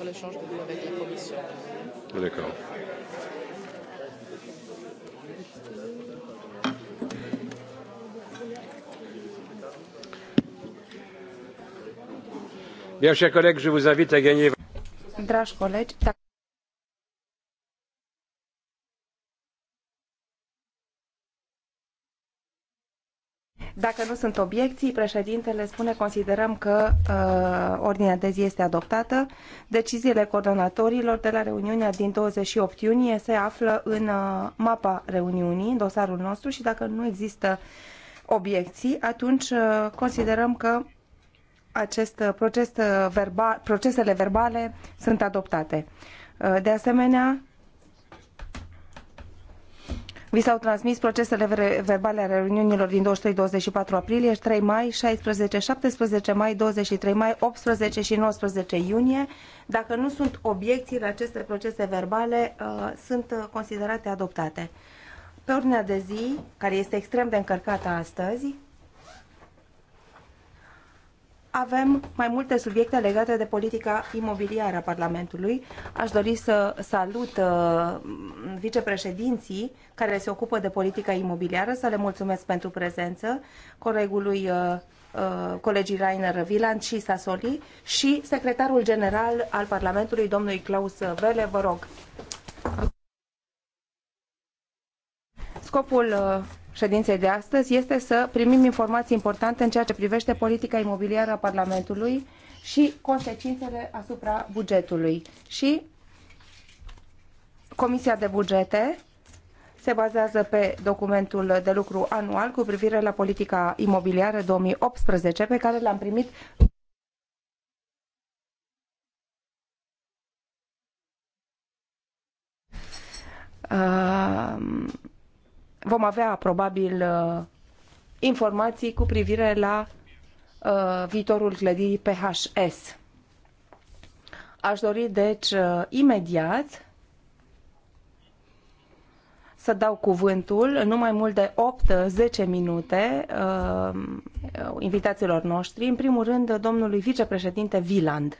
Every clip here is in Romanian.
sur l'échange de vues avec la Commission. D'accord. Bien, chers collègues, je vous invite à gagner. Dragi colegi, Dacă nu sunt obiecții, președintele spune considerăm că uh, ordinea de zi este adoptată. Deciziile coordonatorilor de la reuniunea din 28 iunie se află în uh, mapa reuniunii, în dosarul nostru și dacă nu există obiecții, atunci uh, considerăm că acest uh, proces uh, verbal, procesele verbale sunt adoptate. Uh, de asemenea, vi s-au transmis procesele verbale ale reuniunilor din 23-24 aprilie, 3 mai, 16-17 mai, 23 mai, 18 și 19 iunie. Dacă nu sunt obiecții la aceste procese verbale, uh, sunt uh, considerate adoptate. Pe ordinea de zi, care este extrem de încărcată astăzi, avem mai multe subiecte legate de politica imobiliară a Parlamentului. Aș dori să salut uh, vicepreședinții care se ocupă de politica imobiliară, să le mulțumesc pentru prezență, colegului uh, uh, colegii Rainer Viland și Sasoli și secretarul general al Parlamentului, domnului Klaus Vele, vă rog. Scopul ședinței de astăzi este să primim informații importante în ceea ce privește politica imobiliară a Parlamentului și consecințele asupra bugetului. Și Comisia de Bugete se bazează pe documentul de lucru anual cu privire la politica imobiliară 2018 pe care l-am primit uh vom avea probabil uh, informații cu privire la uh, viitorul clădirii PHS. Aș dori, deci, uh, imediat să dau cuvântul în nu mai mult de 8-10 minute invitațiilor noștri. În primul rând, domnului vicepreședinte Viland.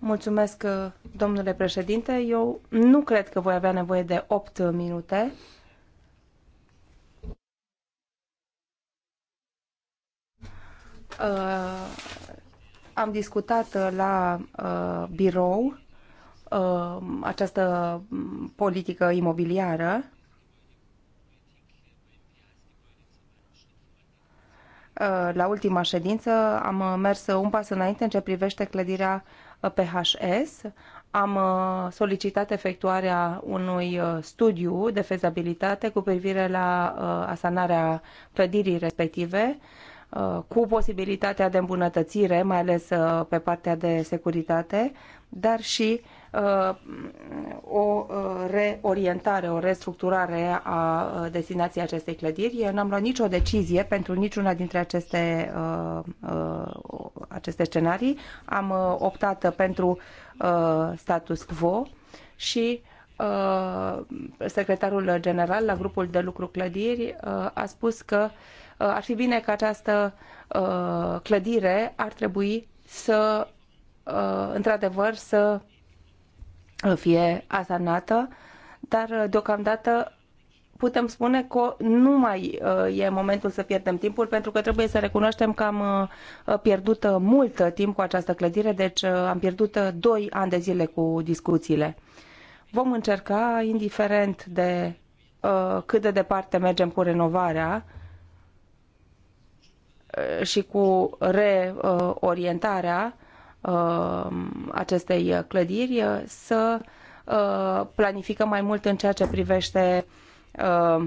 Mulțumesc, uh, domnule președinte. Eu nu cred că voi avea nevoie de opt minute. Uh, am discutat uh, la birou această mm, politică imobiliară la ultima ședință am mers un pas înainte în ce privește clădirea Uh, PHS, am uh, solicitat efectuarea unui uh, studiu de fezabilitate cu privire la asanarea clădirii respective, cu posibilitatea de îmbunătățire, mai ales pe partea de securitate, dar și Uh, o uh, reorientare, o restructurare a uh, destinației acestei clădiri. N-am luat nicio decizie pentru niciuna dintre aceste, aceste scenarii. Am optat pentru status quo și secretarul general la grupul de lucru clădiri a spus că ar fi bine că această clădire ar trebui să într-adevăr să fie asanată, dar uh, deocamdată putem spune că nu mai uh, e momentul să pierdem timpul, pentru că trebuie să recunoaștem că am uh, pierdut mult timp cu această clădire, deci am pierdut doi ani de zile cu discuțiile. Vom încerca, indiferent de cât de departe mergem cu renovarea și cu reorientarea, Uh, acestei clădiri, să uh, planificăm mai mult în ceea ce privește uh,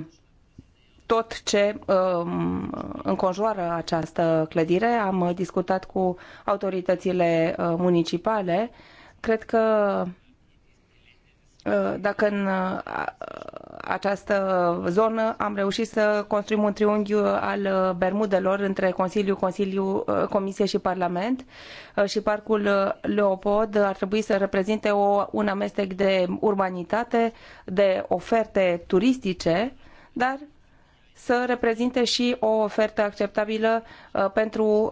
tot ce um, înconjoară această clădire. Am discutat cu autoritățile municipale. Cred că Uh, dacă în uh, această zonă am reușit să construim un triunghi uh, al Bermudelor între Consiliu, Consiliu, Comisie și Parlament și Parcul Leopold ar trebui să reprezinte o, un amestec de urbanitate, de oferte turistice, dar să reprezinte și o ofertă acceptabilă pentru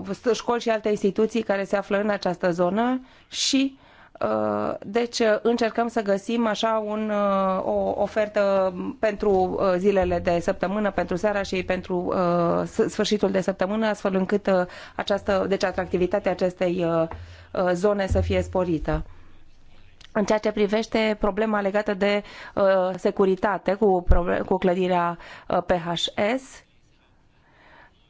uh, școli și alte instituții care se află în această zonă și Uh, deci uh, încercăm să găsim așa un, uh, o ofertă pentru zilele de săptămână, pentru seara și pentru sfârșitul de săptămână, astfel încât această, deci atractivitatea acestei zone să fie sporită în ceea ce privește problema legată de uh, securitate cu, cu clădirea uh, PHS.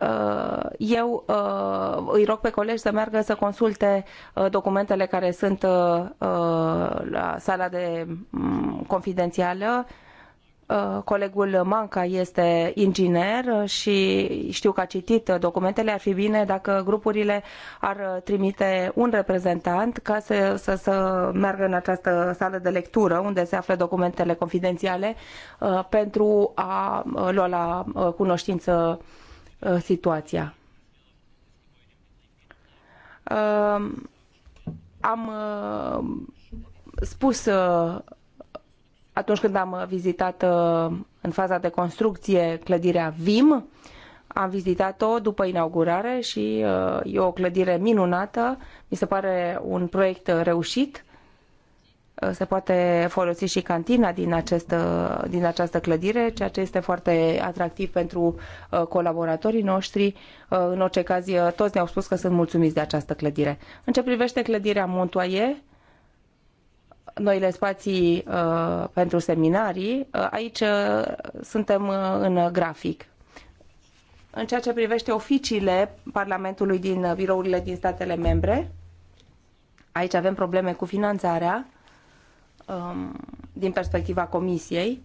Uh, eu uh, îi rog pe colegi să meargă să consulte uh, documentele care sunt la sala de mm, confidențială. Colegul Manca este inginer și știu că a citit documentele. Ar fi bine dacă grupurile ar trimite un reprezentant ca să, să, să meargă în această sală de lectură unde se află documentele confidențiale pentru a lua la cunoștință uh, Uh, situația. Uh, am uh, spus atunci când am vizitat în faza de construcție clădirea VIM, am vizitat-o după inaugurare și e o clădire minunată, mi se pare un proiect reușit Uh, se poate folosi și cantina din, acest, uh, din această clădire, ceea ce este foarte atractiv pentru uh, colaboratorii noștri. În orice caz, toți ne-au spus că sunt mulțumiți de această clădire. În ce privește clădirea Montoie, noile spații pentru seminarii, aici suntem în grafic. În ceea ce privește oficiile Parlamentului din birourile din statele membre, aici avem probleme cu finanțarea Um, din perspectiva Comisiei.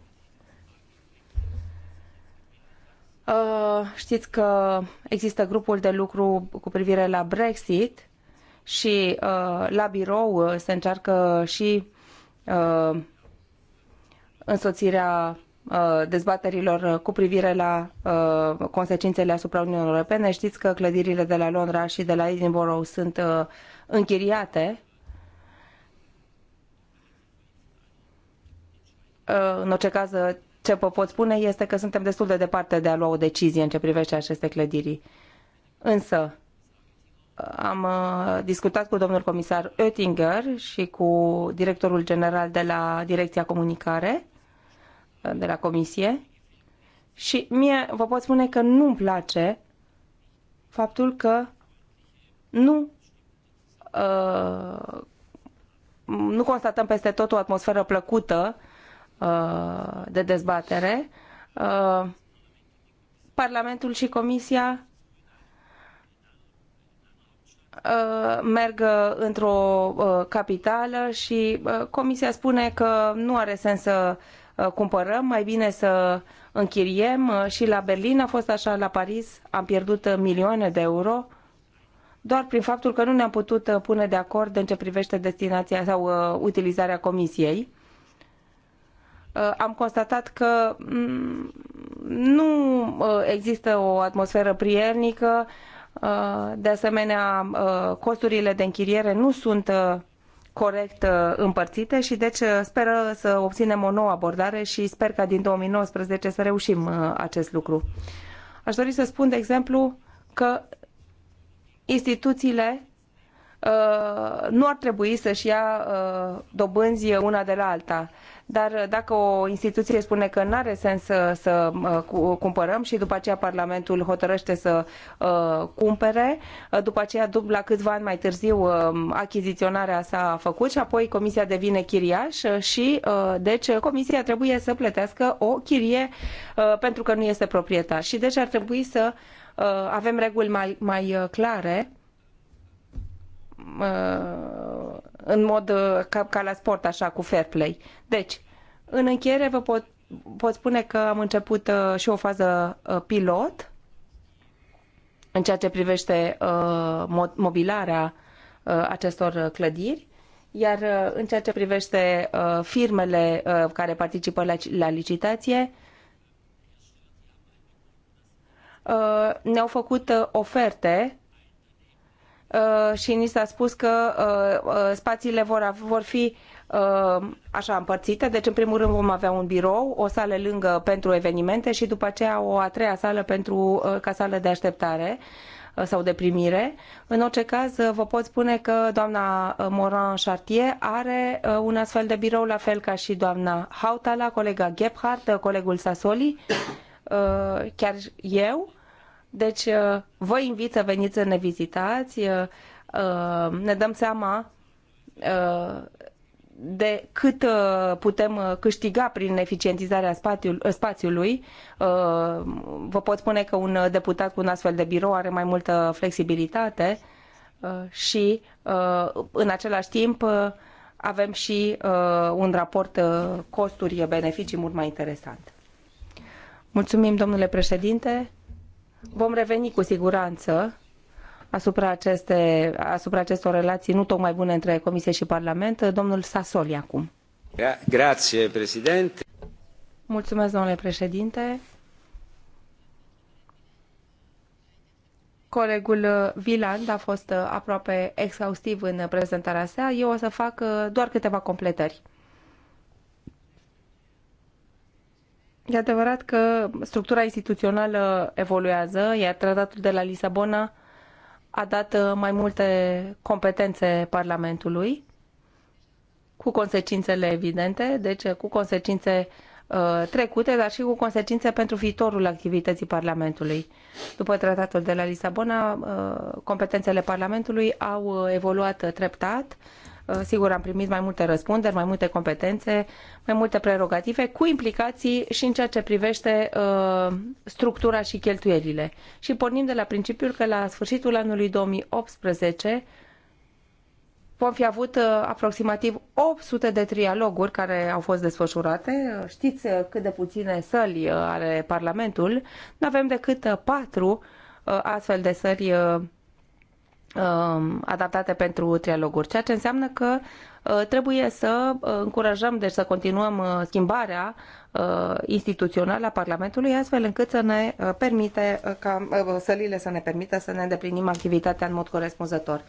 Uh, știți că există grupul de lucru cu privire la Brexit și uh, la birou uh, se încearcă și însoțirea dezbaterilor cu privire la uh, consecințele asupra Uniunii Europene. Știți că clădirile de la Londra și de la Edinburgh sunt uh, închiriate Uh, în orice caz, ce vă pot spune este că suntem destul de departe de a lua o decizie în ce privește aceste clădiri. Însă, uh, am uh, discutat cu domnul comisar Oettinger și cu directorul general de la Direcția Comunicare, de la Comisie, și mie vă pot spune că nu-mi place faptul că nu uh, nu constatăm peste tot o atmosferă plăcută Uh, de dezbatere, uh, Parlamentul și Comisia uh, merg într-o capitală și Comisia spune că nu are sens să cumpărăm, mai bine să închiriem și la Berlin a fost așa, la Paris am pierdut milioane de euro doar prin faptul că nu ne-am putut pune de acord în ce privește destinația sau utilizarea comisiei. Uh, am constatat că mm, nu uh, există o atmosferă prielnică, uh, de asemenea, costurile de închiriere nu sunt corect împărțite și deci speră să obținem o nouă abordare și sper ca din 2019 să reușim acest lucru. Aș dori să spun, de exemplu, că instituțiile nu ar trebui să-și ia dobânzi una de la alta dar dacă o instituție spune că nu are sens să, să cumpărăm și după aceea Parlamentul hotărăște să uh, cumpere, ă, după aceea la câțiva ani mai târziu uh, achiziționarea s-a făcut și apoi Comisia devine chiriaș și uh, deci Comisia trebuie să plătească o chirie pentru că nu este proprietar și deci ar trebui să avem reguli mai, mai clare în mod uh, ca, ca la sport, așa, cu fair play. Deci, în încheiere vă pot, pot spune că am început uh, și o fază uh, pilot în ceea ce privește mobilarea acestor clădiri iar în ceea ce privește firmele care participă la licitație, ne-au făcut oferte Uh, și ni s-a spus că uh, uh, spațiile vor, vor fi așa împărțite. Deci, în primul rând, vom avea un birou, o sală lângă pentru evenimente și după aceea o a treia sală pentru, ca sală de așteptare sau de primire. În orice caz, vă pot spune că doamna Moran Chartier are un astfel de birou, la fel ca și doamna Hautala, colega Gebhardt, colegul Sassoli, chiar eu deci uh, vă invit să veniți să ne vizitați, uh, uh, ne dăm seama de cât putem câștiga prin eficientizarea spațiului. Vă pot spune că un deputat cu un astfel de birou are mai multă flexibilitate și în același timp avem și un raport costuri-beneficii mult mai interesant. Mulțumim, domnule președinte. Vom reveni cu siguranță asupra, aceste, asupra acestor relații nu tocmai bune între Comisie și Parlament. Domnul Sasoli acum. grație, președinte. Mulțumesc, domnule președinte. Colegul Viland a fost aproape exhaustiv în prezentarea sa. Eu o să fac doar câteva completări. E adevărat că structura instituțională evoluează, iar tratatul de la Lisabona a dat uh, mai multe competențe Parlamentului, cu consecințele evidente, deci uh, cu consecințe uh, trecute, dar și cu consecințe pentru viitorul activității Parlamentului. După tratatul de la Lisabona, competențele Parlamentului au evoluat treptat, Uh, sigur, am primit mai multe răspunderi, mai multe competențe, mai multe prerogative, cu implicații și în ceea ce privește uh, structura și cheltuielile. Și pornim de la principiul că la sfârșitul anului 2018 vom fi avut uh, aproximativ 800 de trialoguri care au fost desfășurate. Știți cât de puține săli are Parlamentul. Nu avem decât patru astfel de sări Um, adaptate pentru trialoguri, ceea ce înseamnă că uh, trebuie să uh, încurajăm, deci să continuăm uh, schimbarea instituțională a Parlamentului, astfel încât să ne permite ca sălile să ne permită să ne îndeplinim activitatea în mod corespunzător.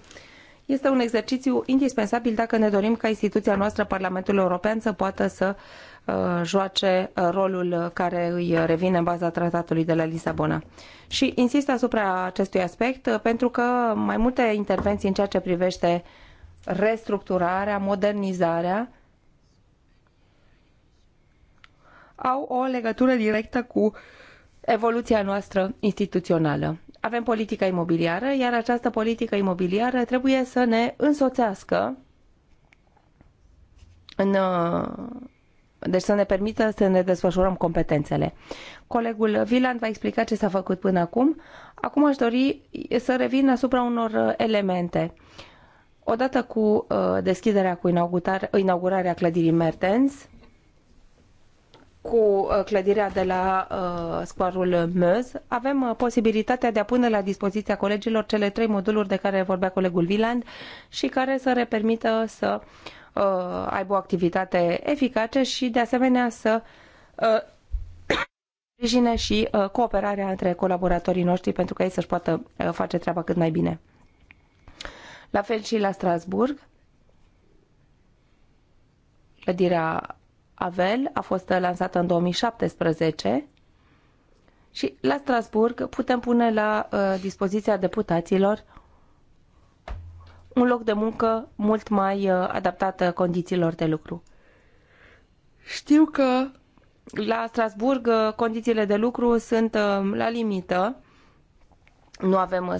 Este un exercițiu indispensabil dacă ne dorim ca instituția noastră, Parlamentul European, să poată să uh, Uh, joace uh, rolul care îi revine în baza tratatului de la Lisabona. Și insist asupra acestui aspect uh, pentru că mai multe intervenții în ceea ce privește restructurarea, modernizarea, au o legătură directă cu evoluția noastră instituțională. Avem politica imobiliară, iar această politică imobiliară trebuie să ne însoțească în deci să ne permită să ne desfășurăm competențele. Colegul Viland va explica ce s-a făcut până acum. Acum aș dori să revin asupra unor uh, elemente. Odată cu uh, deschiderea, cu inaugurarea clădirii Mertens, cu uh, clădirea de la uh, scoarul Meuse, avem uh, posibilitatea de a pune la dispoziția colegilor cele trei moduluri de care vorbea colegul Viland și care să repermită permită să uh, Uh, aibă o activitate eficace și, de asemenea, să uh, sprijine și uh, cooperarea între colaboratorii noștri pentru că ei să-și poată face treaba cât mai bine. La fel și la Strasburg, clădirea Avel a fost lansată în 2017 și la Strasburg putem pune la dispoziția deputaților un loc de muncă mult mai uh, adaptat uh, condițiilor de lucru. Știu că la Strasburg uh, condițiile de lucru sunt la limită. Nu avem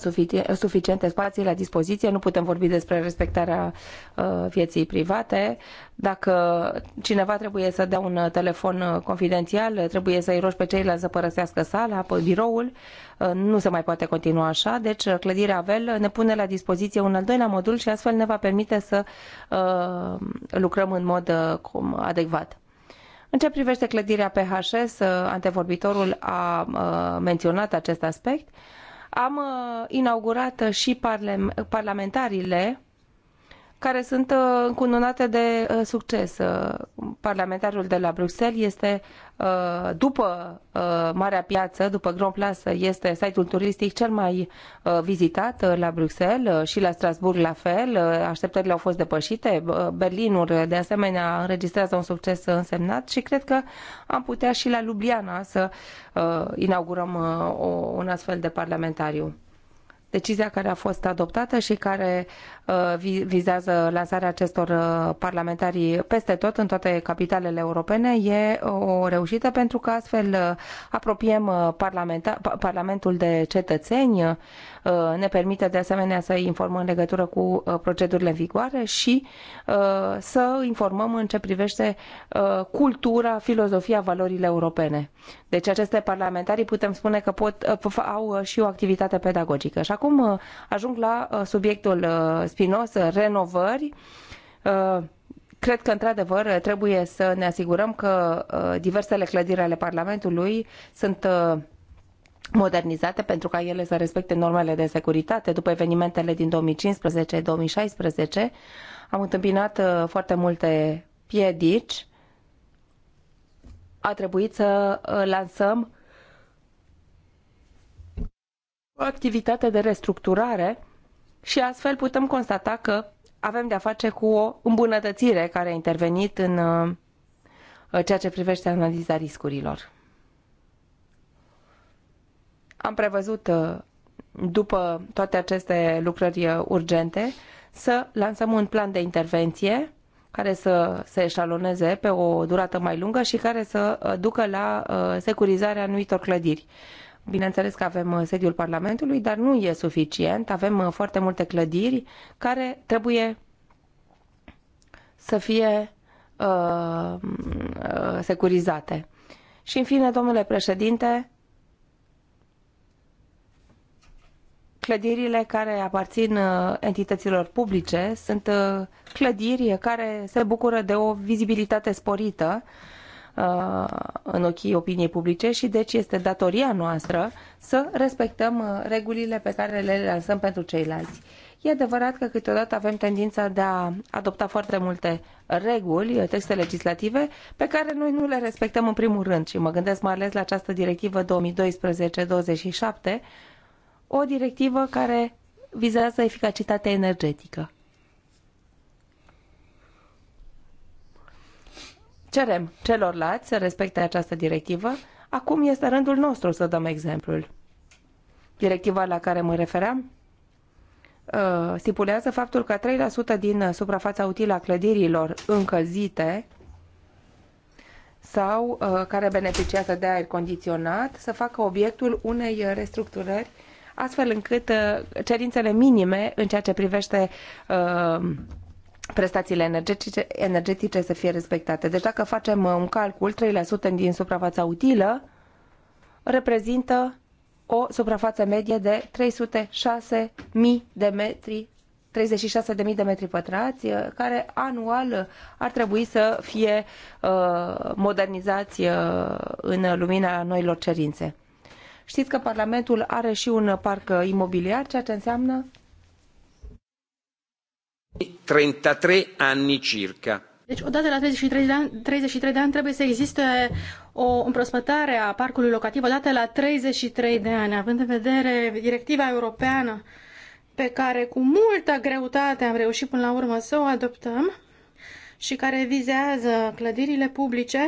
suficiente spații la dispoziție, nu putem vorbi despre respectarea vieții private. Dacă cineva trebuie să dea un telefon confidențial, trebuie să-i rogi pe ceilalți să părăsească sala, apoi biroul. Uh, nu se mai poate continua așa, deci uh, clădirea Avel uh, ne pune la dispoziție un al doilea modul și astfel ne va permite să lucrăm în mod adecvat. În ce privește clădirea PHS, antevorbitorul a menționat acest aspect. Am inaugurat și parlamentarile care sunt uh, încununate de uh, succes. Uh, parlamentarul de la Bruxelles este, după Marea Piață, după Grand Place, este site-ul turistic cel mai vizitat la Bruxelles și la Strasbourg la fel. Așteptările au fost depășite. Berlinul, de asemenea, înregistrează un succes însemnat și cred că am putea și la Ljubljana să inaugurăm un astfel de parlamentariu decizia care a fost adoptată și care Uh, vizează lansarea acestor uh, parlamentari peste tot, în toate capitalele europene, e uh, o reușită pentru că astfel apropiem Parlamentul de cetățeni, ne permite de asemenea să informăm în legătură cu procedurile în vigoare și să informăm în ce privește cultura, filozofia, valorile europene. Deci aceste parlamentari putem spune că pot, au și o activitate pedagogică. Și acum ajung la subiectul spinos, renovări. Uh, cred că, într-adevăr, trebuie să ne asigurăm că uh, diversele clădiri ale Parlamentului sunt uh, modernizate pentru ca ele să respecte normele de securitate. După evenimentele din 2015-2016 am întâmpinat foarte multe piedici. A trebuit să lansăm o activitate de restructurare și astfel putem constata că avem de-a face cu o îmbunătățire care a intervenit în uh, ceea ce privește analiza riscurilor. Am prevăzut, uh, după toate aceste lucrări uh, urgente, să lansăm un plan de intervenție care să se eșaloneze pe o durată mai lungă și care să ducă la securizarea anumitor clădiri. Bineînțeles că avem uh, sediul Parlamentului, dar nu e suficient. Avem uh, foarte multe clădiri care trebuie să fie uh, uh, securizate. Și în fine, domnule președinte, clădirile care aparțin entităților publice sunt clădiri care se bucură de o vizibilitate sporită uh, Uh, în ochii opiniei publice și deci este datoria noastră să respectăm uh, regulile pe care le lansăm pentru ceilalți. E adevărat că câteodată avem tendința de a adopta foarte multe reguli, uh, texte legislative, pe care noi nu le respectăm în primul rând și mă gândesc mai ales la această directivă 2012-27, o directivă care vizează eficacitatea energetică. cerem celorlalți să respecte această directivă, acum este rândul nostru să dăm exemplul. Directiva la care mă refeream uh, stipulează faptul că 3% din suprafața utilă a clădirilor încălzite sau uh, care beneficiază de aer condiționat să facă obiectul unei restructurări astfel încât uh, cerințele minime în ceea ce privește prestațiile energetice, energetice să fie respectate. Deci dacă facem uh, un calcul, 3% din suprafața utilă reprezintă o suprafață medie de 306.000 de metri 36.000 de metri pătrați, uh, care anual ar trebui să fie uh, modernizați în lumina noilor cerințe. Știți că Parlamentul are și un parc imobiliar, ceea ce înseamnă 33 anni circa. Deci odată la 33 de ani, 33 de ani trebuie să existe o împrospătare a parcului locativ odată la 33 de ani, având în vedere directiva europeană pe care cu multă greutate am reușit până la urmă să o adoptăm și care vizează clădirile publice,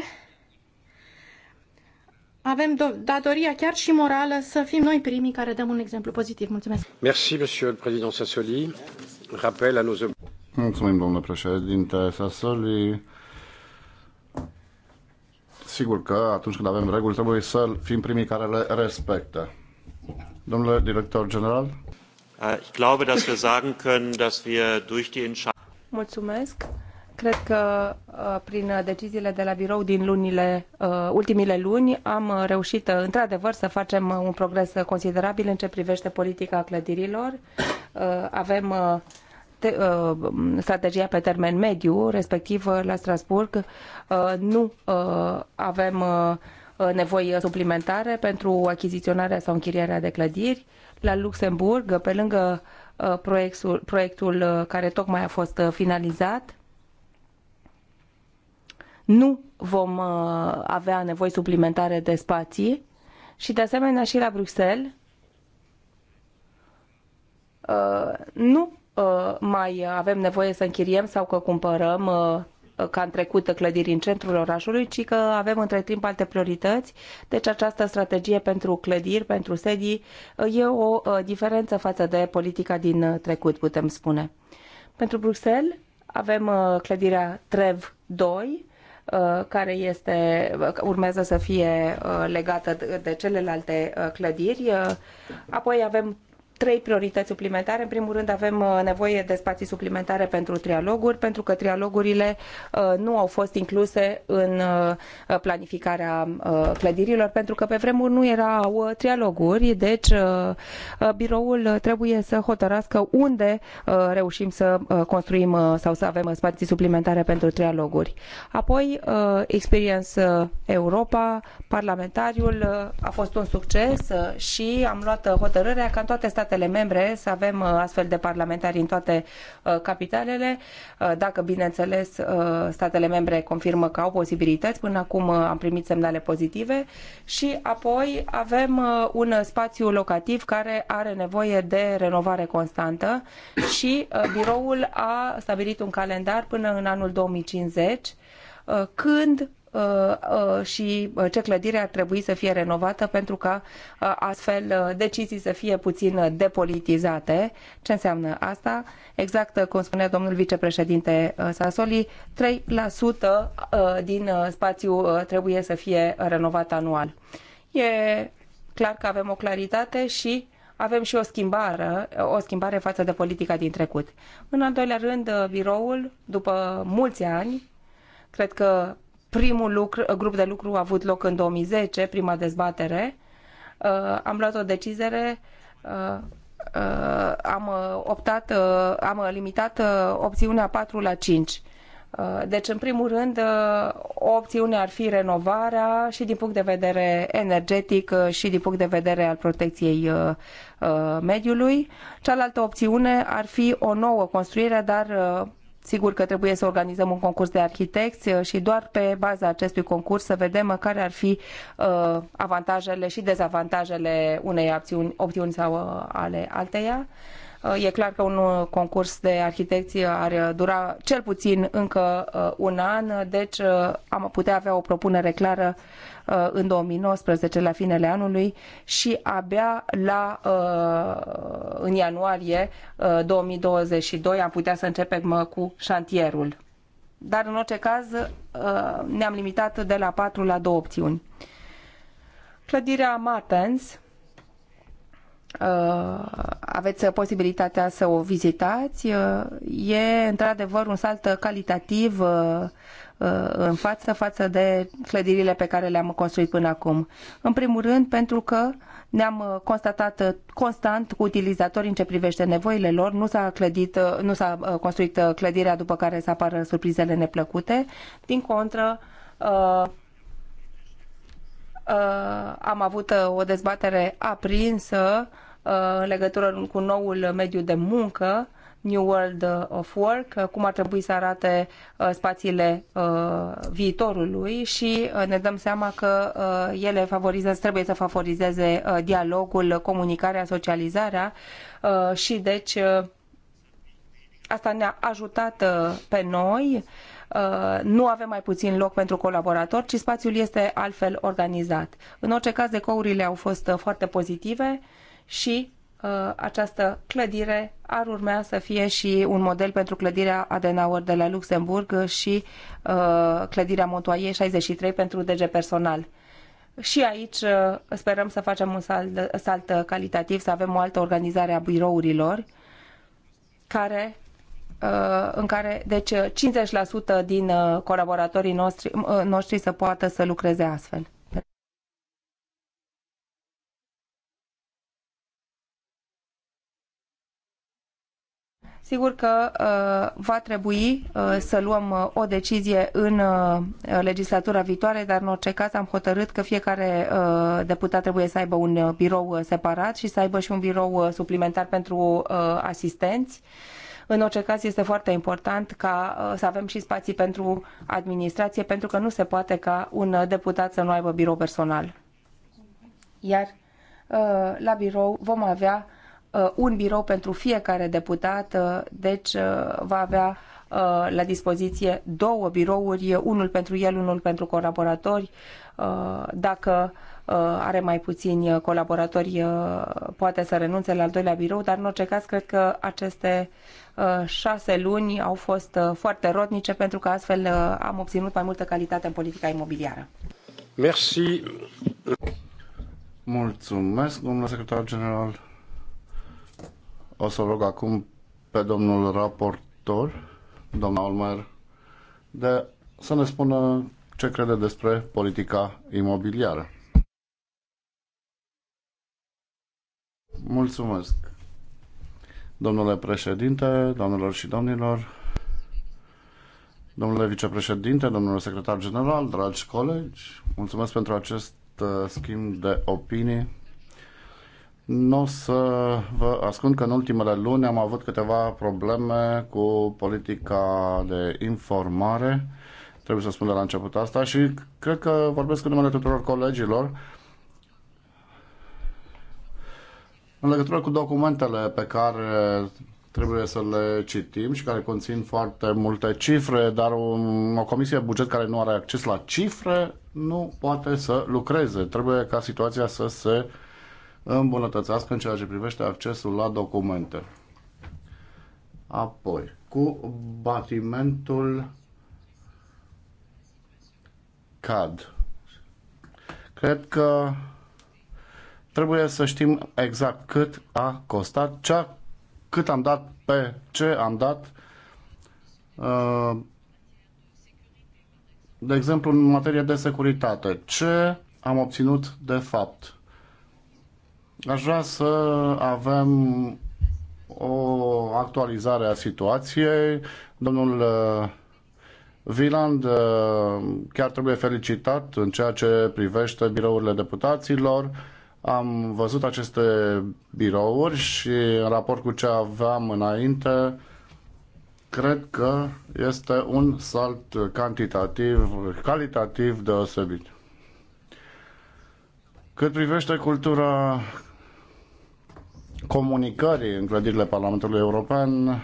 avem datoria chiar și morală să fim noi primii care dăm un exemplu pozitiv. Mulțumesc! Merci, monsieur le président Sassoli. Mulțumim, domnule președinte Sassoli. Sigur că atunci când avem reguli trebuie să fim primii care le respectă. Domnule director general. Ah, ich glaube, dass wir sagen können, dass wir durch die Entscheidung Mulțumesc. Cred că uh, prin deciziile de la birou din lunile, uh, ultimile luni am uh, reușit într-adevăr să facem un progres considerabil în ce privește politica clădirilor. Avem strategia pe termen mediu, respectiv la Strasburg, nu avem nevoi suplimentare pentru achiziționarea sau închirierea de clădiri. La Luxemburg, pe lângă proiectul, proiectul care tocmai a fost finalizat, nu vom uh, avea nevoi suplimentare de spații și de asemenea și la Bruxelles uh, nu uh, mai avem nevoie să închiriem sau că cumpărăm ca în trecut clădiri în centrul orașului, ci că avem între timp alte priorități. Deci această strategie pentru clădiri, pentru sedii, e o diferență față de politica din trecut, putem spune. Pentru Bruxelles avem clădirea TREV 2, Uh, care este, uh, urmează să fie uh, legată de celelalte clădiri. Apoi avem trei priorități suplimentare. În primul rând avem uh, nevoie de spații suplimentare pentru trialoguri, pentru că trialogurile uh, nu au fost incluse în uh, planificarea clădirilor, pentru că pe vremuri nu erau trialoguri, deci biroul trebuie să hotărască unde reușim să construim sau să avem spații suplimentare pentru trialoguri. Apoi, Experience Europa, parlamentariul a fost un succes și am luat hotărârea ca în toate statele statele membre să avem uh, astfel de parlamentari în toate uh, capitalele, uh, dacă, bineînțeles, statele membre confirmă că au posibilități. Până acum am primit semnale pozitive și apoi avem un spațiu locativ care are nevoie de renovare constantă și biroul a stabilit un calendar până în anul 2050 când și uh, ce clădire ar trebui să fie renovată pentru ca uh, astfel uh, decizii să fie puțin depolitizate. Ce înseamnă asta? Exact cum spunea domnul vicepreședinte Sassoli, 3% din spațiu trebuie să fie renovat anual. E clar că avem o claritate și avem și o schimbare, o schimbare față de politica din trecut. În al doilea rând, biroul, după mulți ani, cred că Primul lucru, grup de lucru a avut loc în 2010, prima dezbatere. Uh, am luat o decizie uh, uh, am optat, am limitat opțiunea 4 la 5. Deci, în primul rând, o opțiune ar fi renovarea și din punct de vedere energetic și din punct de vedere al protecției mediului. Cealaltă opțiune ar fi o nouă construire, dar Sigur că trebuie să organizăm un concurs de arhitecți uh, și doar pe baza acestui concurs să vedem uh, care ar fi uh, avantajele și dezavantajele unei opțiuni sau ale alteia. E clar că un concurs de arhitecție ar dura cel puțin încă uh, un an, deci uh, am putea avea o propunere clară uh, în 2019, la finele anului și abia la, în ianuarie 2022 am putea să începem cu șantierul. Dar în orice caz ne-am limitat de la patru la două opțiuni. Clădirea Matens, Uh, aveți posibilitatea să o vizitați. Uh, e într-adevăr un salt calitativ uh, în față față de clădirile pe care le-am construit până acum. În primul rând pentru că ne-am constatat constant cu utilizatorii în ce privește nevoile lor, nu s-a, clădit, nu s-a construit clădirea după care să apară surprizele neplăcute, din contră Uh, am avut uh, o dezbatere aprinsă uh, în legătură cu noul mediu de muncă, New World of Work, cum ar trebui să arate spațiile viitorului și ne dăm seama că ele favorizează, trebuie să favorizeze dialogul, comunicarea, socializarea și deci asta ne-a ajutat pe noi uh, Uh, nu avem mai puțin loc pentru colaboratori, ci spațiul este altfel organizat. În orice caz, decourile au fost uh, foarte pozitive și uh, această clădire ar urmea să fie și un model pentru clădirea Adenauer de la Luxemburg și clădirea Montoie 63 pentru DG Personal. Și aici sperăm să facem un salt, salt calitativ, să avem o altă organizare a birourilor care Uh, în care deci 50% uh, din uh, colaboratorii noștri, noștri să poată să lucreze astfel. Sigur că uh, va trebui uh, să luăm uh, o decizie în legislatura viitoare, dar în orice caz am hotărât că fiecare deputat trebuie să aibă un birou separat și să aibă și un birou suplimentar pentru asistenți. Uh, în orice caz, este foarte important ca uh, să avem și spații pentru administrație, pentru că nu se poate ca un deputat să nu aibă birou personal. Iar uh, la birou vom avea uh, un birou pentru fiecare deputat, deci va avea la dispoziție două birouri, unul pentru el, unul pentru colaboratori. Dacă Uh, are mai puțini uh, colaboratori, uh, poate să renunțe la al doilea birou, dar în orice caz cred că aceste șase luni au fost foarte rodnice pentru că astfel am obținut mai multă calitate în politica imobiliară. Merci. Mulțumesc, domnule secretar general. O să rog acum pe domnul raportor, domnul Olmer, de să ne spună ce crede despre politica imobiliară. Mulțumesc. Domnule președinte, domnilor și domnilor, domnule vicepreședinte, domnule secretar general, dragi colegi, mulțumesc pentru acest uh, schimb de opinii. Nu o să vă ascund că în ultimele luni am avut câteva probleme cu politica de informare. Trebuie să spun de la început asta și cred că vorbesc în numele tuturor colegilor în legătură cu documentele pe care trebuie să le citim și care conțin foarte multe cifre, dar o, o comisie buget care nu are acces la cifre nu poate să lucreze. Trebuie ca situația să se îmbunătățească în ceea ce privește accesul la documente. Apoi, cu batimentul CAD. Cred că trebuie să știm exact cât a costat, cea, cât am dat pe ce am dat. Uh, de exemplu, în materie de securitate, ce am obținut de fapt? Aș vrea să avem o actualizare a situației. Domnul Viland uh, uh, chiar trebuie felicitat în ceea ce privește birourile deputaților am văzut aceste birouri și în raport cu ce aveam înainte, cred că este un salt cantitativ, calitativ deosebit. Cât privește cultura comunicării în clădirile Parlamentului European,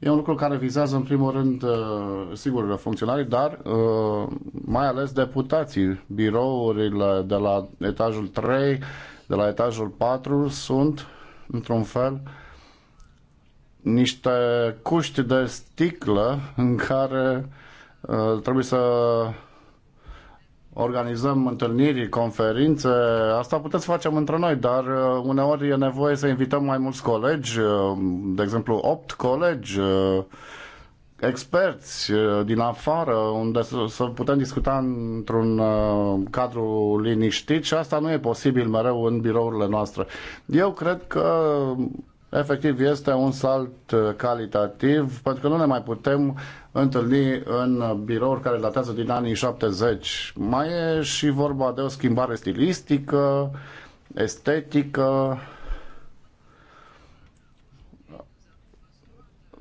E un lucru care vizează în primul rând, uh, sigur, funcționarii, dar uh, mai ales deputații. Birourile de la etajul 3, de la etajul 4 sunt, într-un fel, niște cuști de sticlă în care uh, trebuie să organizăm întâlniri, conferințe, asta puteți să facem între noi, dar uh, uneori e nevoie să invităm mai mulți colegi, uh, de exemplu opt colegi, uh, experți din afară, unde să putem discuta într-un cadru liniștit și asta nu e posibil mereu în birourile noastre. Eu cred că Efectiv, este un salt uh, calitativ, pentru că nu ne mai putem întâlni în birouri care datează din anii 70. Mai e și vorba de o schimbare stilistică, estetică.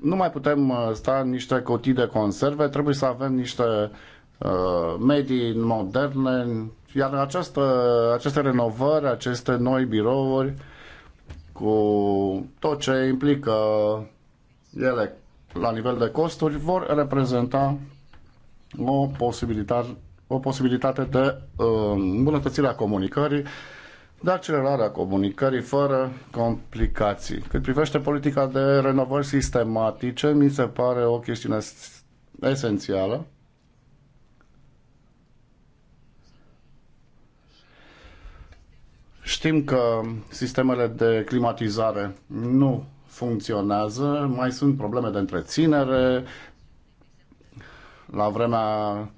Nu mai putem uh, sta în niște cotii de conserve, trebuie să avem niște uh, medii moderne, iar această, aceste renovări, aceste noi birouri, cu tot ce implică ele la nivel de costuri, vor reprezenta o posibilitate, o posibilitate de uh, îmbunătățire a comunicării, de accelerare a comunicării fără complicații. Cât privește politica de renovări sistematice, mi se pare o chestiune esențială Știm că sistemele de climatizare nu funcționează, mai sunt probleme de întreținere. La vremea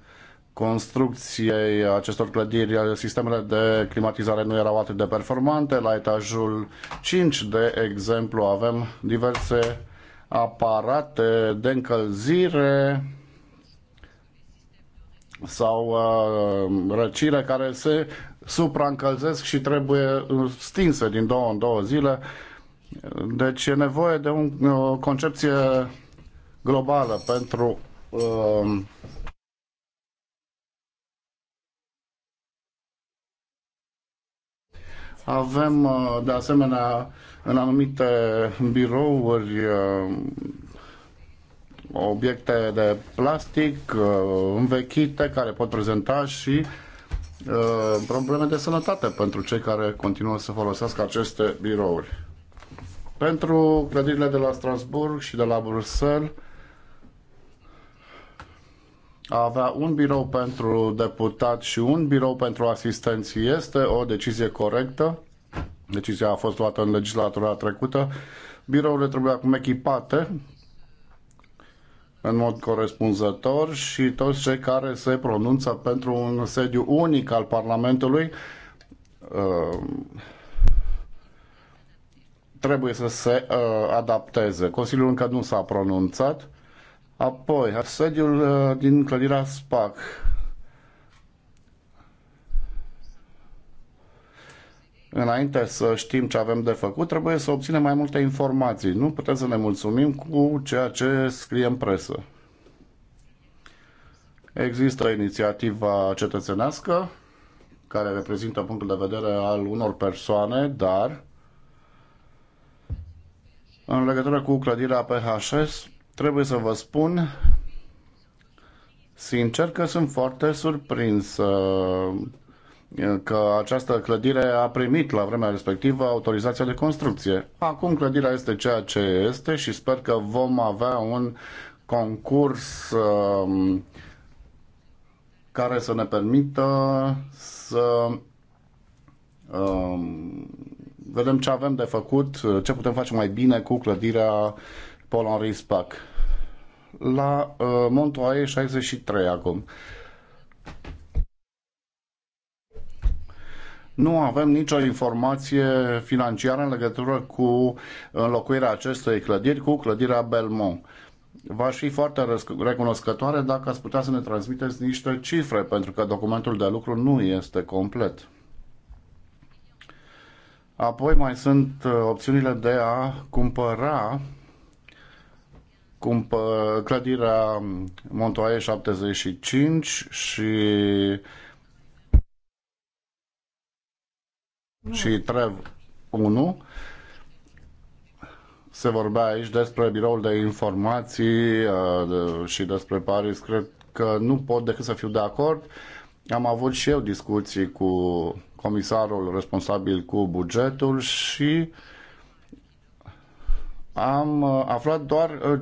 construcției acestor clădiri, sistemele de climatizare nu erau atât de performante. La etajul 5, de exemplu, avem diverse aparate de încălzire sau uh, răcire care se supraîncălzesc și trebuie uh, stinsă din două în două zile. Deci e nevoie de un, uh, o concepție globală pentru um, Avem, de asemenea, în anumite birouri obiecte de plastic învechite care pot prezenta și Uh, probleme de sănătate pentru cei care continuă să folosească aceste birouri. Pentru clădirile de la Strasburg și de la Bruxelles a avea un birou pentru deputat și un birou pentru asistenți este o decizie corectă. Decizia a fost luată în legislatura trecută. Birourile trebuie acum echipate în mod corespunzător și toți cei care se pronunță pentru un sediu unic al Parlamentului uh, trebuie să se uh, adapteze. Consiliul încă nu s-a pronunțat. Apoi, sediul uh, din clădirea SPAC înainte să știm ce avem de făcut, trebuie să obținem mai multe informații. Nu putem să ne mulțumim cu ceea ce scrie în presă. Există inițiativa cetățenească care reprezintă punctul de vedere al unor persoane, dar în legătură cu clădirea PHS trebuie să vă spun sincer că sunt foarte surprins că această clădire a primit la vremea respectivă autorizația de construcție. Acum clădirea este ceea ce este și sper că vom avea un concurs um, care să ne permită să um, vedem ce avem de făcut, ce putem face mai bine cu clădirea Polonris Pac. La uh, Montoaie 63 acum. nu avem nicio informație financiară în legătură cu înlocuirea acestei clădiri cu clădirea Belmont. V-aș fi foarte recunoscătoare dacă ați putea să ne transmiteți niște cifre, pentru că documentul de lucru nu este complet. Apoi mai sunt uh, opțiunile de a cumpăra cumpă, clădirea Montoaie 75 și și TREV 1. Se vorbea aici despre biroul de informații uh, și despre Paris. Cred că nu pot decât să fiu de acord. Am avut și eu discuții cu comisarul responsabil cu bugetul și am uh, aflat doar uh,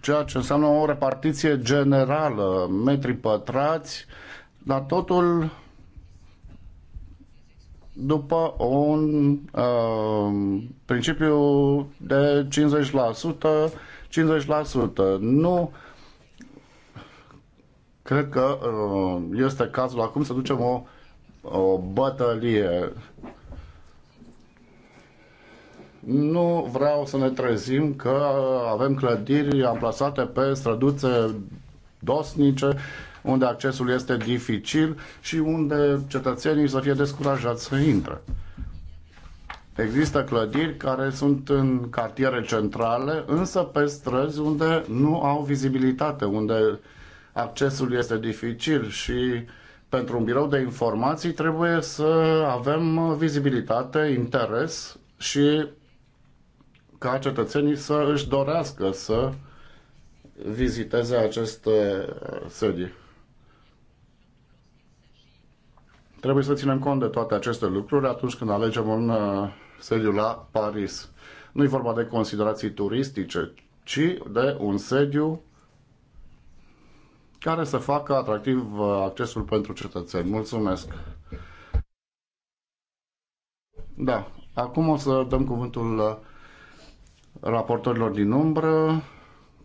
ceea ce înseamnă o repartiție generală, metri pătrați, dar totul după un uh, principiu de 50%, 50%. Nu cred că uh, este cazul acum să ducem o, o bătălie. Nu vreau să ne trezim că avem clădiri amplasate pe străduțe dosnice unde accesul este dificil și unde cetățenii să fie descurajați să intre. Există clădiri care sunt în cartiere centrale, însă pe străzi unde nu au vizibilitate, unde accesul este dificil și pentru un birou de informații trebuie să avem vizibilitate, interes și ca cetățenii să își dorească să viziteze aceste sedii. Trebuie să ținem cont de toate aceste lucruri atunci când alegem un uh, sediu la Paris. Nu e vorba de considerații turistice, ci de un sediu care să facă atractiv uh, accesul pentru cetățeni. Mulțumesc! Da, acum o să dăm cuvântul uh, raportorilor din umbră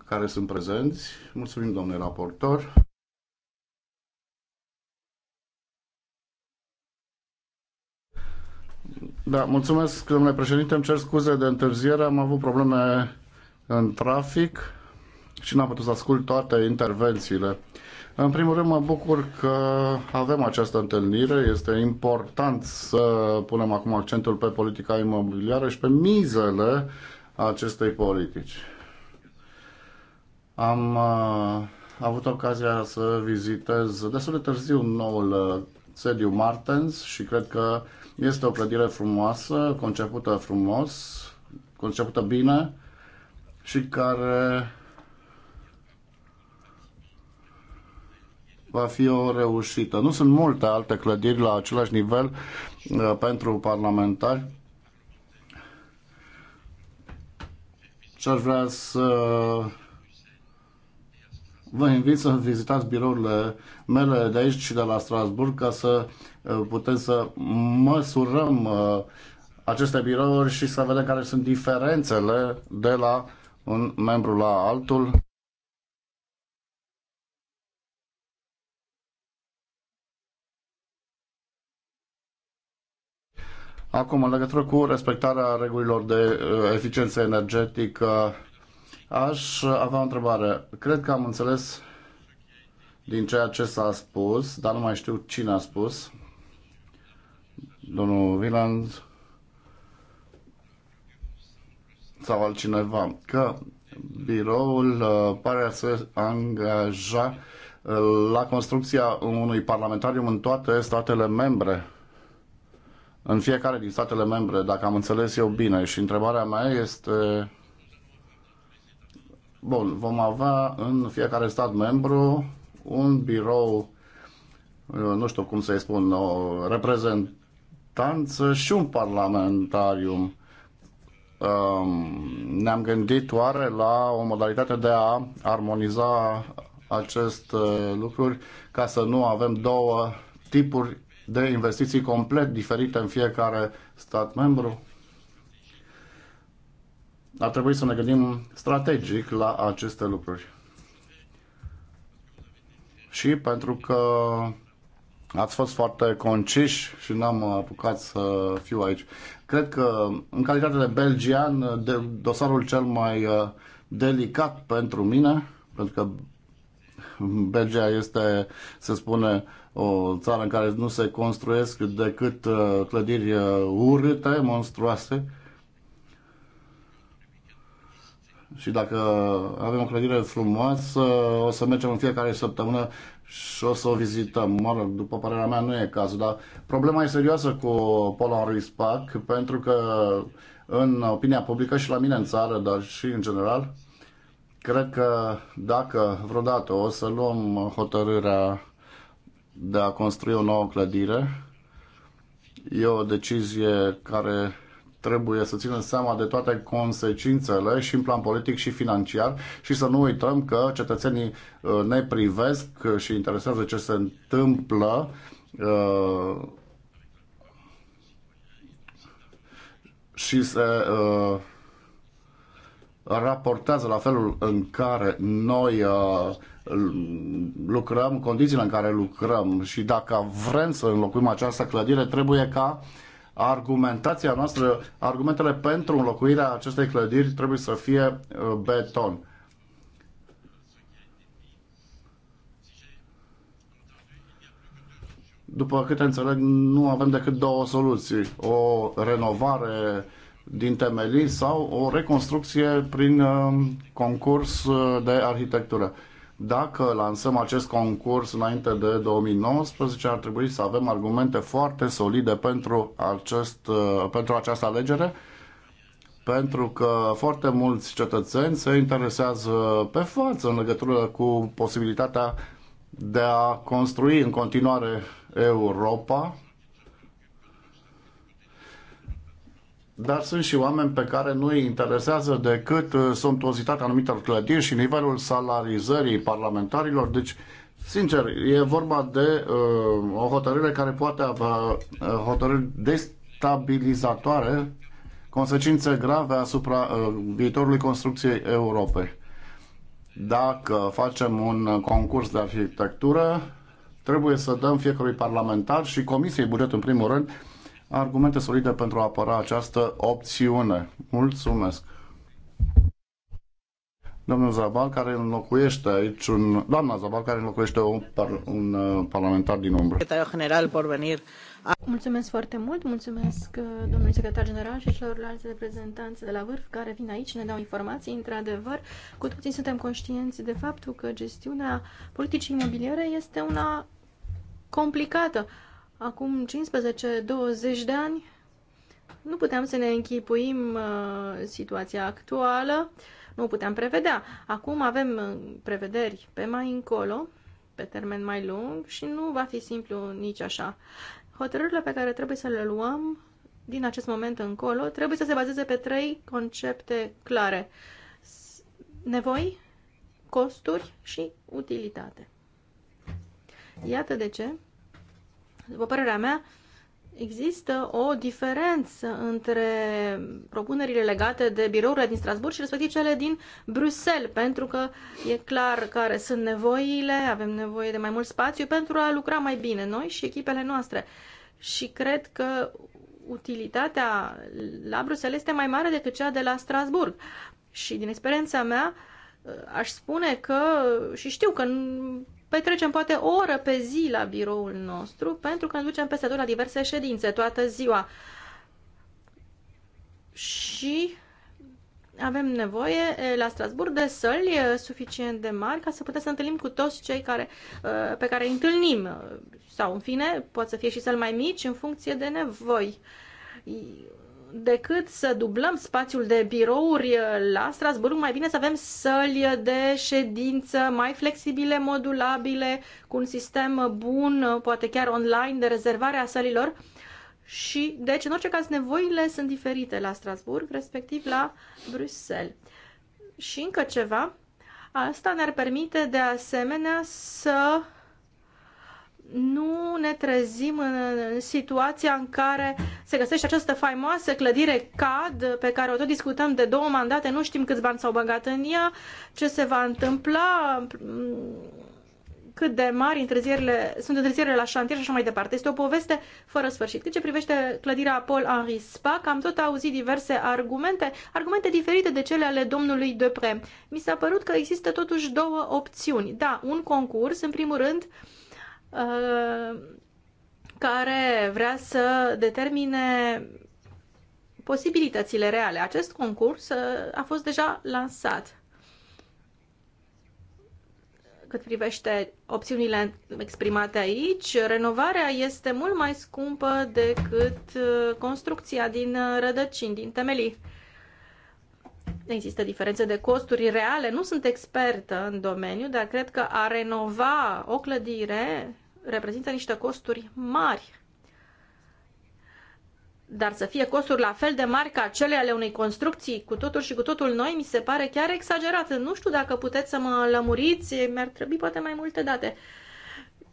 care sunt prezenți. Mulțumim, domnule raportor! Da, mulțumesc, domnule președinte. Îmi cer scuze de întârziere. Am avut probleme în trafic și n-am putut să ascult toate intervențiile. În primul rând, mă bucur că avem această întâlnire. Este important să punem acum accentul pe politica imobiliară și pe mizele acestei politici. Am uh, avut ocazia să vizitez destul de târziu noul uh, sediu Martens și cred că uh, este o clădire frumoasă, concepută frumos, concepută bine și care va fi o reușită. Nu sunt multe alte clădiri la același nivel uh, pentru parlamentari. Și aș vrea să vă invit să vizitați birourile mele de aici și de la Strasburg ca să uh, Uh, putem să măsurăm uh, aceste birouri și să vedem care sunt diferențele de la un membru la altul. Acum, în legătură cu respectarea regulilor de uh, eficiență energetică, aș avea o întrebare. Cred că am înțeles din ceea ce s-a spus, dar nu mai știu cine a spus domnul Viland sau altcineva, că biroul uh, pare să angaja uh, la construcția unui parlamentarium în toate statele membre. În fiecare din statele membre, dacă am înțeles eu bine. Și întrebarea mea este... Bun, vom avea în fiecare stat membru un birou, uh, nu știu cum să-i spun, o reprezent, reprezentanță și un parlamentarium. Um, ne-am gândit oare la o modalitate de a armoniza acest lucruri ca să nu avem două tipuri de investiții complet diferite în fiecare stat membru? Ar trebui să ne gândim strategic la aceste lucruri. Și pentru că Ați fost foarte conciși și n-am apucat să fiu aici. Cred că, în calitate de belgian, de, dosarul cel mai uh, delicat pentru mine, pentru că Belgia este, se spune, o țară în care nu se construiesc decât uh, clădiri uh, urâte, monstruoase. Și dacă avem o clădire frumoasă, o să mergem în fiecare săptămână și o să o vizităm. Mă rog, după părerea mea nu e cazul, dar problema e serioasă cu Polaris Pack pentru că în opinia publică și la mine în țară, dar și în general, cred că dacă vreodată o să luăm hotărârea de a construi o nouă clădire, e o decizie care trebuie să ținem seama de toate consecințele și în plan politic și financiar și să nu uităm că cetățenii uh, ne privesc și interesează ce se întâmplă uh, și se uh, raportează la felul în care noi lucrăm, condițiile în care lucrăm și dacă vrem să înlocuim această clădire, trebuie ca uh, argumentația noastră, argumentele pentru înlocuirea acestei clădiri trebuie să fie uh, beton. După câte înțeleg, nu avem decât două soluții. O renovare din temelii sau o reconstrucție prin uh, concurs uh, de arhitectură. Dacă lansăm acest concurs înainte de 2019, ar trebui să avem argumente foarte solide pentru, acest, uh, pentru această alegere, pentru că foarte mulți cetățeni se interesează pe față în legătură cu posibilitatea de a construi în continuare Europa dar sunt și oameni pe care nu îi interesează decât uh, somptuozitatea anumitor clădiri și nivelul salarizării parlamentarilor. Deci, sincer, e vorba de uh, o hotărâre care poate avea uh, hotărâri destabilizatoare, consecințe grave asupra uh, viitorului construcției Europei. Dacă facem un concurs de arhitectură, trebuie să dăm fiecărui parlamentar și Comisiei Buget în primul rând argumente solide pentru a apăra această opțiune. Mulțumesc! Domnul Zabal, care înlocuiește aici un... Doamna Zabal, care înlocuiește un, par, un uh, parlamentar din umbră. General, por venir. Mulțumesc foarte mult, mulțumesc uh, domnului secretar general și celorlalți reprezentanți de la vârf care vin aici, ne dau informații. Într-adevăr, cu toții suntem conștienți de faptul că gestiunea politicii imobiliare este una complicată acum 15-20 de ani, nu puteam să ne închipuim uh, situația actuală, nu puteam prevedea. Acum avem uh, prevederi pe mai încolo, pe termen mai lung și nu va fi simplu nici așa. Hotărârile pe care trebuie să le luăm din acest moment încolo trebuie să se bazeze pe trei concepte clare. Nevoi, costuri și utilitate. Iată de ce după părerea mea, există o diferență între propunerile legate de birourile din Strasburg și respectiv cele din Bruxelles, pentru că e clar care sunt nevoile, avem nevoie de mai mult spațiu pentru a lucra mai bine noi și echipele noastre. Și cred că utilitatea la Bruxelles este mai mare decât cea de la Strasburg. Și din experiența mea, aș spune că, și știu că Petrecem poate o oră pe zi la biroul nostru pentru că ne ducem peste tot la diverse ședințe toată ziua. Și avem nevoie la Strasburg de săli suficient de mari ca să putem să întâlnim cu toți cei care, pe care îi întâlnim. Sau, în fine, pot să fie și săli mai mici în funcție de nevoi decât să dublăm spațiul de birouri uh, la Strasburg, mai bine să avem săli de ședință mai flexibile, modulabile, cu un sistem bun, uh, poate chiar online, de rezervare a sălilor. Și, deci, în orice caz, nevoile sunt diferite la Strasburg, respectiv la Bruxelles. Și încă ceva, asta ne-ar permite, de asemenea, să uh, nu ne trezim în situația în care se găsește această faimoasă clădire CAD pe care o tot discutăm de două mandate, nu știm câți bani s-au băgat în ea, ce se va întâmpla, cât de mari întârzierile, sunt întârzierile la șantier și așa mai departe. Este o poveste fără sfârșit. Cât ce privește clădirea Paul Henri Spac, am tot auzit diverse argumente, argumente diferite de cele ale domnului Depre. Mi s-a părut că există totuși două opțiuni. Da, un concurs, în primul rând, uh, Uh, care vrea să determine posibilitățile reale. Acest concurs uh, a fost deja lansat cât privește opțiunile exprimate aici, renovarea este mult mai scumpă decât uh, construcția din rădăcini, din temelii. Există diferențe de costuri reale. Nu sunt expertă în domeniu, dar cred că a renova o clădire reprezintă niște costuri mari. Dar să fie costuri la fel de mari ca cele ale unei construcții cu totul și cu totul noi, mi se pare chiar exagerat. Nu știu dacă puteți să mă lămuriți, mi-ar trebui poate mai multe date.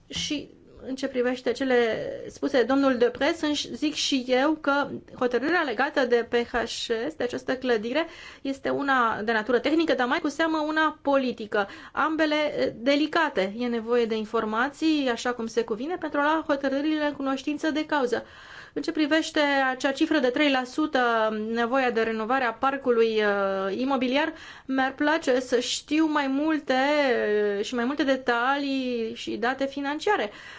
Și în ce privește cele spuse de domnul Depre, zic și eu că hotărârea legată de PHS, de această clădire, este una de natură tehnică, dar mai cu seamă una politică. Ambele eh, delicate. E nevoie de informații, așa cum se cuvine, pentru a lua hotărârile în cunoștință de cauză. În ce privește acea cifră de 3% nevoia de renovare a parcului eh, imobiliar, mi-ar place să știu mai multe eh, și mai multe detalii și date financiare. Uh,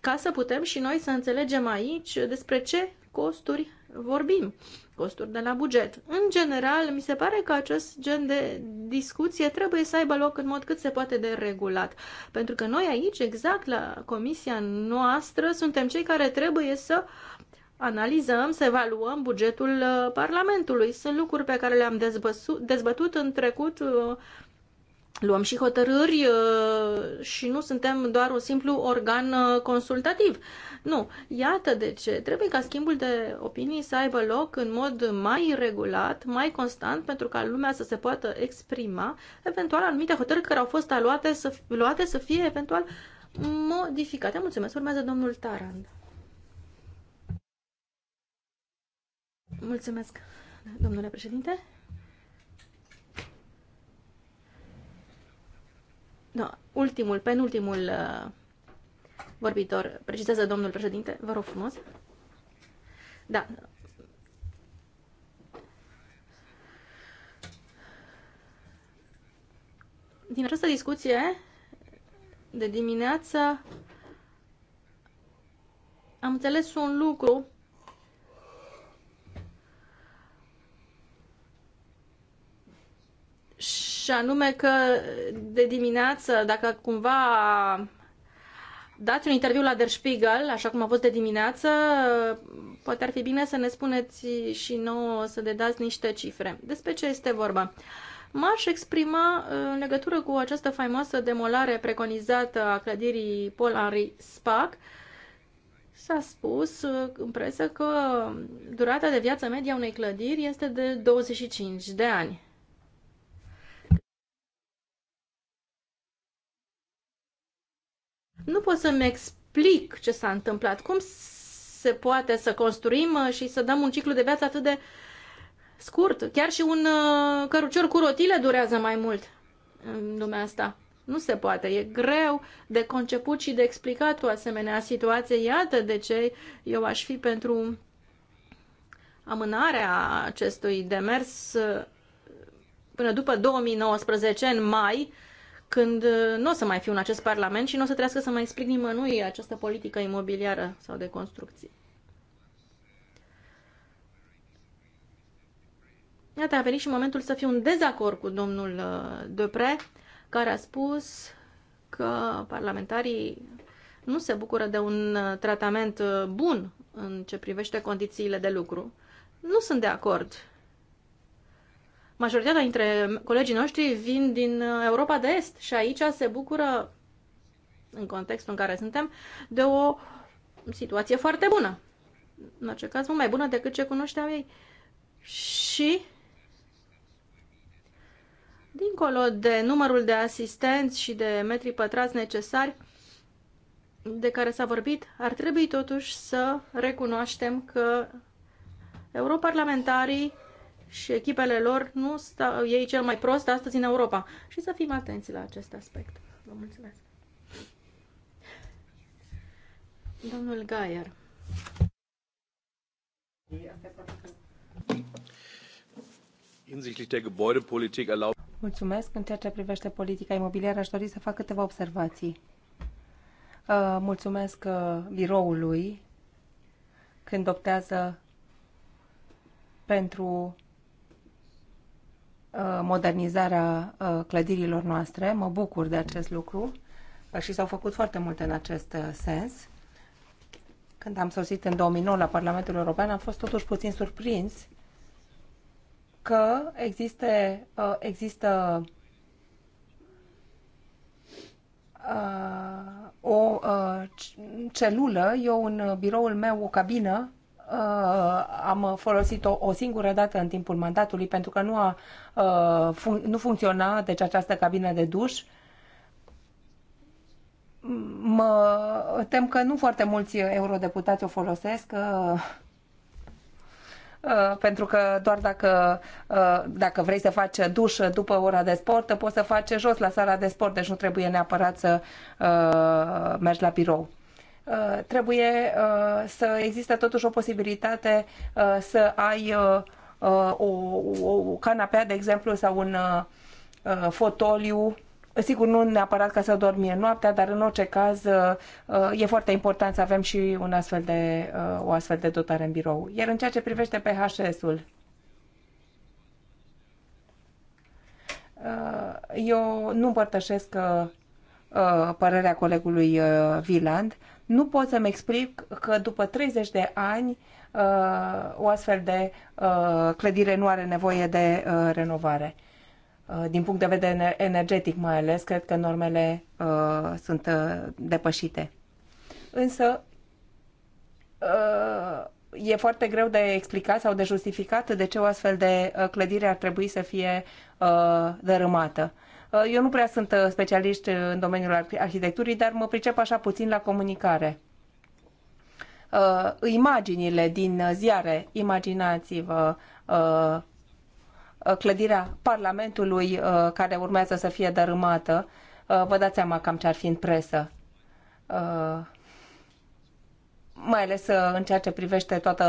ca să putem și noi să înțelegem aici despre ce costuri vorbim, costuri de la buget. În general, mi se pare că acest gen de discuție trebuie să aibă loc în mod cât se poate de regulat, pentru că noi aici, exact la comisia noastră, suntem cei care trebuie să analizăm, să evaluăm bugetul uh, Parlamentului. Sunt lucruri pe care le-am dezbătut în trecut uh, luăm și hotărâri uh, și nu suntem doar un simplu organ uh, consultativ. Nu, iată de ce. Trebuie ca schimbul de opinii să aibă loc în mod mai regulat, mai constant, pentru ca lumea să se poată exprima, eventual anumite hotărâri care au fost luate să, luate să fie eventual modificate. Mulțumesc. Urmează domnul Tarand. Mulțumesc, domnule președinte. No, ultimul, penultimul uh, vorbitor, precizează domnul președinte, vă rog frumos. Da. Din această discuție de dimineață am înțeles un lucru și anume că de dimineață, dacă cumva dați un interviu la Der Spiegel, așa cum a fost de dimineață, poate ar fi bine să ne spuneți și nouă să ne dați niște cifre. Despre ce este vorba? M-aș exprima în legătură cu această faimoasă demolare preconizată a clădirii Paul Henry Spac. S-a spus în presă că durata de viață medie a unei clădiri este de 25 de ani. Nu pot să-mi explic ce s-a întâmplat. Cum se poate să construim uh, și să dăm un ciclu de viață atât de scurt? Chiar și un uh, cărucior cu rotile durează mai mult în lumea asta. Nu se poate. E greu de conceput și de explicat o asemenea situație. Iată de ce eu aș fi pentru amânarea acestui demers uh, până după 2019, în mai, când uh, nu o să mai fiu în acest Parlament și nu o să trească să mai explic nimănui această politică imobiliară sau de construcții. Iată, a venit și momentul să fiu în dezacord cu domnul uh, Depre, care a spus că parlamentarii nu se bucură de un uh, tratament bun în ce privește condițiile de lucru. Nu sunt de acord Majoritatea dintre colegii noștri vin din uh, Europa de Est și aici se bucură, în contextul în care suntem, de o situație foarte bună. În orice caz, mult mai bună decât ce cunoșteau ei. Și dincolo de numărul de asistenți și de metri pătrați necesari de care s-a vorbit, ar trebui totuși să recunoaștem că europarlamentarii și echipele lor nu stau ei cel mai prost astăzi în Europa. Și să fim atenți la acest aspect. Vă mulțumesc. Domnul Gaier. Mulțumesc. În ceea ce privește politica imobiliară, aș dori să fac câteva observații. Uh, mulțumesc uh, biroului când optează pentru Uh, modernizarea uh, clădirilor noastre. Mă bucur de acest lucru uh, și s-au făcut foarte multe în acest sens. Când am sosit în 2009 la Parlamentul European, am fost totuși puțin surprins că există există o celulă, eu în biroul meu, o cabină am folosit-o o singură dată în timpul mandatului pentru că nu, a, uh, nu funcționa deci această cabină de duș. Mă tem că nu foarte mulți eurodeputați o folosesc uh, uh, pentru că doar dacă, dacă vrei să faci duș după ora de sport, poți să faci jos la sala de sport, deci nu trebuie neapărat să mergi la birou. Uh, trebuie uh, să existe totuși o posibilitate uh, să ai o, o, o canapea, de exemplu, sau un fotoliu Sigur, nu neapărat ca să dormi noaptea, dar în orice caz e foarte important să avem și un astfel de, o astfel de dotare în birou. Iar în ceea ce privește PHS-ul, eu nu împărtășesc părerea colegului Viland. Nu pot să-mi explic că după 30 de ani uh, o astfel de uh, clădire nu are nevoie de uh, renovare. Din punct de vedere energetic mai ales, cred că normele sunt depășite. Însă, e foarte greu de explicat sau de justificat de ce o astfel de clădire ar trebui să fie dărâmată. Uh, eu nu prea sunt uh, specialist uh, în domeniul arhitecturii, dar mă pricep așa puțin la comunicare. Imaginile din ziare, imaginați-vă clădirea Parlamentului care urmează să fie dărâmată, vă dați seama cam ce ar fi în presă mai ales uh, în ceea ce privește toată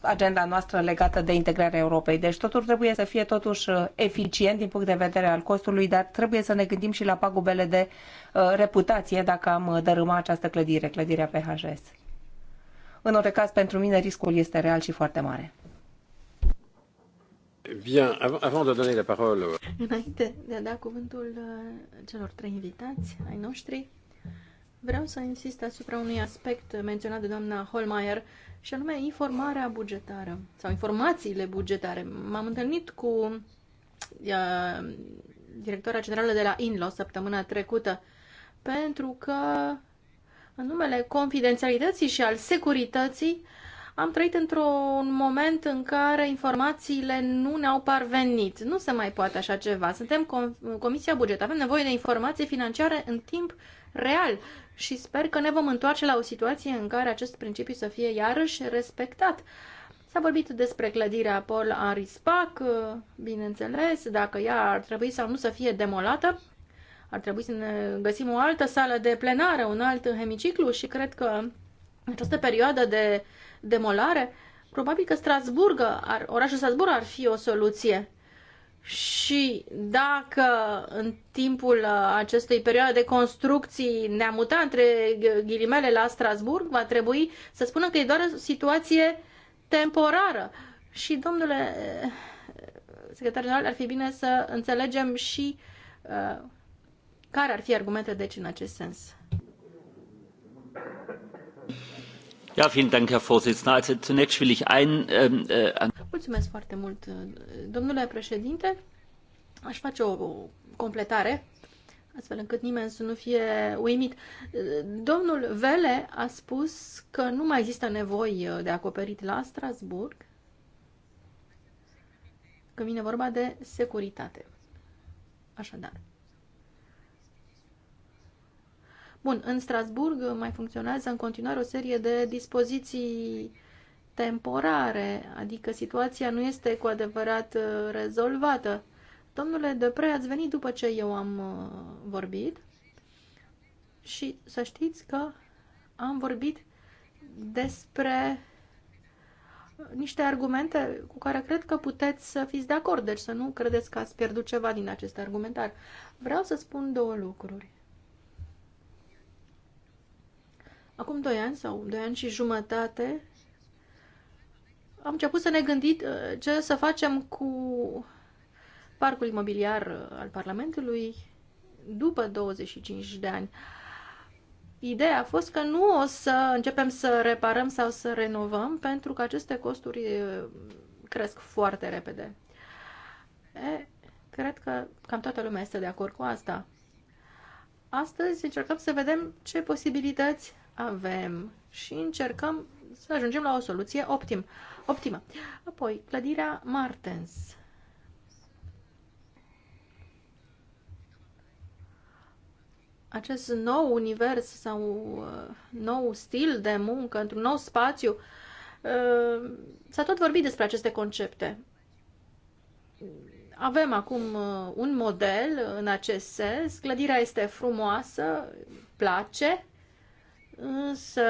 agenda noastră legată de integrarea Europei. Deci totul trebuie să fie totuși uh, eficient din punct de vedere al costului, dar trebuie să ne gândim și la pagubele de uh, reputație dacă am dărâma această clădire, clădirea PHS. În orice caz, pentru mine riscul este real și foarte mare. Bien, avant de donner la parole... Înainte de a da cuvântul celor trei invitați ai noștri, Vreau să insist asupra unui aspect menționat de doamna Holmeier, și anume informarea bugetară sau informațiile bugetare. M-am întâlnit cu uh, directora generală de la INLO săptămâna trecută pentru că în numele confidențialității și al securității am trăit într-un moment în care informațiile nu ne-au parvenit. Nu se mai poate așa ceva. Suntem com Comisia Buget. Avem nevoie de informații financiare în timp real și sper că ne vom întoarce la o situație în care acest principiu să fie iarăși respectat. S-a vorbit despre clădirea Paul Arispac, bineînțeles, dacă ea ar trebui sau nu să fie demolată. Ar trebui să ne găsim o altă sală de plenară, un alt hemiciclu și cred că în această perioadă de demolare, probabil că Strasburg, ar, orașul Strasburg ar fi o soluție și dacă în timpul uh, acestei perioade de construcții ne-am mutat între ghilimele la Strasburg, va trebui să spună că e doar o situație temporară. Și, domnule eh, secretar general, ar fi bine să înțelegem și uh, care ar fi argumentele deci, în acest sens. Ähm, äh, Mulțumesc foarte mult, domnule președinte. Aș face o completare, astfel încât nimeni să nu fie uimit. Domnul Vele a spus că nu mai există nevoi de acoperit la Strasburg când vine vorba de securitate. Așadar. Bun, în Strasburg mai funcționează în continuare o serie de dispoziții temporare, adică situația nu este cu adevărat uh, rezolvată. Domnule Depre, ați venit după ce eu am uh, vorbit și să știți că am vorbit despre uh, niște argumente cu care cred că puteți să fiți de acord, deci să nu credeți că ați pierdut ceva din acest argumentar. Vreau să spun două lucruri. acum doi ani sau doi ani și jumătate, am început să ne gândim uh, ce să facem cu parcul imobiliar uh, al Parlamentului după 25 de ani. Ideea a fost că nu o să începem să reparăm sau să renovăm pentru că aceste costuri uh, cresc foarte repede. E, cred că cam toată lumea este de acord cu asta. Astăzi încercăm să vedem ce posibilități avem și încercăm să ajungem la o soluție optim, optimă. Apoi, clădirea Martens. Acest nou univers sau uh, nou stil de muncă într-un nou spațiu, uh, s-a tot vorbit despre aceste concepte. Avem acum uh, un model în acest sens, clădirea este frumoasă, place, însă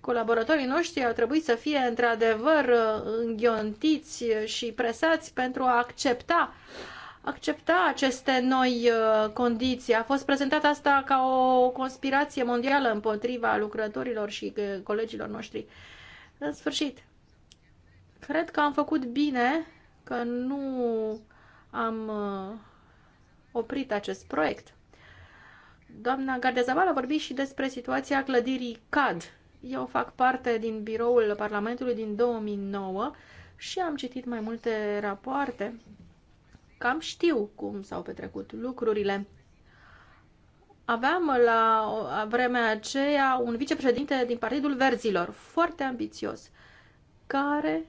colaboratorii noștri au trebuit să fie într-adevăr înghiontiți și presați pentru a accepta accepta aceste noi uh, condiții. A fost prezentat asta ca o conspirație mondială împotriva lucrătorilor și uh, colegilor noștri. În sfârșit, cred că am făcut bine că nu am uh, oprit acest proiect. Doamna Gardezaval a vorbit și despre situația clădirii CAD. Eu fac parte din biroul Parlamentului din 2009 și am citit mai multe rapoarte. Cam știu cum s-au petrecut lucrurile. Aveam la vremea aceea un vicepreședinte din Partidul Verzilor, foarte ambițios, care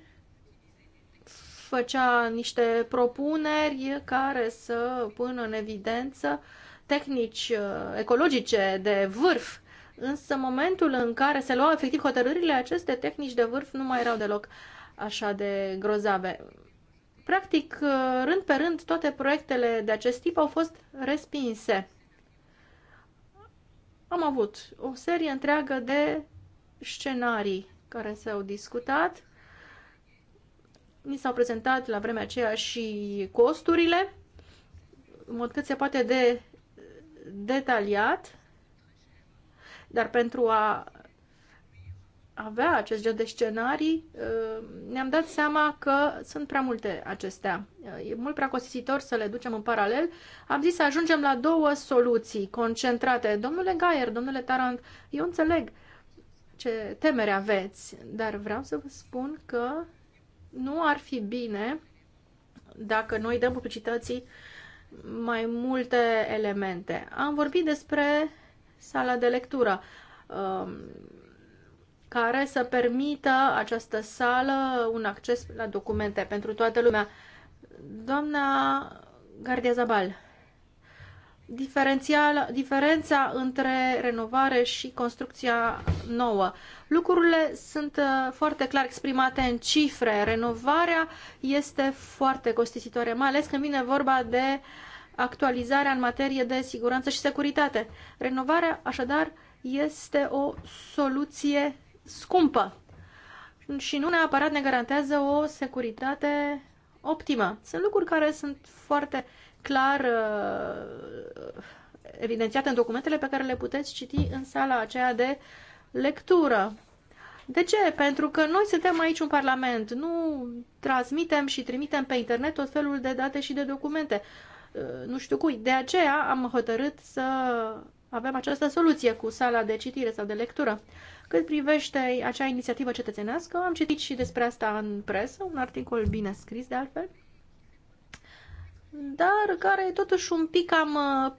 făcea niște propuneri care să pună în evidență uh, tehnici uh, ecologice de vârf, însă momentul în care se luau efectiv hotărârile, aceste tehnici de vârf nu mai erau deloc așa de grozave. Practic, uh, rând pe rând, toate proiectele de acest tip au fost respinse. Am avut o serie întreagă de scenarii care s-au discutat. Ni s-au prezentat la vremea aceea și costurile, în mod cât se poate de detaliat, dar pentru a avea acest gen de scenarii, ă, ne-am dat seama că sunt prea multe acestea. E mult prea costisitor să le ducem în paralel. Am zis să ajungem la două soluții concentrate. Domnule Gaier, domnule Tarant, eu înțeleg ce temere aveți, dar vreau să vă spun că nu ar fi bine dacă noi dăm publicității uh, mai multe elemente. Am vorbit despre sala de lectură um, care să permită această sală un acces la documente pentru toată lumea. Doamna Gardia Zabal diferența între renovare și construcția nouă. Lucrurile sunt uh, foarte clar exprimate în cifre. Renovarea este foarte costisitoare, mai ales când vine vorba de actualizarea în materie de siguranță și securitate. Renovarea, așadar, este o soluție scumpă și nu neapărat ne garantează o securitate optimă. Sunt lucruri care sunt foarte uh, clar uh, evidențiate în documentele pe care le puteți citi în sala aceea de lectură. De ce? Pentru că noi suntem aici un parlament, nu transmitem și trimitem pe internet tot felul de date și de documente. Uh, nu știu cui. De aceea am hotărât să avem această soluție cu sala de citire sau de lectură. Cât privește acea inițiativă cetățenească, am citit și despre asta în presă, un articol bine scris de altfel dar care e totuși un pic cam uh,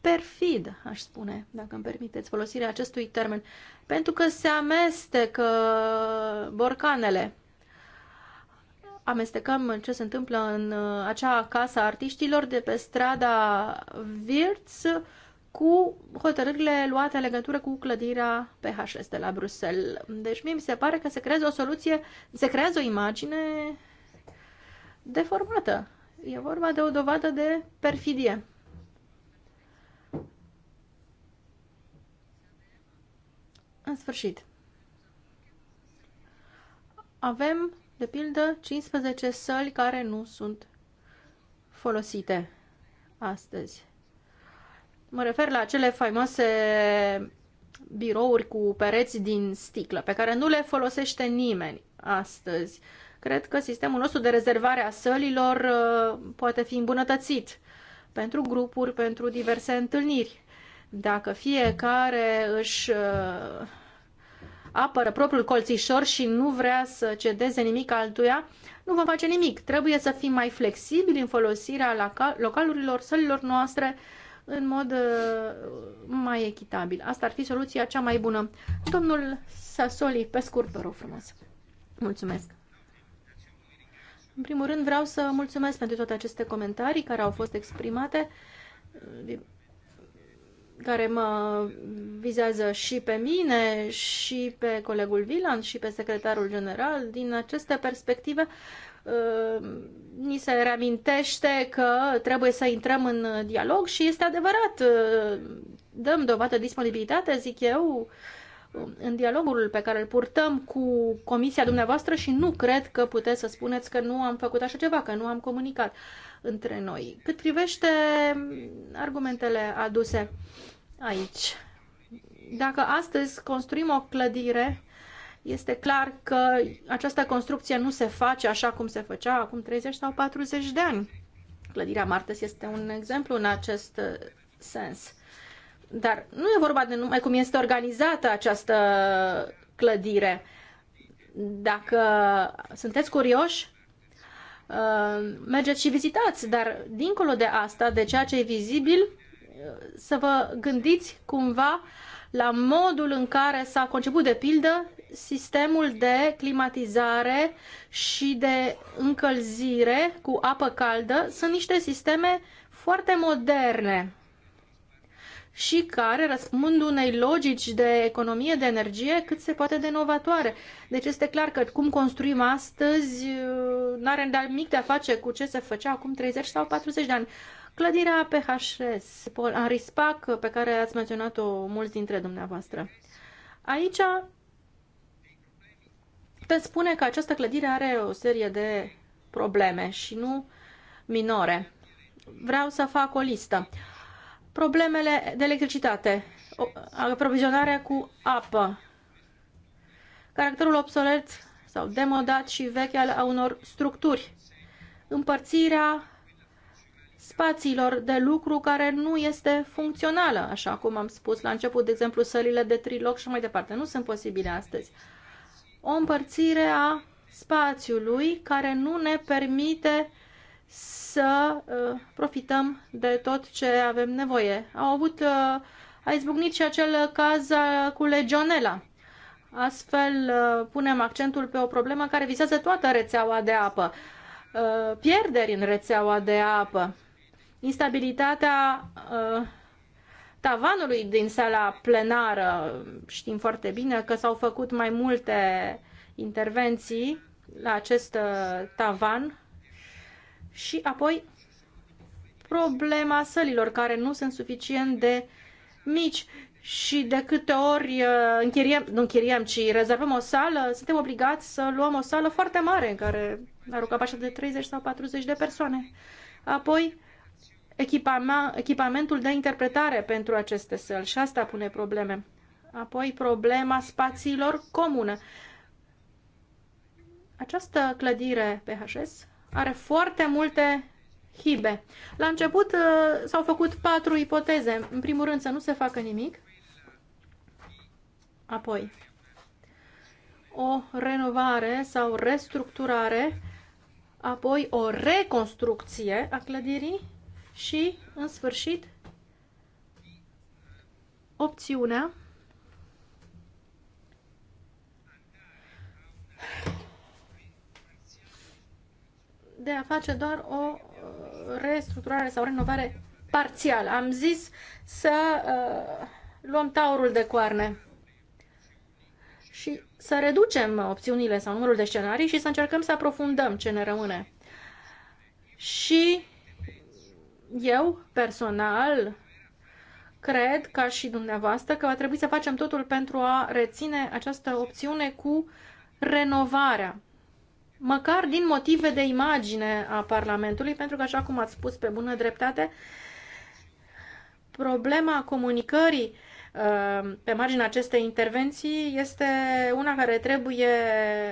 perfid, aș spune, dacă îmi permiteți folosirea acestui termen, pentru că se amestecă borcanele. Amestecăm ce se întâmplă în uh, acea casă a artiștilor de pe strada Virts cu hotărârile luate în legătură cu clădirea PHS de la Bruxelles. Deci mie mi se pare că se creează o soluție, se creează o imagine deformată E vorba de o dovadă de perfidie. În sfârșit, avem, de pildă, 15 săli care nu sunt folosite astăzi. Mă refer la cele faimoase birouri cu pereți din sticlă, pe care nu le folosește nimeni astăzi cred că sistemul nostru de rezervare a sălilor uh, poate fi îmbunătățit pentru grupuri, pentru diverse întâlniri. Dacă fiecare își uh, apără propriul colțișor și nu vrea să cedeze nimic altuia, nu vom face nimic. Trebuie să fim mai flexibili în folosirea localurilor, sălilor noastre, în mod uh, mai echitabil. Asta ar fi soluția cea mai bună. Domnul Sasoli, pe scurt, vă rog frumos. Mulțumesc. În primul rând vreau să mulțumesc pentru toate aceste comentarii care au fost exprimate, care mă vizează și pe mine, și pe colegul Vilan, și pe secretarul general. Din aceste perspective, uh, ni se reamintește că trebuie să intrăm în dialog și este adevărat. Uh, dăm dovadă disponibilitate, zic eu, în dialogul pe care îl purtăm cu comisia dumneavoastră și nu cred că puteți să spuneți că nu am făcut așa ceva, că nu am comunicat între noi. Cât privește argumentele aduse aici, dacă astăzi construim o clădire, este clar că această construcție nu se face așa cum se făcea acum 30 sau 40 de ani. Clădirea Martes este un exemplu în acest sens. Dar nu e vorba de numai cum este organizată această clădire. Dacă sunteți curioși, uh, mergeți și vizitați, dar dincolo de asta, de ceea ce e vizibil, uh, să vă gândiți cumva la modul în care s-a conceput, de pildă, sistemul de climatizare și de încălzire cu apă caldă. Sunt niște sisteme foarte moderne și care răspund unei logici de economie de energie cât se poate de novatoare. Deci este clar că cum construim astăzi uh, nu are de mic de a face cu ce se făcea acum 30 sau 40 de ani. Clădirea PHS, Henri Spac, pe care ați menționat-o mulți dintre dumneavoastră. Aici te spune că această clădire are o serie de probleme și nu minore. Vreau să fac o listă problemele de electricitate, aprovizionarea cu apă, caracterul obsolet sau demodat și vechi al unor structuri, împărțirea spațiilor de lucru care nu este funcțională, așa cum am spus la început, de exemplu, sălile de triloc și mai departe, nu sunt posibile astăzi. O împărțire a spațiului care nu ne permite uh, să uh, profităm de tot ce avem nevoie. Au avut, uh, a izbucnit și acel caz uh, cu legionela. Astfel punem accentul pe o problemă care vizează toată rețeaua de apă. Pierderi în rețeaua de apă, instabilitatea tavanului din sala plenară. Știm foarte bine că s-au făcut mai multe intervenții la acest tavan și apoi problema sălilor care nu sunt suficient de mici și de câte ori uh, închiriem, nu închiriem, ci rezervăm o sală, suntem obligați să luăm o sală foarte mare în care ar o capacitate de 30 sau 40 de persoane. Apoi, echipamentul de interpretare pentru aceste săli și asta pune probleme. Apoi, problema spațiilor comune. Această clădire PHS are foarte multe hibe. La început uh, s-au făcut patru ipoteze. În primul rând să nu se facă nimic, apoi o renovare sau restructurare, apoi o reconstrucție a clădirii și, în sfârșit, opțiunea de a face doar o uh, restructurare sau renovare parțială. Am zis să uh, luăm taurul de coarne și să reducem opțiunile sau numărul de scenarii și să încercăm să aprofundăm ce ne rămâne. Și eu, personal, cred, ca și dumneavoastră, că va trebui să facem totul pentru a reține această opțiune cu renovarea măcar din motive de imagine a Parlamentului, pentru că, așa cum ați spus pe bună dreptate, problema comunicării uh, pe marginea acestei intervenții este una care trebuie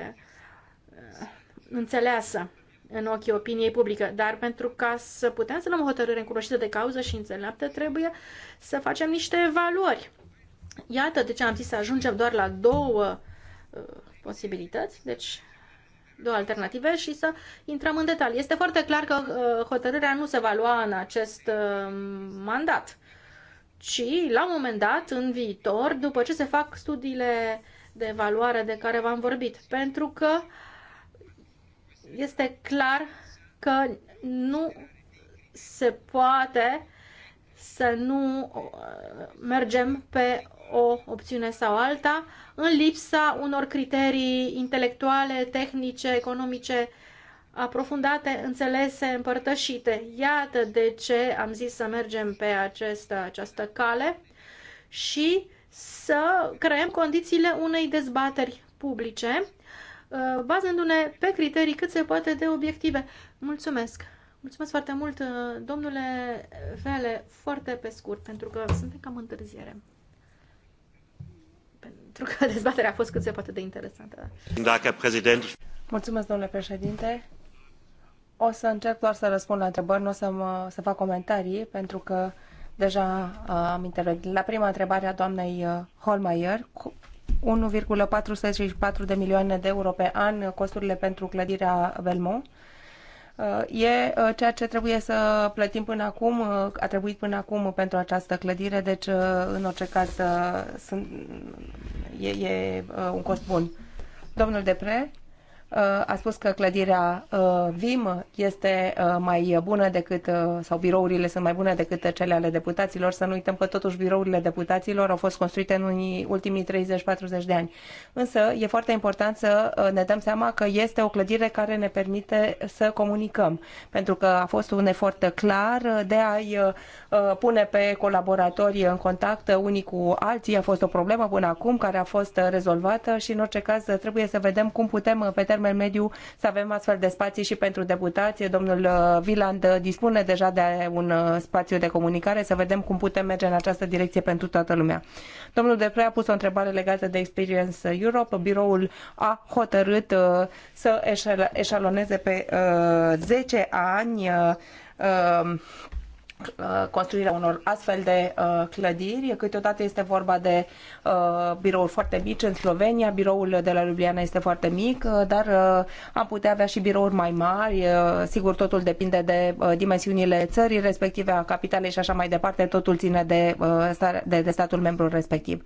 uh, înțeleasă în ochii opiniei publică, dar pentru ca să putem să luăm o hotărâre încunoștită de cauză și înțeleaptă, trebuie să facem niște evaluări. Iată de ce am zis să ajungem doar la două uh, posibilități, deci două alternative și să intrăm în detalii. Este foarte clar că uh, hotărârea nu se va lua în acest uh, mandat, ci la un moment dat, în viitor, după ce se fac studiile de evaluare de care v-am vorbit, pentru că este clar că nu se poate să nu uh, mergem pe o opțiune sau alta, în lipsa unor criterii intelectuale, tehnice, economice aprofundate, înțelese, împărtășite. Iată de ce am zis să mergem pe această, această cale și să creăm condițiile unei dezbateri publice, uh, bazându-ne pe criterii cât se poate de obiective. Mulțumesc! Mulțumesc foarte mult, uh, domnule Vele, foarte pe scurt, pentru că suntem cam întârziere pentru că dezbaterea a fost cât se poate de interesantă. Dacă prezident... Mulțumesc, domnule președinte. O să încerc doar să răspund la întrebări, nu o să, mă, să fac comentarii, pentru că deja uh, am intervenit. La prima întrebare a doamnei uh, Holmeier, 1,464 de milioane de euro pe an costurile pentru clădirea Belmont Uh, e uh, ceea ce trebuie să plătim până acum, uh, a trebuit până acum pentru această clădire, deci în orice caz sunt, e, e un cost bun. Domnul Depre, Uh, a spus că clădirea uh, VIM este uh, mai bună decât, sau birourile sunt mai bune decât cele ale deputaților. Să nu uităm că totuși birourile deputaților au fost construite în unii ultimii 30-40 de ani. Însă e foarte important să ne dăm seama că este o clădire care ne permite să comunicăm, pentru că a fost un efort clar de a-i pune pe colaboratori în contact unii cu alții. A fost o problemă până acum care a fost rezolvată și în orice caz trebuie să vedem cum putem pe termen mediu să avem astfel de spații și pentru deputați. Domnul Viland uh, uh, dispune deja de un uh, spațiu de comunicare, să vedem cum putem merge în această direcție pentru toată lumea. Domnul Deprea a pus o întrebare legată de Experience Europe. Biroul a hotărât să eșaloneze pe 10 ani Uh, construirea unor astfel de uh, clădiri. Câteodată este vorba de uh, birouri foarte mici în Slovenia, biroul de la Ljubljana este foarte mic, dar am putea avea și birouri mai mari. Sigur, totul depinde de dimensiunile țării respective, a capitalei și așa mai departe, totul ține de, de, de statul membru respectiv.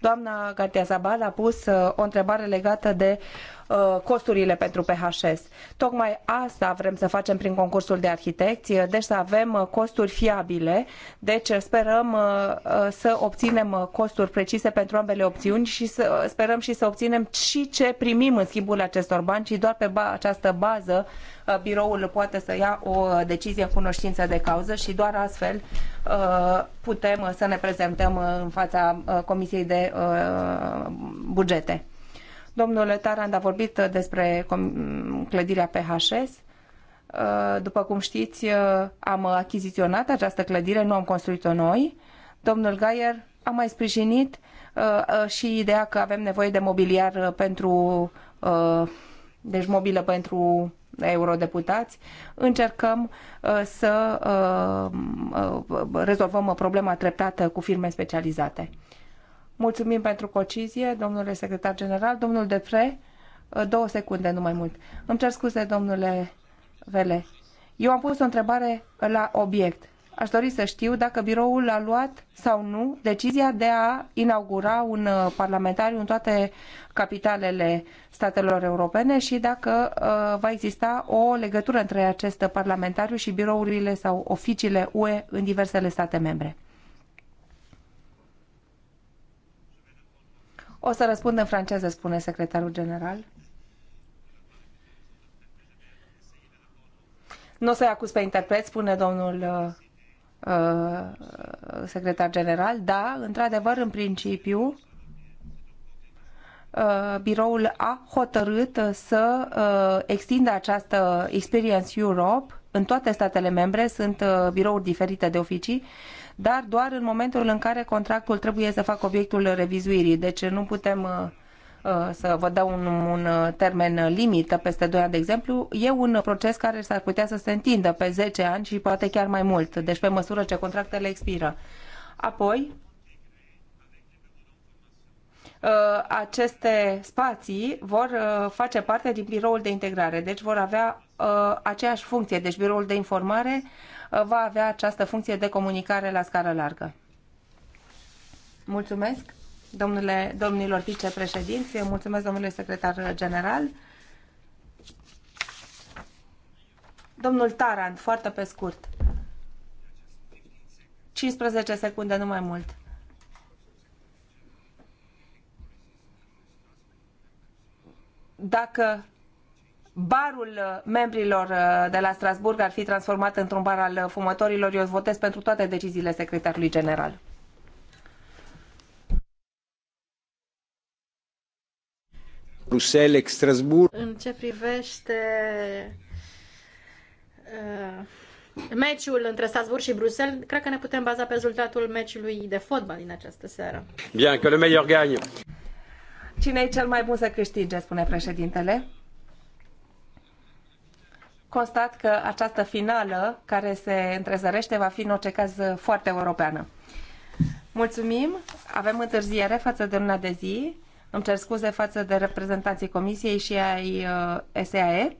Doamna Gartia Zabal a pus o întrebare legată de uh, Uh, costurile pentru PHS. Tocmai asta vrem să facem prin concursul de arhitecți, uh, deci să avem uh, costuri fiabile, deci sperăm să obținem costuri precise pentru ambele opțiuni și să, sperăm și să obținem și ce primim în schimbul acestor bani și doar pe ba, această bază biroul poate să ia o decizie în cunoștință de cauză și doar astfel putem să ne prezentăm în fața Comisiei de Bugete. Domnul Tarand a vorbit despre clădirea PHS. Uh, după cum știți, uh, am achiziționat această clădire, nu am construit-o noi. Domnul Gaier a mai sprijinit uh, și ideea că avem nevoie de mobiliar pentru, deci mobilă pentru eurodeputați, încercăm să rezolvăm problema treptată cu firme specializate. Mulțumim pentru cocizie, domnule secretar general. Domnul Defre, uh, două secunde, nu mai mult. Îmi cer scuze, domnule Vele. Eu am pus o întrebare la obiect. Aș dori să știu dacă biroul a luat sau nu decizia de a inaugura un uh, parlamentariu în toate capitalele statelor europene și dacă uh, va exista o legătură între acest parlamentariu și birourile sau oficiile UE în diversele state membre. O să răspund în franceză, spune secretarul general. Nu o să-i acuz pe interpret, spune domnul uh, uh, secretar general. Da, într-adevăr, în principiu, uh, biroul a hotărât să uh, extindă această Experience Europe în toate statele membre. Sunt birouri diferite de oficii dar doar în momentul în care contractul trebuie să facă obiectul revizuirii. Deci nu putem uh, uh, să vă dau un, un uh, termen limită peste 2 ani, de exemplu, e un proces care s-ar putea să se întindă pe 10 ani și poate chiar mai mult, deci pe măsură ce contractele expiră. Apoi, Uh, aceste spații vor uh, face parte din biroul de integrare, deci vor avea uh, aceeași funcție, deci biroul de informare va avea această funcție de comunicare la scară largă. Mulțumesc, domnule, domnilor vicepreședinți, mulțumesc domnule secretar general. Domnul Tarand, foarte pe scurt. 15 secunde, nu mai mult. dacă barul uh, membrilor uh, de la Strasburg ar fi transformat într-un bar al uh, fumătorilor, eu votez pentru toate deciziile secretarului general. Bruxelles, Strasburg. În ce privește uh, meciul între Strasburg și Bruxelles, cred că ne putem baza pe rezultatul meciului de fotbal din această seară. Bien, că le meilleur gagne. Cine e cel mai bun să câștige, spune președintele. Constat că această finală care se întrezărește va fi în orice caz foarte europeană. Mulțumim, avem întârziere față de luna de zi. Îmi cer scuze față de reprezentanții Comisiei și ai uh, SAE,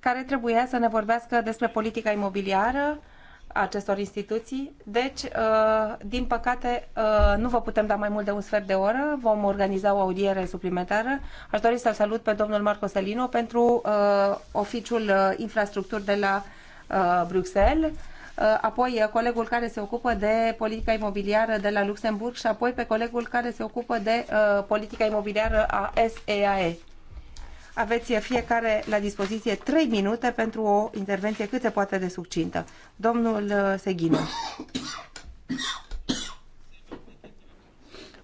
care trebuia să ne vorbească despre politica imobiliară acestor instituții. Deci, uh, din păcate, uh, nu vă putem da mai mult de un sfert de oră. Vom organiza o audiere suplimentară. Aș dori să-l salut pe domnul Marco Selino pentru uh, oficiul infrastructuri de la Bruxelles apoi colegul care se ocupă de politica imobiliară de la Luxemburg și apoi pe colegul care se ocupă de politica imobiliară a SEAE. Aveți fiecare la dispoziție 3 minute pentru o intervenție cât se poate de succintă. Domnul uh, Seghinu.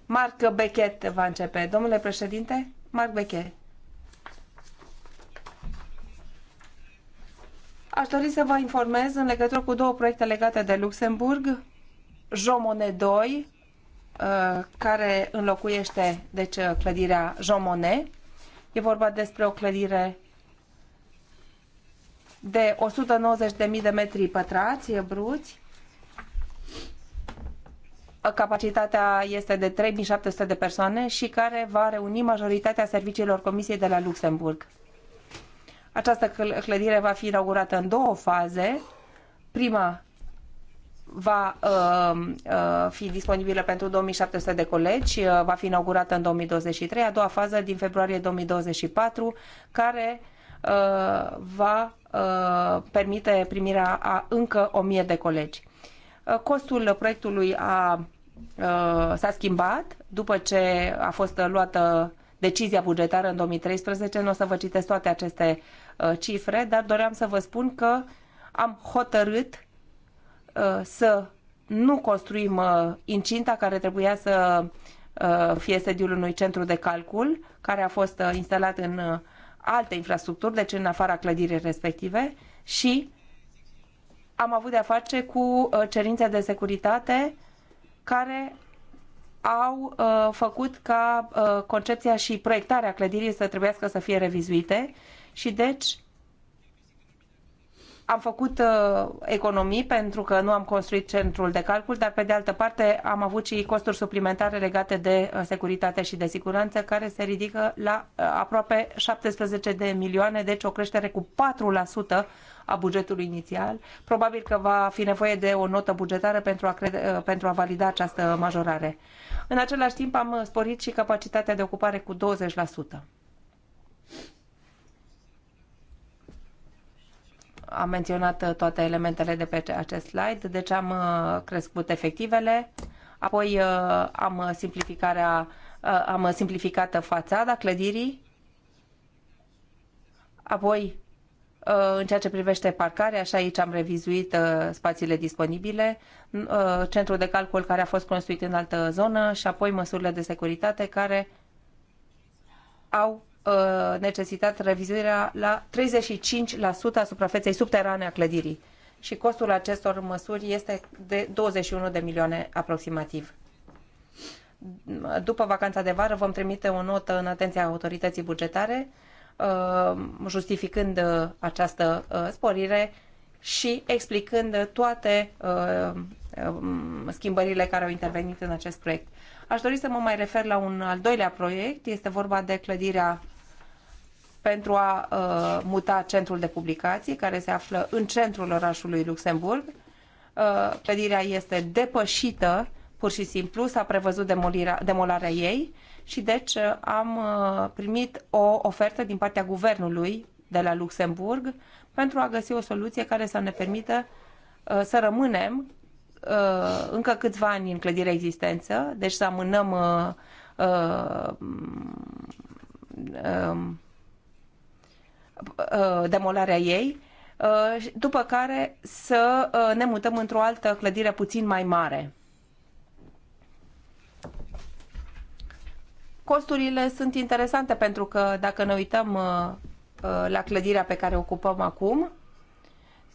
Marc Bechet va începe. Domnule președinte, Marc Bechet. Aș dori să vă informez în legătură cu două proiecte legate de Luxemburg. Jomone 2, uh, care înlocuiește deci, uh, clădirea Jomone, E vorba despre o clădire de 190.000 de metri pătrați bruți. Capacitatea este de 3700 de persoane și care va reuni majoritatea serviciilor Comisiei de la Luxemburg. Această clădire va fi inaugurată în două faze. Prima va uh, uh, fi disponibilă pentru 2700 de colegi, uh, va fi inaugurată în 2023, a doua fază din februarie 2024, care uh, va uh, permite primirea a încă 1000 de colegi. Uh, costul proiectului a, uh, s-a schimbat după ce a fost luată decizia bugetară în 2013. Nu o să vă citesc toate aceste uh, cifre, dar doream să vă spun că am hotărât Uh, să nu construim uh, incinta care trebuia să uh, fie sediul unui centru de calcul, care a fost instalat în alte infrastructuri, deci în afara clădirii respective și am avut de-a face cu cerințe de securitate care au uh, făcut ca uh, concepția și proiectarea clădirii să trebuiască să fie revizuite și deci am făcut uh, economii pentru că nu am construit centrul de calcul, dar pe de altă parte am avut și costuri suplimentare legate de uh, securitate și de siguranță care se ridică la uh, aproape 17 de milioane, deci o creștere cu 4% a bugetului inițial. Probabil că va fi nevoie de o notă bugetară pentru a, crede, pentru a valida această majorare. În același timp am sporit și capacitatea de ocupare cu 20%. am menționat uh, toate elementele de pe acest slide, deci am uh, crescut efectivele, apoi uh, am, simplificarea, am simplificat fațada clădirii, apoi în ceea ce privește parcarea, așa aici am revizuit spațiile disponibile, centrul de calcul care a fost construit în altă zonă și apoi măsurile de securitate care au Uh, necesitat revizuirea la 35% a suprafeței subterane a clădirii și costul acestor măsuri este de 21 de milioane aproximativ. După vacanța de vară vom trimite o notă în atenția autorității bugetare uh, justificând uh, această sporire și explicând toate schimbările care au intervenit în acest proiect. Aș dori să mă mai refer la un al doilea proiect. Este vorba de clădirea pentru a uh, muta centrul de publicații, care se află în centrul orașului Luxemburg. Uh, clădirea este depășită, pur și simplu, s-a prevăzut demolirea, demolarea ei și deci uh, am uh, primit o ofertă din partea guvernului de la Luxemburg pentru a găsi o soluție care să ne permită uh, să rămânem uh, încă câțiva ani în clădirea existență, deci să amânăm uh, uh, um, uh, uh, demolarea ei, uh, după care să uh, ne mutăm într-o altă clădire puțin mai mare. Costurile sunt interesante pentru că dacă ne uităm uh, uh, la clădirea pe care o ocupăm acum,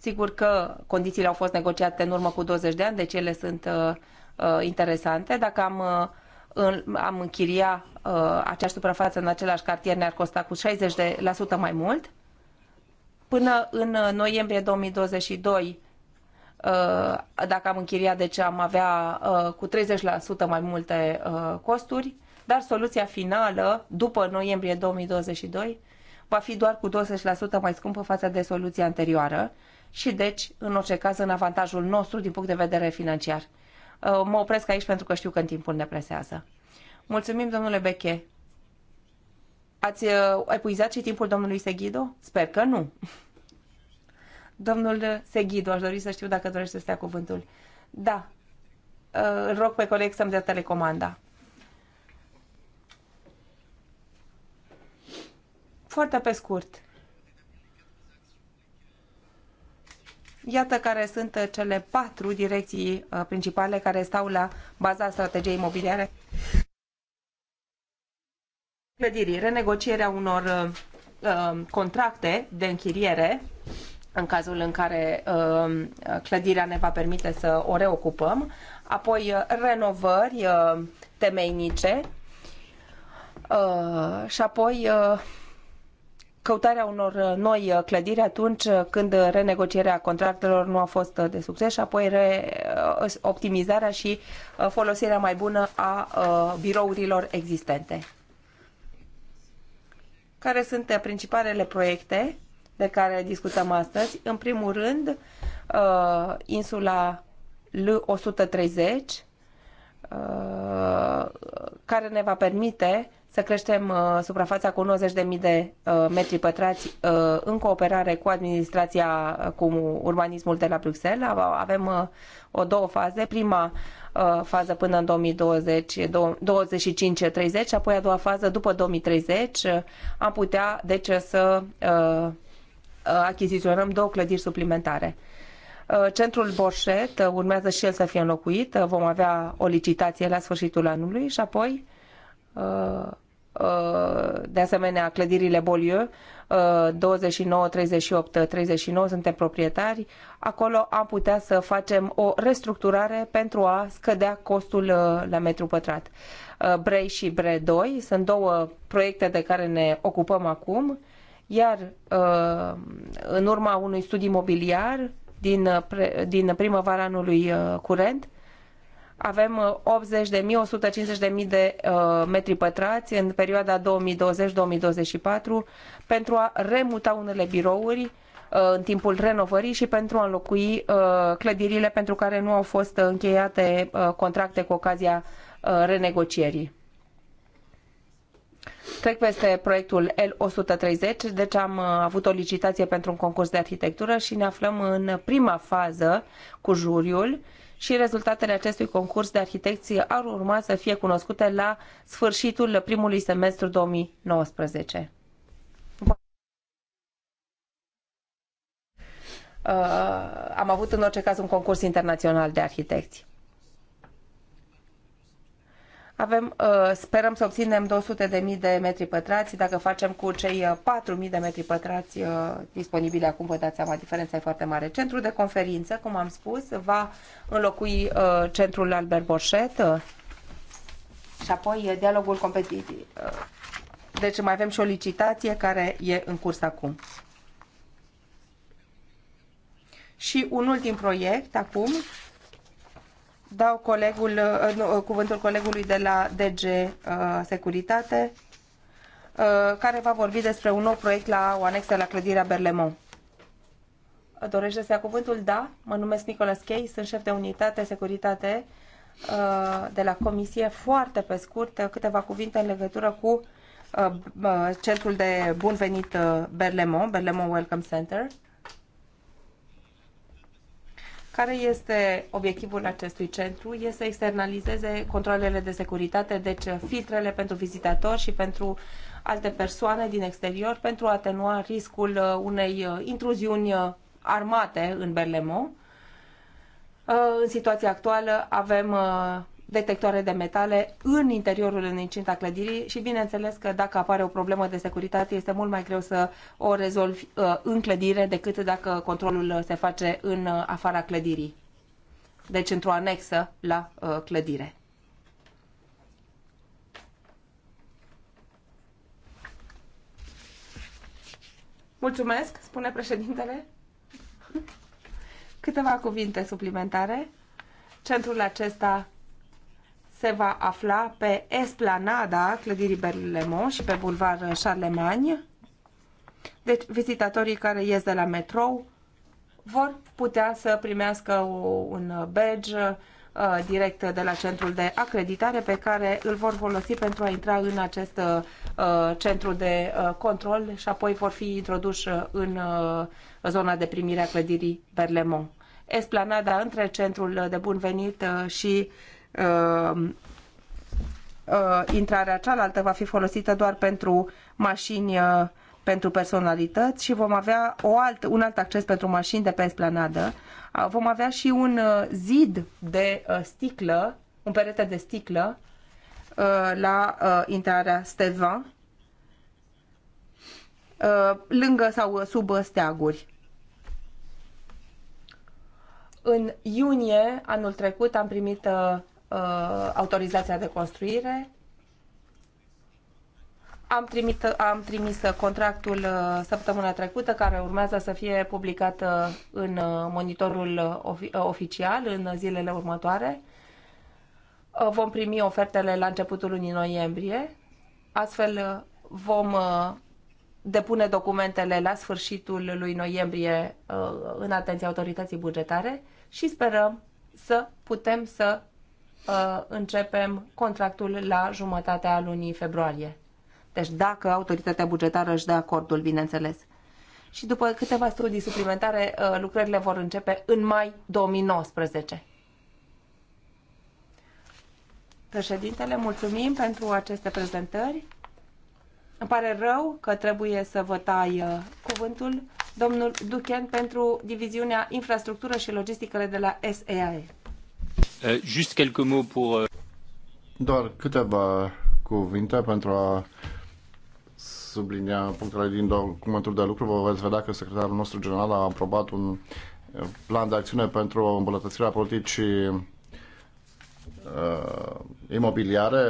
Sigur că condițiile au fost negociate în urmă cu 20 de ani, deci ele sunt uh, uh, interesante. Dacă am, uh, am închiria acea suprafață în același cartier, ne-ar costa cu 60% mai mult. Până în noiembrie 2022 dacă am închiriat, deci am avea cu 30% mai multe costuri, dar soluția finală, după noiembrie 2022, va fi doar cu 20% mai scumpă față de soluția anterioară și deci, în orice caz, în avantajul nostru din punct de vedere financiar. Uh, mă opresc aici pentru că știu că în timpul ne presează. Mulțumim, domnule Beche. Ați epuizat uh, și timpul domnului Seghido? Sper că nu. Domnul Seghido, aș dori să știu dacă dorește să stea cuvântul. Da. Uh, îl rog pe coleg să-mi dea telecomanda. Foarte pe scurt. Iată care sunt uh, cele patru direcții uh, principale care stau la baza strategiei imobiliare. Clădirii, renegocierea unor uh, contracte de închiriere în cazul în care clădirea ne va permite să o reocupăm, apoi renovări temeinice și apoi căutarea unor uh, noi uh, clădiri atunci uh, când renegocierea contractelor nu a fost de succes și apoi optimizarea și folosirea mai bună a birourilor existente. Care sunt principalele proiecte de care discutăm astăzi? În primul rând, insula L130, care ne va permite să creștem uh, suprafața cu 90.000 de uh, metri pătrați uh, în cooperare cu administrația, cu urbanismul de la Bruxelles. Avem o două faze. Prima fază până în 2025 25-30, apoi a doua fază după 2030. Am putea, deci, să achiziționăm două clădiri suplimentare. Centrul Borșet urmează și el să fie înlocuit. Vom avea o licitație la sfârșitul anului și apoi de asemenea clădirile Bolieu, 29, 38, 39, suntem proprietari, acolo am putea să facem o restructurare pentru a scădea costul uh, la metru pătrat. Uh, Brei și Bre 2 sunt două proiecte de care ne ocupăm acum, iar uh, în urma unui studiu imobiliar din, din primăvara anului curent, avem uh, de mii, 150 de mii de uh, metri pătrați în perioada 2020-2024 pentru a remuta unele birouri uh, în timpul renovării și pentru a înlocui clădirile pentru care nu au fost încheiate contracte cu ocazia renegocierii. Trec peste proiectul L130, deci am avut o licitație pentru un concurs de arhitectură și ne aflăm în prima fază cu juriul și rezultatele acestui concurs de arhitecție ar urma să fie cunoscute la sfârșitul primului semestru 2019. Uh, am avut în orice caz un concurs internațional de arhitecți. Avem, uh, sperăm să obținem 200.000 de metri pătrați. Dacă facem cu cei 4.000 uh, de metri pătrați uh, disponibili acum, vă dați seama, diferența e foarte mare. Centrul de conferință, cum am spus, va înlocui centrul Albert Borchet și apoi dialogul competitiv. Deci mai avem și o licitație care e în curs acum. Și un ultim proiect acum, dau colegul, uh, nu, uh, cuvântul colegului de la DG uh, Securitate, care va vorbi despre un nou proiect la o anexă la clădirea Berlemont. Dorește să ia cuvântul? Da. Mă numesc Nicolas Chei, sunt șef de unitate securitate de la Comisie. Foarte pe scurt, câteva cuvinte în legătură cu centrul de bun venit Berlemont, Berlemont Welcome Center. Care este obiectivul acestui centru? Este să externalizeze controlele de securitate, deci filtrele pentru vizitatori și pentru alte persoane din exterior pentru a atenua riscul uh, unei uh, intruziuni uh, armate în Berlemo. În situația actuală avem detectoare de metale în interiorul, în incinta clădirii și bineînțeles că dacă apare o problemă de securitate este mult mai greu să o rezolvi uh, în clădire decât dacă controlul uh, se face în uh, afara clădirii, deci într-o anexă la clădire. Mulțumesc, spune președintele. Câteva cuvinte suplimentare. Centrul acesta se va afla pe esplanada clădirii Berlemo și pe bulvar Charlemagne. Deci vizitatorii care ies de la metrou vor putea să primească un badge uh, direct de la centrul de acreditare pe care îl vor folosi pentru a intra în acest uh, centru de uh, control și apoi vor fi introduși în zona de primire a clădirii Berlemont. Esplanada între centrul de bun venit și Uh, uh, intrarea cealaltă va fi folosită doar pentru mașini uh, pentru personalități și vom avea o alt, un alt acces pentru mașini de pe esplanadă. Uh, vom avea și un uh, zid de sticlă, un perete de sticlă la intrarea Stevan, lângă sau sub steaguri. În iunie anul trecut am primit Uh, autorizația de construire. Am, trimit, am trimis contractul uh, săptămâna trecută, care urmează să fie publicat uh, în monitorul ofi, oficial în zilele următoare. Vom primi ofertele la începutul lunii noiembrie. Astfel vom depune documentele la sfârșitul lui noiembrie în atenția autorității bugetare și sperăm să putem să Uh, începem contractul la jumătatea lunii februarie. Deci dacă autoritatea bugetară își dă acordul, bineînțeles. Și după câteva studii suplimentare, uh, lucrările vor începe în mai 2019. Președintele, mulțumim pentru aceste prezentări. Îmi pare rău că trebuie să vă tai uh, cuvântul domnul Duchen pentru diviziunea infrastructură și logisticele de la SEAE. Euh, Just quelques mots pour... Euh, Doar câteva cuvinte pentru a sublinia punctele din documentul de lucru. Vă veți vedea că secretarul nostru general a aprobat un uh, plan de acțiune pentru îmbunătățirea politicii uh, imobiliare,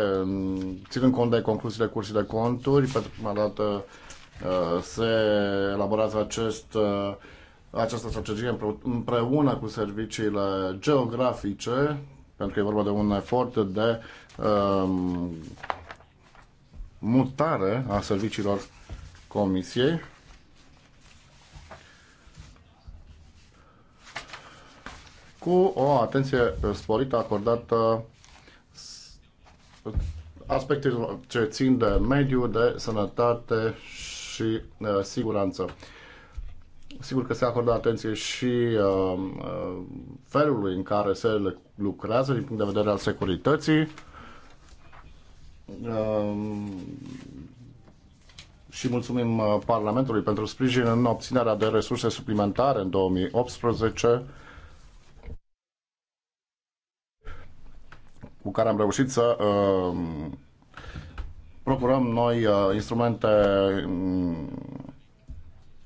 ținând cont de concluziile cursii de conturi, pentru prima dată uh, se elaborează acest uh, această strategie împreună cu serviciile geografice, pentru că e vorba de un efort de um, mutare a serviciilor Comisiei. cu o atenție sporită acordată aspectelor ce țin de mediu, de sănătate și uh, siguranță. Sigur că se acordă atenție și um, uh, felului în care se lucrează din punct de vedere al securității. Uh, și mulțumim uh, Parlamentului pentru sprijin în obținerea de resurse suplimentare în 2018 cu care am reușit să uh, procurăm noi uh, instrumente uh,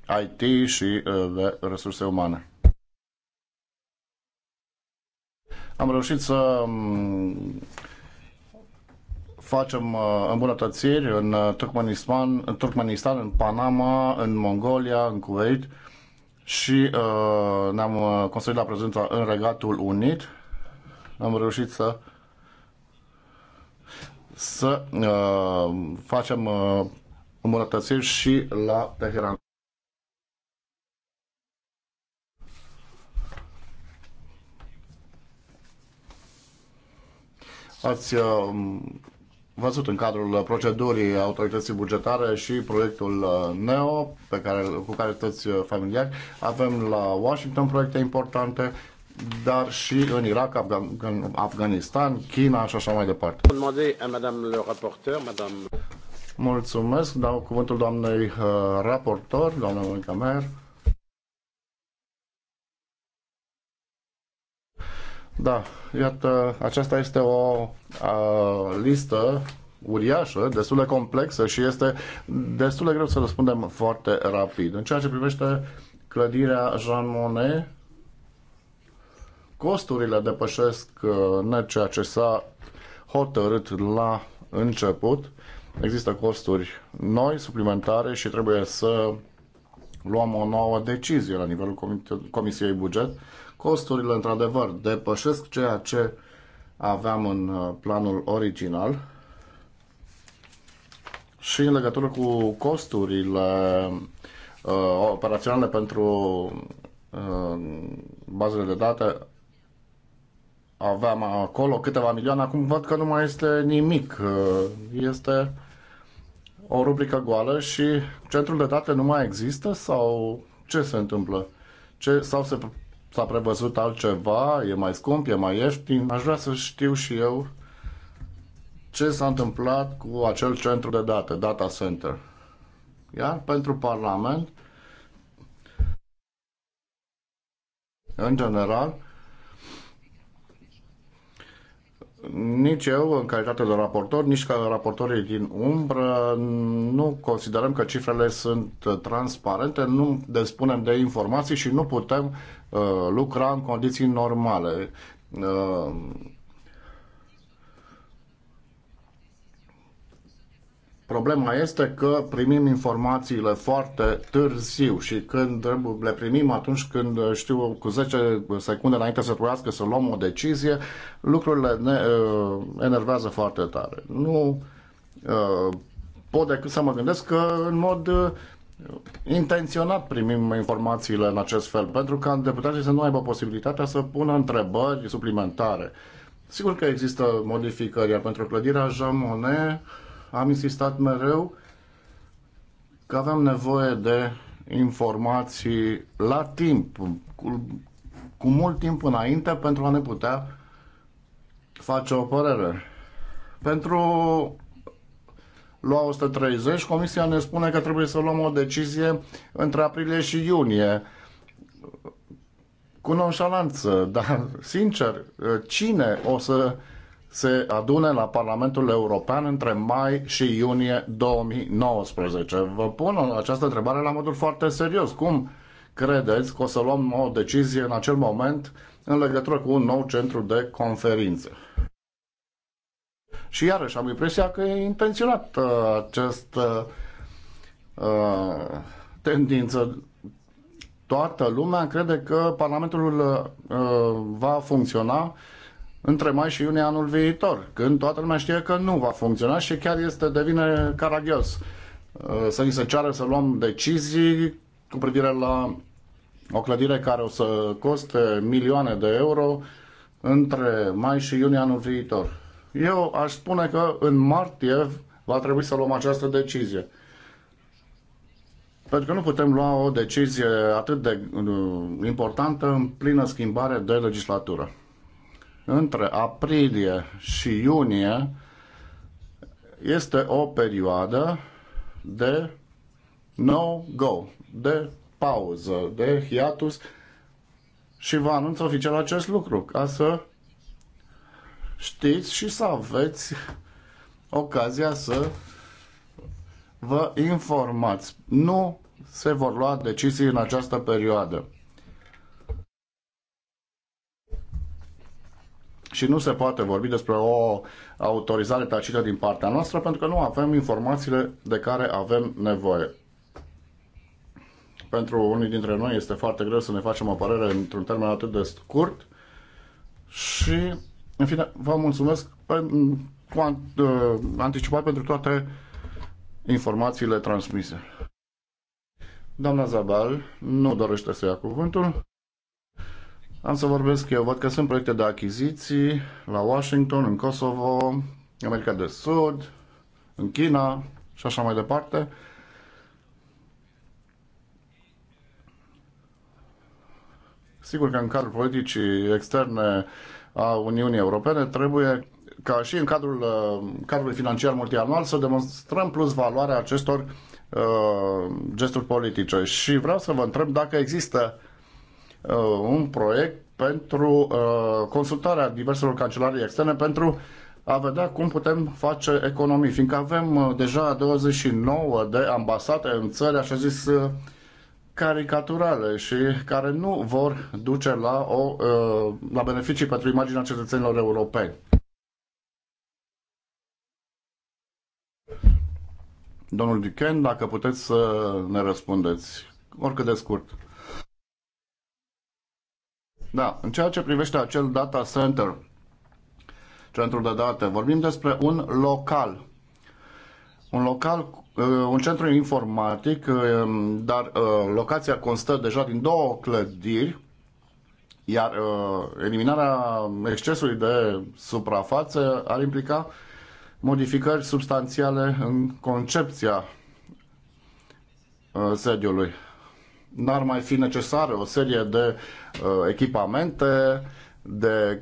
IT și uh, de resurse umane. Am reușit să um, facem uh, îmbunătățiri în uh, Turkmenistan, în, Turkmenistan, în Panama, în Mongolia, în Kuwait și ne-am consolidat prezența în Regatul Unit. Am reușit să să uh, facem uh, îmbunătățiri și la Teheran. ați uh, văzut în cadrul procedurii autorității bugetare și proiectul uh, NEO pe care, cu care sunteți uh, familiari. Avem la Washington proiecte importante, dar și în Irak, Afgan- Afganistan, China și așa mai departe. Mulțumesc, dau cuvântul doamnei raportor, doamna Monica Mer. Da, iată, aceasta este o a, listă uriașă, destul de complexă și este destul de greu să răspundem foarte rapid. În ceea ce privește clădirea Jean Monnet, costurile depășesc net ceea ce s-a hotărât la început. Există costuri noi, suplimentare și trebuie să luăm o nouă decizie la nivelul Comisiei Buget Costurile, într-adevăr, depășesc ceea ce aveam în uh, planul original și în legătură cu costurile uh, operaționale pentru uh, bazele de date aveam acolo câteva milioane, acum văd că nu mai este nimic. Uh, este o rubrică goală și centrul de date nu mai există sau ce se întâmplă? Ce, sau se s-a prevăzut altceva, e mai scump, e mai ieftin. Aș vrea să știu și eu ce s-a întâmplat cu acel centru de date, data center. Iar pentru Parlament, în general, nici eu, în calitate de raportor, nici ca raportorii din umbră, nu considerăm că cifrele sunt transparente, nu despunem de informații și nu putem Uh, lucra în condiții normale. Uh, problema este că primim informațiile foarte târziu și când le primim atunci când uh, știu cu 10 secunde înainte să trebuiască să luăm o decizie, lucrurile ne uh, enervează foarte tare. Nu uh, pot decât să mă gândesc că în mod intenționat primim informațiile în acest fel, pentru ca deputații să nu aibă posibilitatea să pună întrebări suplimentare. Sigur că există modificări, iar pentru clădirea Jean Monnet am insistat mereu că avem nevoie de informații la timp, cu, cu mult timp înainte, pentru a ne putea face o părere. Pentru lua 130, Comisia ne spune că trebuie să luăm o decizie între aprilie și iunie. Cu nonșalanță, dar sincer, cine o să se adune la Parlamentul European între mai și iunie 2019? Vă pun această întrebare la modul foarte serios. Cum credeți că o să luăm o decizie în acel moment în legătură cu un nou centru de conferințe? Și iarăși am impresia că e intenționat uh, această uh, uh, tendință. Toată lumea crede că Parlamentul uh, va funcționa între mai și iunie anul viitor, când toată lumea știe că nu va funcționa și chiar este devine caragios uh, să ni se ceară să luăm decizii cu privire la o clădire care o să coste milioane de euro între mai și iunie anul viitor. Eu aș spune că în martie va trebui să luăm această decizie. Pentru că nu putem lua o decizie atât de uh, importantă în plină schimbare de legislatură. Între aprilie și iunie este o perioadă de no-go, de pauză, de hiatus și vă anunț oficial acest lucru, ca să știți și să aveți ocazia să vă informați. Nu se vor lua decizii în această perioadă. Și nu se poate vorbi despre o autorizare tacită din partea noastră pentru că nu avem informațiile de care avem nevoie. Pentru unii dintre noi este foarte greu să ne facem o părere într-un termen atât de scurt și în fine, vă mulțumesc cu anticipat pentru toate informațiile transmise. Doamna Zabal nu dorește să ia cuvântul. Am să vorbesc eu. Văd că sunt proiecte de achiziții la Washington, în Kosovo, America de Sud, în China și așa mai departe. Sigur că în cadrul politicii externe a Uniunii Europene, trebuie ca și în cadrul uh, cadrului financiar multianual să demonstrăm plus valoarea acestor uh, gesturi politice. Și vreau să vă întreb dacă există uh, un proiect pentru uh, consultarea diverselor cancelarii externe pentru a vedea cum putem face economii, fiindcă avem uh, deja 29 de ambasate în țări, așa zis, uh, caricaturale și care nu vor duce la, o, uh, la beneficii pentru imaginea cetățenilor europeni. Domnul Duchen, dacă puteți să ne răspundeți, oricât de scurt. Da, în ceea ce privește acel data center, centrul de date, vorbim despre un local un local, uh, un centru informatic, uh, dar uh, locația constă deja din două clădiri, iar eliminarea excesului de suprafață ar implica modificări substanțiale în concepția sediului. N-ar mai fi necesară o serie de echipamente, de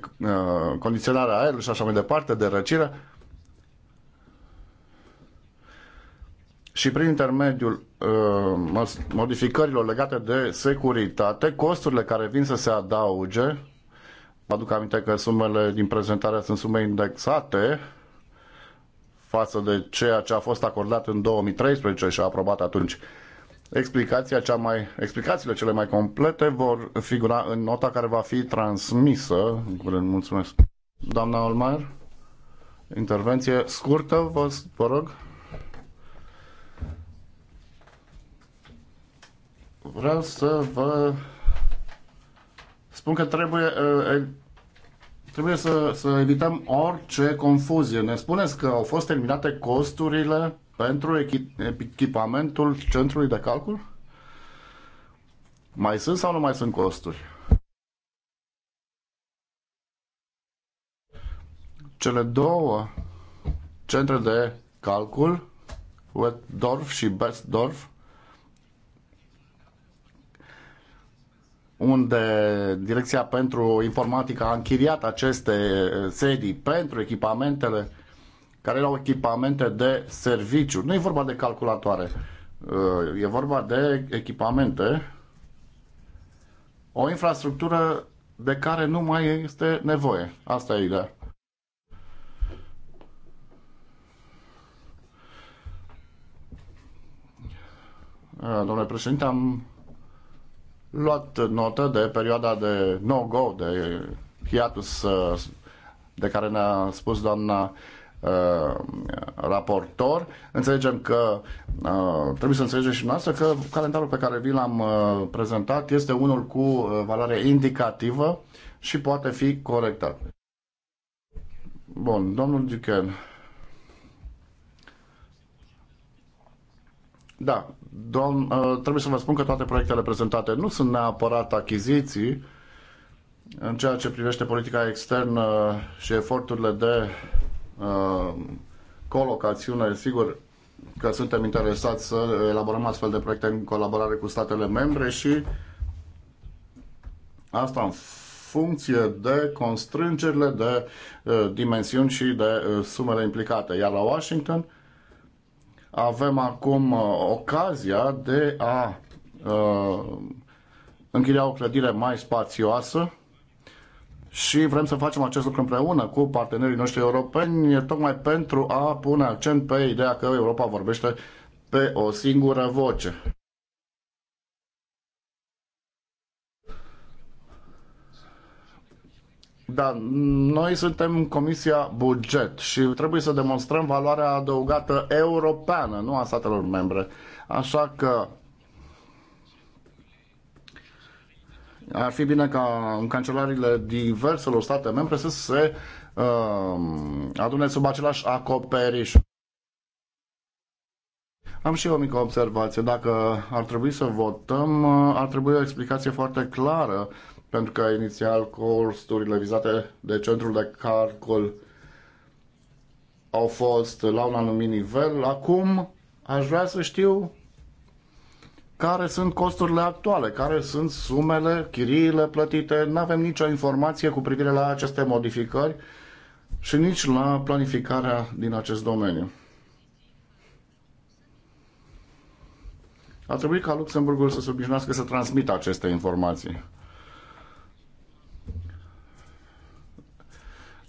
condiționare a aerului și așa mai departe, de răcire, și prin intermediul uh, modificărilor legate de securitate, costurile care vin să se adauge, vă aduc aminte că sumele din prezentare sunt sume indexate față de ceea ce a fost acordat în 2013 și a aprobat atunci. Explicația cea mai, explicațiile cele mai complete vor figura în nota care va fi transmisă. curând, mulțumesc. Doamna Olmaier, intervenție scurtă, vă, vă rog. vreau să vă spun că trebuie, uh, uh, trebuie să, să evităm orice confuzie. Ne spuneți că au fost eliminate costurile pentru echipamentul centrului de calcul? Mai sunt sau nu mai sunt costuri? Cele două centre de calcul, Wetdorf și Bestdorf, unde Direcția pentru Informatică a închiriat aceste eh, sedii pentru echipamentele care erau echipamente de serviciu. Nu e vorba de calculatoare, eh, e vorba de echipamente, o infrastructură de care nu mai este nevoie. Asta e ideea. Eh, domnule președinte, am luat notă de perioada de no-go, de hiatus uh, de care ne-a spus doamna uh, raportor. Înțelegem că uh, trebuie să înțelegem și noastră că calendarul pe care vi l-am prezentat este unul cu valoare indicativă și poate fi corectat. Bun, domnul Duchen. Da, domn, uh, trebuie să vă spun că toate proiectele prezentate nu sunt neapărat achiziții în ceea ce privește politica externă și eforturile de uh, colocațiune, sigur că suntem interesați să elaborăm astfel de proiecte în colaborare cu statele membre și asta în funcție de constrângerile, de uh, dimensiuni și de sumele implicate. Iar la Washington avem acum uh, ocazia de a uh, închiria o clădire mai spațioasă și vrem să facem acest lucru împreună cu partenerii noștri europeni, tocmai pentru a pune accent pe ideea că Europa vorbește pe o singură voce. Da, noi suntem Comisia Buget și trebuie să demonstrăm valoarea adăugată europeană, nu a statelor membre. Așa că ar fi bine ca în cancelariile diverselor state membre să se uh, adune sub același acoperiș. Am și eu o mică observație. Dacă ar trebui să votăm, uh, ar trebui o explicație foarte clară pentru că inițial costurile vizate de centrul de calcul au fost la un anumit nivel. Acum aș vrea să știu care sunt costurile actuale, care sunt sumele, chiriile plătite. Nu avem nicio informație cu privire la aceste modificări și nici la planificarea din acest domeniu. A trebuit ca Luxemburgul să se obișnuiască să transmită aceste informații.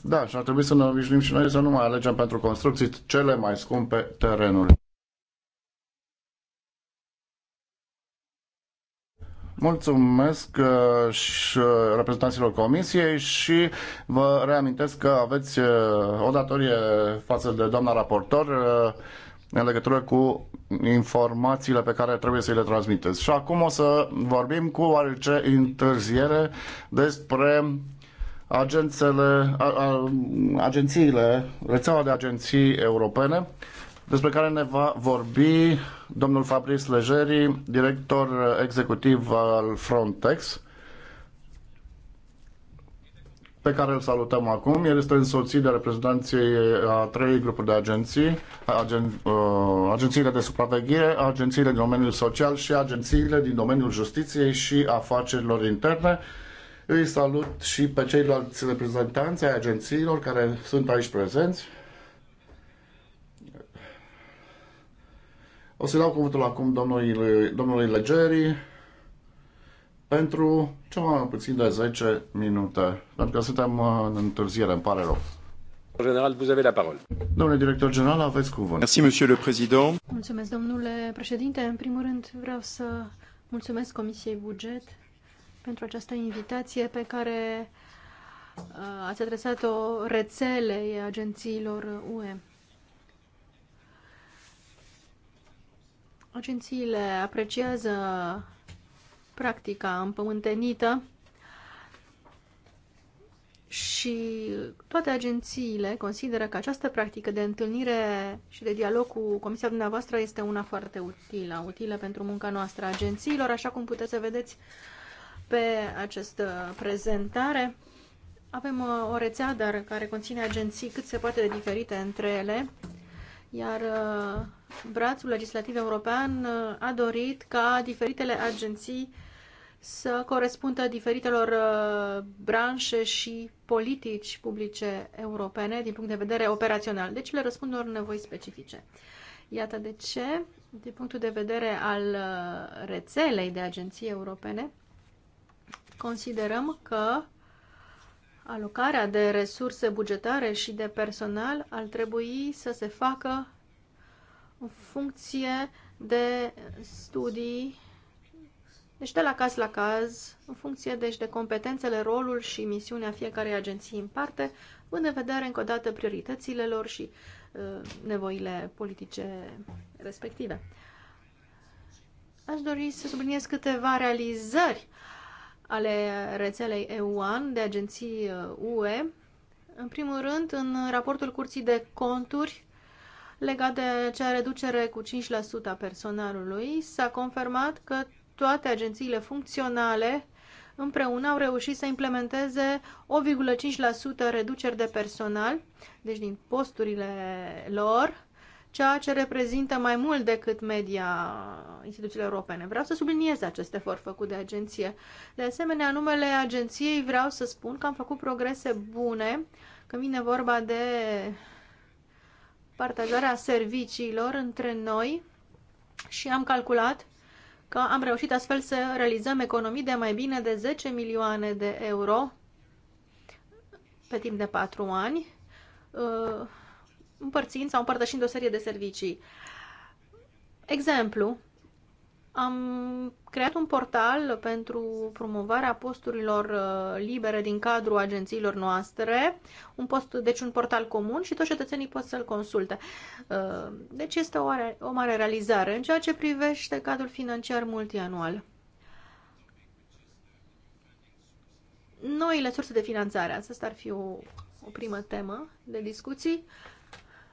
Da, și ar trebui să ne obișnuim și noi să nu mai alegem pentru construcții cele mai scumpe terenuri. Mulțumesc uh, și uh, reprezentanților comisiei și vă reamintesc că aveți uh, o datorie față de doamna raportor în legătură cu informațiile pe care trebuie să le transmiteți. Și acum o să vorbim cu oarece întârziere despre agențele, a, a, agențiile, rețeaua de agenții europene, despre care ne va vorbi domnul Fabrice Legeri, director executiv al Frontex, pe care îl salutăm acum. El este însoțit de reprezentanții a trei grupuri de agenții, agen, uh, agențiile de supraveghere, agențiile din domeniul social și agențiile din domeniul justiției și afacerilor interne. Uh, îi salut și pe ceilalți reprezentanți ai agențiilor care sunt aici prezenți. O să dau cuvântul acum domnului, domnului Legeri pentru cel mai puțin de 10 minute, pentru că suntem în întârziere, îmi pare rău. General, vous avez la parole. Domnule director general, aveți cuvânt. Merci, monsieur le président. Mulțumesc, domnule președinte. În primul rând, vreau să mulțumesc Comisiei Buget pentru această invitație pe care uh, ați adresat-o rețelei agențiilor UE. Agențiile apreciază practica împământenită și toate agențiile consideră că această practică de întâlnire și de dialog cu comisia dumneavoastră este una foarte utilă, utilă pentru munca noastră agențiilor, așa cum puteți să vedeți uh, pe această prezentare. Avem uh, o rețea, dar care conține agenții cât se poate de diferite între ele, iar uh, brațul legislativ european uh, a dorit ca diferitele agenții să corespundă diferitelor branșe și politici publice europene din punct de vedere operațional. Deci le răspund unor nevoi specifice. Iată de ce, din punctul de vedere al rețelei de agenții europene, considerăm că alocarea de resurse bugetare și de personal ar trebui să se facă în funcție de studii, deci de la caz la caz, în funcție deci de competențele, rolul și misiunea fiecarei agenții în parte, în vedere încă o dată prioritățile lor și uh, nevoile politice respective. Aș dori să subliniez câteva realizări uh, ale rețelei e 1 de agenții UE. Uh, în primul rând, în raportul Curții de Conturi legat de acea reducere cu 5% a personalului, s-a confirmat că toate agențiile funcționale împreună au reușit să implementeze 1,5% reduceri de personal, deci din posturile lor, ceea ce reprezintă mai mult decât media instituțiilor europene. Vreau să subliniez acest efort făcut de agenție. De asemenea, numele agenției vreau să spun că am făcut progrese bune când vine vorba de partajarea serviciilor între noi și am calculat că am reușit astfel să realizăm economii de mai bine de 10 milioane de euro pe timp de 4 ani uh, împărțind sau împărtășind o serie de servicii. Exemplu, am creat un portal pentru promovarea posturilor uh, libere din cadrul agențiilor noastre, un post, deci un portal comun și toți cetățenii pot să-l consulte. Uh, deci este o, are, o mare realizare în ceea ce privește cadrul financiar multianual. Noile surse de finanțare, asta ar fi o, o primă temă de discuții. Uh,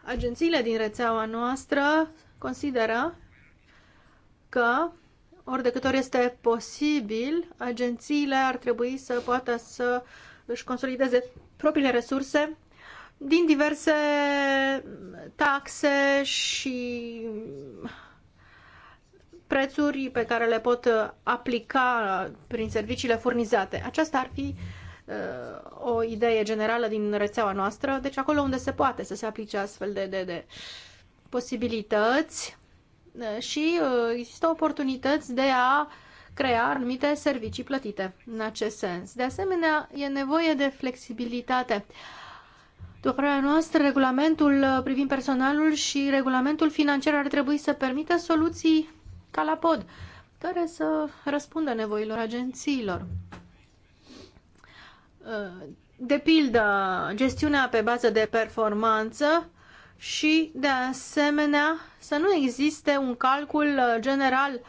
Agențiile din rețeaua noastră consideră că, ori de câte ori este posibil, agențiile ar trebui să poată să își consolideze propriile resurse din diverse taxe și prețuri pe care le pot aplica prin serviciile furnizate. Aceasta ar fi uh, Uh, o idee generală din rețeaua noastră, deci acolo unde se poate să se aplice astfel de, de, de posibilități uh, și uh, există oportunități de a crea anumite servicii plătite în acest sens. De asemenea, e nevoie de flexibilitate. După noastră, regulamentul privind personalul și regulamentul financiar ar trebui să permită soluții ca la pod, care să răspundă nevoilor agențiilor de pildă gestiunea pe bază de performanță și de asemenea să nu existe un calcul uh, general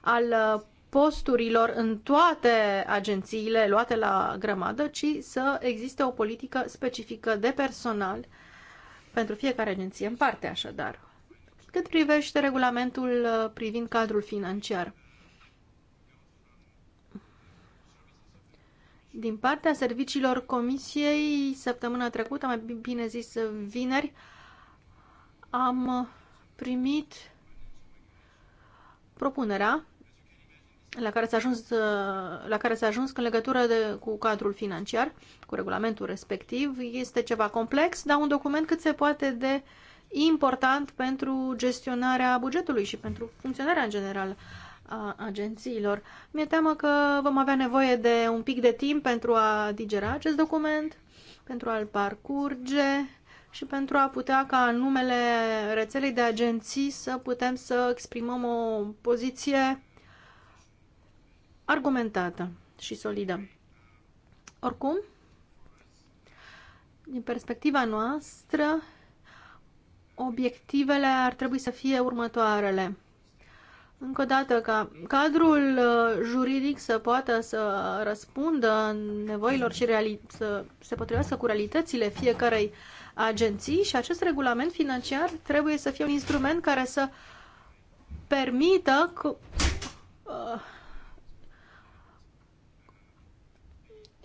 al uh, posturilor în toate agențiile luate la grămadă, ci să existe o politică specifică de personal pentru fiecare agenție în parte, așadar. Cât privește regulamentul uh, privind cadrul financiar, din partea serviciilor comisiei săptămâna trecută, mai bine zis vineri, am primit propunerea la care s-a ajuns, la care s-a ajuns în legătură de, cu cadrul financiar, cu regulamentul respectiv. Este ceva complex, dar un document cât se poate de important pentru gestionarea bugetului și pentru funcționarea în general a agențiilor. Mi-e teamă că vom avea nevoie de un pic de timp pentru a digera acest document, pentru a-l parcurge și pentru a putea ca în numele rețelei de agenții să putem să exprimăm o poziție argumentată și solidă. Oricum, din perspectiva noastră, obiectivele ar trebui să fie următoarele încă o dată, ca cadrul uh, juridic să poată să răspundă nevoilor și să se potrivească cu realitățile fiecarei agenții și acest regulament financiar trebuie să fie un instrument care să permită cu, uh,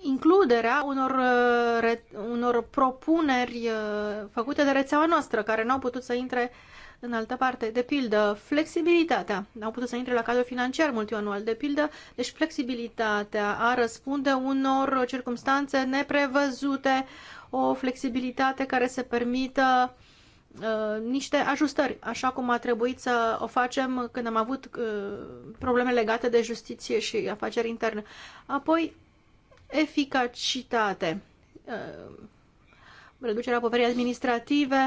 includerea unor, uh, re, unor propuneri uh, făcute de rețeaua noastră care n-au putut să intre în altă parte. De pildă, flexibilitatea. Au putut să intre la cadrul financiar multianual, de pildă. Deci flexibilitatea a răspunde unor circumstanțe neprevăzute, o flexibilitate care să permită uh, niște ajustări, așa cum a trebuit să o facem când am avut uh, probleme legate de justiție și afaceri interne. Apoi, eficacitate, uh, reducerea poverii administrative,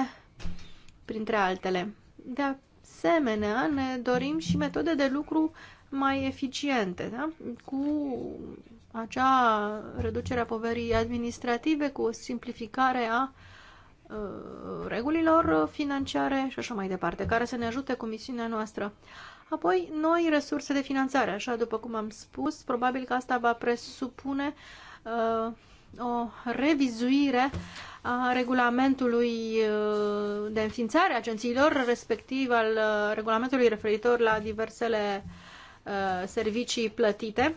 printre altele. De asemenea, ne dorim și metode de lucru mai eficiente, da? cu acea reducere a poverii administrative, cu o simplificare a uh, regulilor financiare și așa mai departe, care să ne ajute cu misiunea noastră. Apoi, noi resurse de finanțare, așa după cum am spus, probabil că asta va presupune uh, o revizuire uh, a regulamentului uh, de înființare a agențiilor, respectiv al uh, regulamentului referitor la diversele uh, servicii plătite.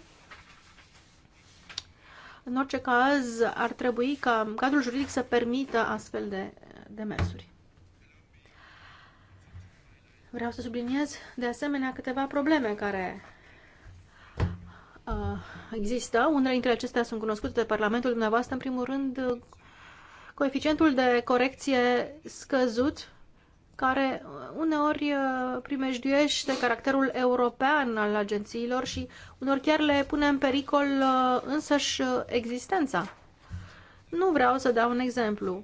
În orice caz, ar trebui ca cadrul juridic să permită astfel de demersuri. Vreau să subliniez de asemenea câteva probleme care uh, există. Unele dintre acestea sunt cunoscute de Parlamentul dumneavoastră, în primul rând coeficientul de corecție scăzut, care uneori uh, primejduiește caracterul european al agențiilor și uneori chiar le pune în pericol uh, însăși uh, existența. Nu vreau să dau un exemplu,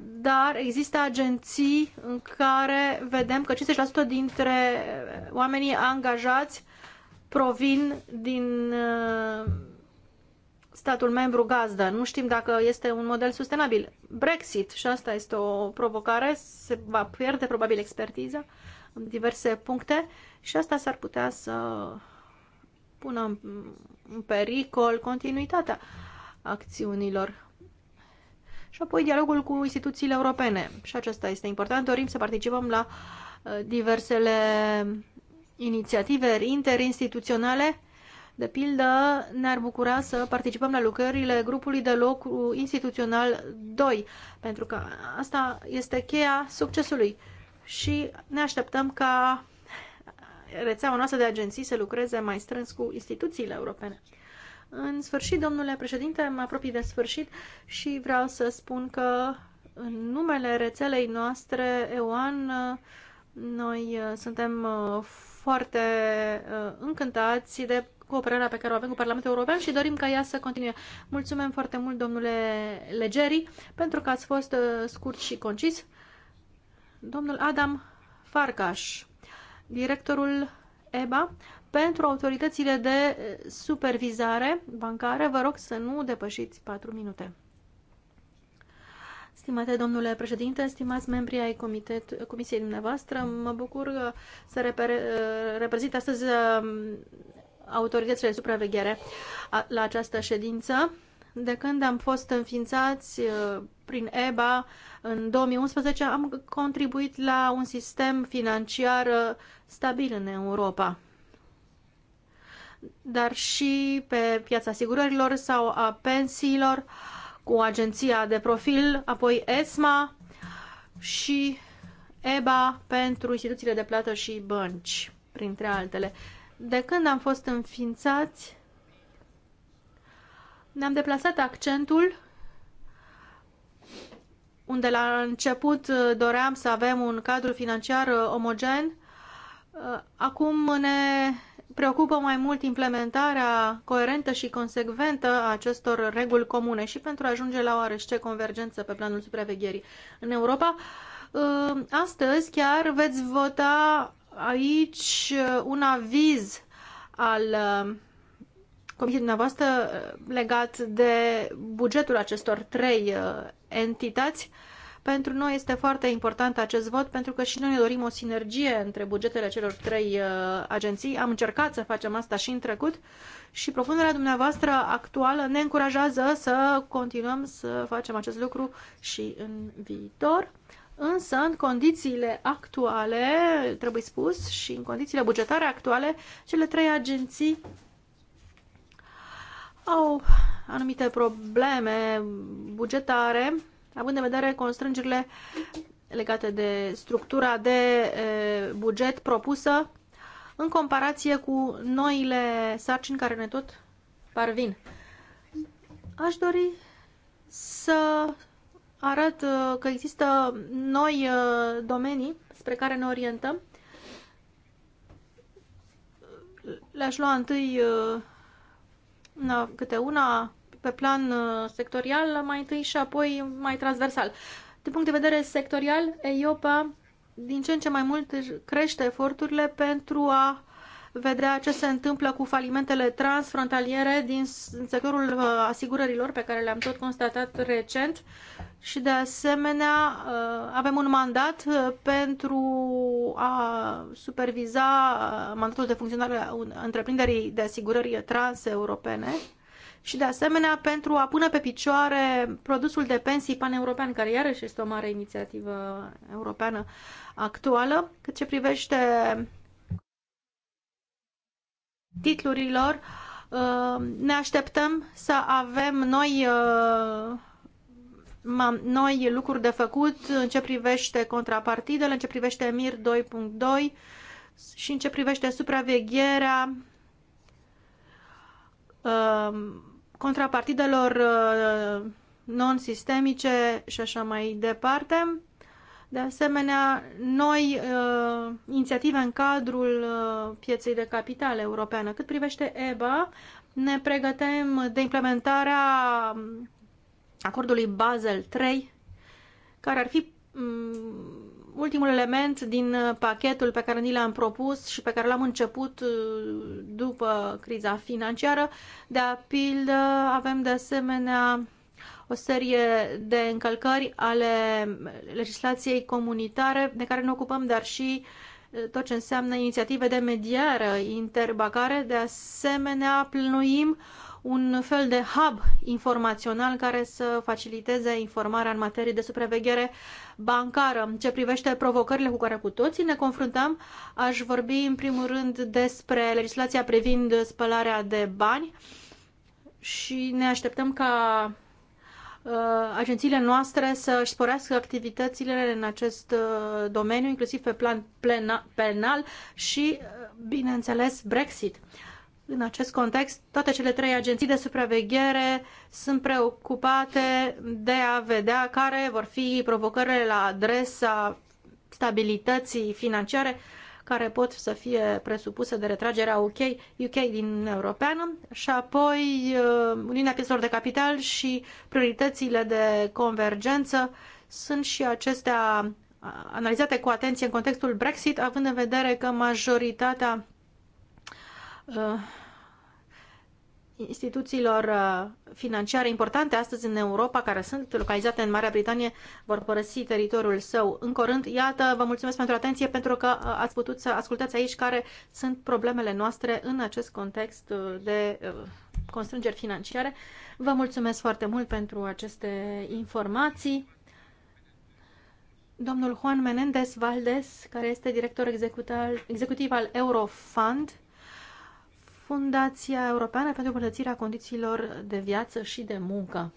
dar există agenții în care vedem că 50% dintre oamenii angajați provin din statul membru gazdă. Nu știm dacă este un model sustenabil. Brexit, și asta este o provocare, se va pierde probabil expertiza în diverse puncte și asta s-ar putea să pună în pericol continuitatea acțiunilor. Și apoi dialogul cu instituțiile europene. Și acesta este important. Dorim să participăm la uh, diversele inițiative interinstituționale de pildă, ne-ar bucura să participăm la lucrările grupului de loc instituțional 2, pentru că asta este cheia succesului și ne așteptăm ca rețeaua noastră de agenții să lucreze mai strâns cu instituțiile europene. În sfârșit, domnule președinte, mă apropii de sfârșit și vreau să spun că în numele rețelei noastre, Euan noi uh, suntem uh, foarte uh, încântați de cooperarea pe care o avem cu Parlamentul European și dorim ca ea să continue. Mulțumim foarte mult, domnule Legeri, pentru că ați fost uh, scurt și concis. Domnul Adam Farcaș, directorul EBA, pentru autoritățile de uh, supervizare bancare, vă rog să nu depășiți 4 minute. Stimate domnule președinte, stimați membri ai comitet, comisiei dumneavoastră, mă bucur uh, să reprezint astăzi autoritățile de supraveghere la această ședință. De când am fost înființați uh, prin EBA în 2011, am contribuit la un sistem financiar uh, stabil în Europa dar și pe piața asigurărilor sau a pensiilor cu agenția de profil, apoi ESMA și EBA pentru instituțiile de plată și bănci, printre altele. De când am fost înființați, ne-am deplasat accentul unde la început uh, doream să avem un cadru financiar uh, omogen. Uh, acum ne preocupă mai mult implementarea coerentă și consecventă a acestor reguli comune și pentru a ajunge la oarește convergență pe planul supravegherii în Europa. Astăzi chiar veți vota aici uh, un aviz al uh, comisiei dumneavoastră uh, legat de bugetul acestor trei entități. Pentru noi este foarte important acest vot pentru că și noi ne dorim o sinergie între bugetele celor trei agenții. Am încercat să facem asta și în trecut și propunerea dumneavoastră actuală ne încurajează să continuăm să facem acest lucru și în viitor. Însă, în condițiile actuale, trebuie spus, și în condițiile bugetare actuale, cele trei agenții au anumite probleme bugetare, având în vedere constrângerile legate de structura de buget propusă în comparație cu noile sarcini care ne tot parvin. Aș dori să arăt uh, că există noi uh, domenii spre care ne orientăm. Le-aș lua întâi uh, na, câte una pe plan sectorial, mai întâi și apoi mai transversal. Din punct de vedere sectorial, EIOPA din ce în ce mai mult crește eforturile pentru a vedea ce se întâmplă cu falimentele transfrontaliere din sectorul uh, asigurărilor pe care le-am tot constatat recent și de asemenea uh, avem un mandat uh, pentru a superviza mandatul de funcționare a întreprinderii de asigurări transeuropene și de asemenea pentru a pune pe picioare produsul de pensii paneuropean, care iarăși este o mare inițiativă europeană actuală, cât ce privește titlurilor, uh, ne așteptăm să avem noi, uh, noi lucruri de făcut în ce privește contrapartidele, în ce privește MIR 2.2 și în ce privește supravegherea uh, contrapartidelor non-sistemice și așa mai departe. De asemenea, noi uh, inițiative în cadrul uh, pieței de capital europeană. Cât privește EBA, ne pregătim de implementarea acordului Basel III, care ar fi um, ultimul element din uh, pachetul pe care ni l-am propus și pe care l-am început uh, după criza financiară. De pildă, avem de asemenea o serie de încălcări ale legislației comunitare de care ne ocupăm, dar și tot ce înseamnă inițiative de mediară interbacare. De asemenea, plănuim un fel de hub informațional care să faciliteze informarea în materie de supraveghere bancară. În ce privește provocările cu care cu toții ne confruntăm, aș vorbi în primul rând despre legislația privind spălarea de bani și ne așteptăm ca Uh, agențiile noastre să-și sporească activitățile în acest uh, domeniu, inclusiv pe plan plena, penal și, uh, bineînțeles, Brexit. În acest context, toate cele trei agenții de supraveghere sunt preocupate de a vedea care vor fi provocările la adresa stabilității financiare uh, care pot să fie presupuse de retragerea UK, UK din Europeană și apoi uh, Uniunea Pieselor de Capital și prioritățile de convergență sunt și acestea uh, analizate cu atenție în contextul Brexit, având în vedere că majoritatea uh, instituțiilor uh, financiare importante astăzi în Europa, care sunt localizate în Marea Britanie, vor părăsi teritoriul său în curând. Iată, vă mulțumesc pentru atenție, pentru că uh, ați putut să ascultați aici care sunt problemele noastre în acest context uh, de constrângeri financiare. Vă mulțumesc foarte mult pentru aceste informații. Domnul Juan Menendez Valdés, care este director executiv al Eurofund, Fundația Europeană pentru Îmbunătățirea Condițiilor de Viață și de Muncă.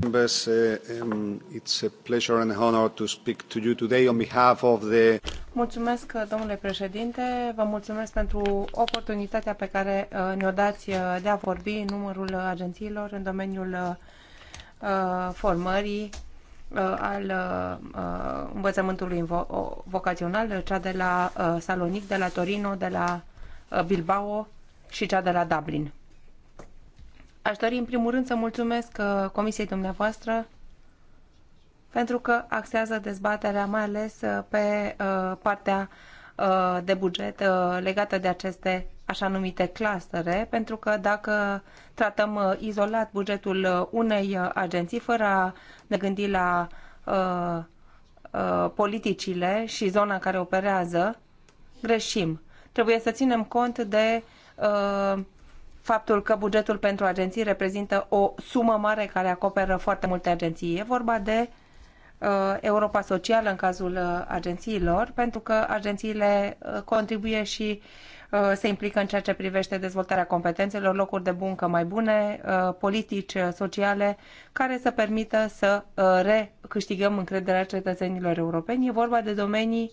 Members, uh, um, it's a pleasure and honor to speak to you today on behalf of the Mulțumesc, domnule președinte, vă mulțumesc pentru oportunitatea pe care uh, ne-o dați uh, de a vorbi numărul agențiilor în domeniul formării Uh, al uh, învățământului vocațional, cea de la uh, Salonic, de la Torino, de la Bilbao și cea de la Dublin. Aș dori în primul rând să mulțumesc comisiei dumneavoastră pentru că axează dezbaterea mai ales pe partea uh, Uh, de buget uh, legată de aceste așa numite clastere, pentru că dacă tratăm uh, izolat bugetul unei agenții fără a ne gândi la politicile și zona în care operează, greșim. Trebuie să ținem cont de faptul că bugetul pentru agenții reprezintă o sumă mare care acoperă foarte multe agenții. E vorba de uh, Uh, Europa Socială în cazul uh, agențiilor, pentru că agențiile uh, contribuie și se implică în ceea ce privește dezvoltarea competențelor, locuri de buncă mai bune, politici sociale care să permită să recâștigăm încrederea cetățenilor europeni. E vorba de domenii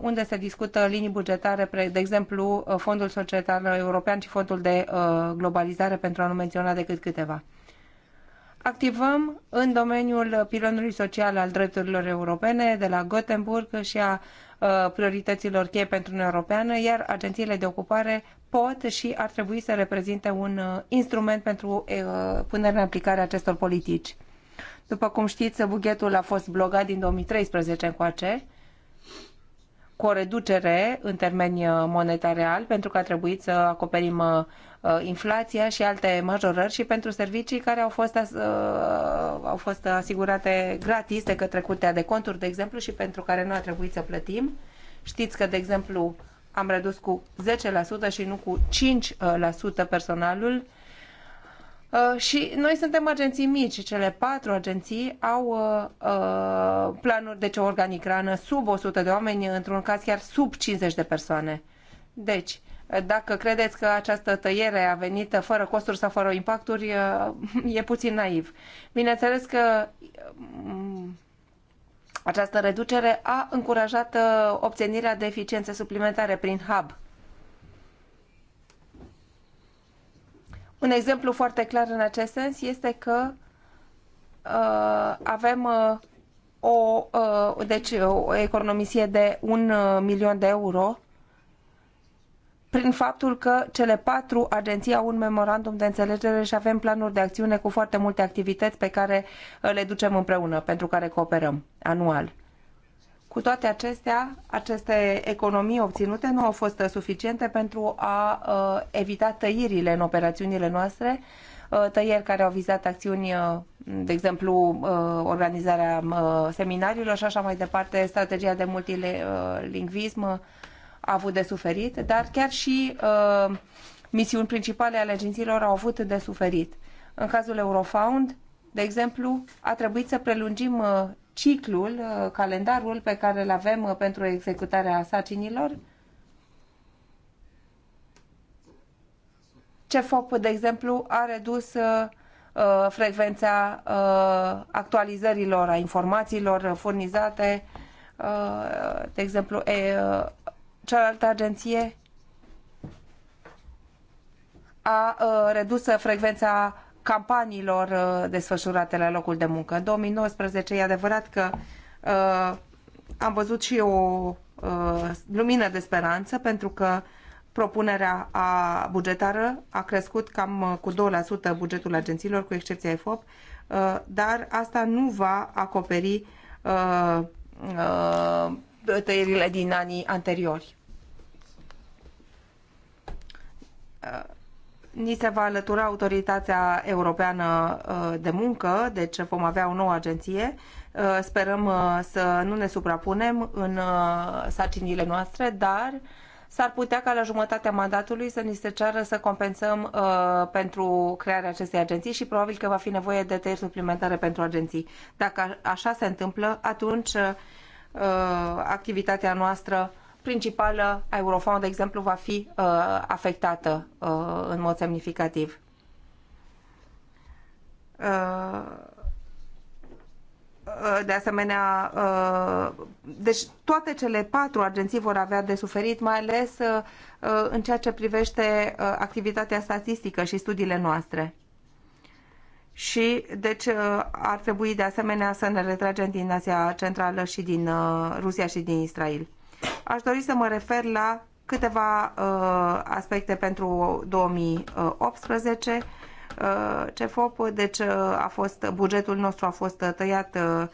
unde se discută linii bugetare, de exemplu Fondul Societal European și Fondul de Globalizare, pentru a nu menționa decât câteva activăm în domeniul pilonului social al drepturilor europene de la Gothenburg și a uh, priorităților cheie pentru Uniunea Europeană, iar agențiile de ocupare pot și ar trebui să reprezinte un uh, instrument pentru uh, punerea în aplicare a acestor politici. După cum știți, bugetul a fost blocat din 2013 încoace cu o reducere în termeni uh, monetar real, pentru că a trebuit să acoperim uh, uh, inflația și alte majorări și pentru servicii care au fost, au fost asigurate gratis de către Curtea de Conturi, de exemplu, și pentru care nu a trebuit să plătim. Știți că, de exemplu, am redus cu 10% și nu cu 5% personalul Uh, și noi suntem agenții mici, cele patru agenții au uh, uh, planuri, deci o organigrană sub 100 de oameni, într-un caz chiar sub 50 de persoane. Deci, dacă credeți că această tăiere a venit fără costuri sau fără impacturi, e puțin naiv. Bineînțeles că um, această reducere a încurajat obținerea de eficiențe suplimentare prin hub Un exemplu foarte clar în acest sens este că uh, avem uh, o, uh, deci, o economisie de un uh, milion de euro prin faptul că cele patru agenții au un memorandum de înțelegere și avem planuri de acțiune cu foarte multe activități pe care le ducem împreună, pentru care cooperăm anual. Cu toate acestea, aceste economii obținute nu au fost suficiente pentru a uh, evita tăierile în operațiunile noastre, uh, tăieri care au vizat acțiuni, uh, de exemplu, organizarea seminariilor și așa mai departe, strategia de multilingvism a avut de suferit, dar chiar și misiuni principale ale agențiilor au avut de suferit. În cazul Eurofound, de exemplu, a trebuit să prelungim ciclul, uh, calendarul pe care îl avem uh, pentru executarea sacinilor? foc, de exemplu, a redus uh, frecvența actualizărilor a informațiilor furnizate, de exemplu, cealaltă agenție a redus frecvența campaniilor uh, desfășurate la locul de muncă. În 2019 e adevărat că uh, am văzut și o uh, lumină de speranță pentru că propunerea a bugetară a crescut cam cu 2% bugetul agențiilor, cu excepția EFOP, dar asta nu va acoperi tăierile din anii anteriori. Ni se va alătura Autoritatea Europeană uh, de Muncă, deci vom avea o nouă agenție. Uh, sperăm uh, să nu ne suprapunem în sarcinile noastre, dar s-ar putea ca la jumătatea mandatului să ni se ceară să compensăm uh, pentru crearea acestei agenții și probabil că va fi nevoie de tăieri suplimentare pentru agenții. Dacă așa se întâmplă, atunci uh, activitatea noastră uh, principală a Eurofond, de exemplu, va fi uh, afectată uh, în mod semnificativ. Uh, uh de asemenea, uh, deci toate cele patru agenții vor avea de suferit, mai ales uh, în ceea ce privește activitatea statistică și studiile noastre. Și, deci, ar trebui de asemenea să ne retragem din Asia Centrală și din Rusia și din Israel. Aș dori să mă refer la câteva uh, aspecte pentru 2018. Uh, CEFOP, deci uh, a fost, bugetul nostru a fost uh, tăiat uh,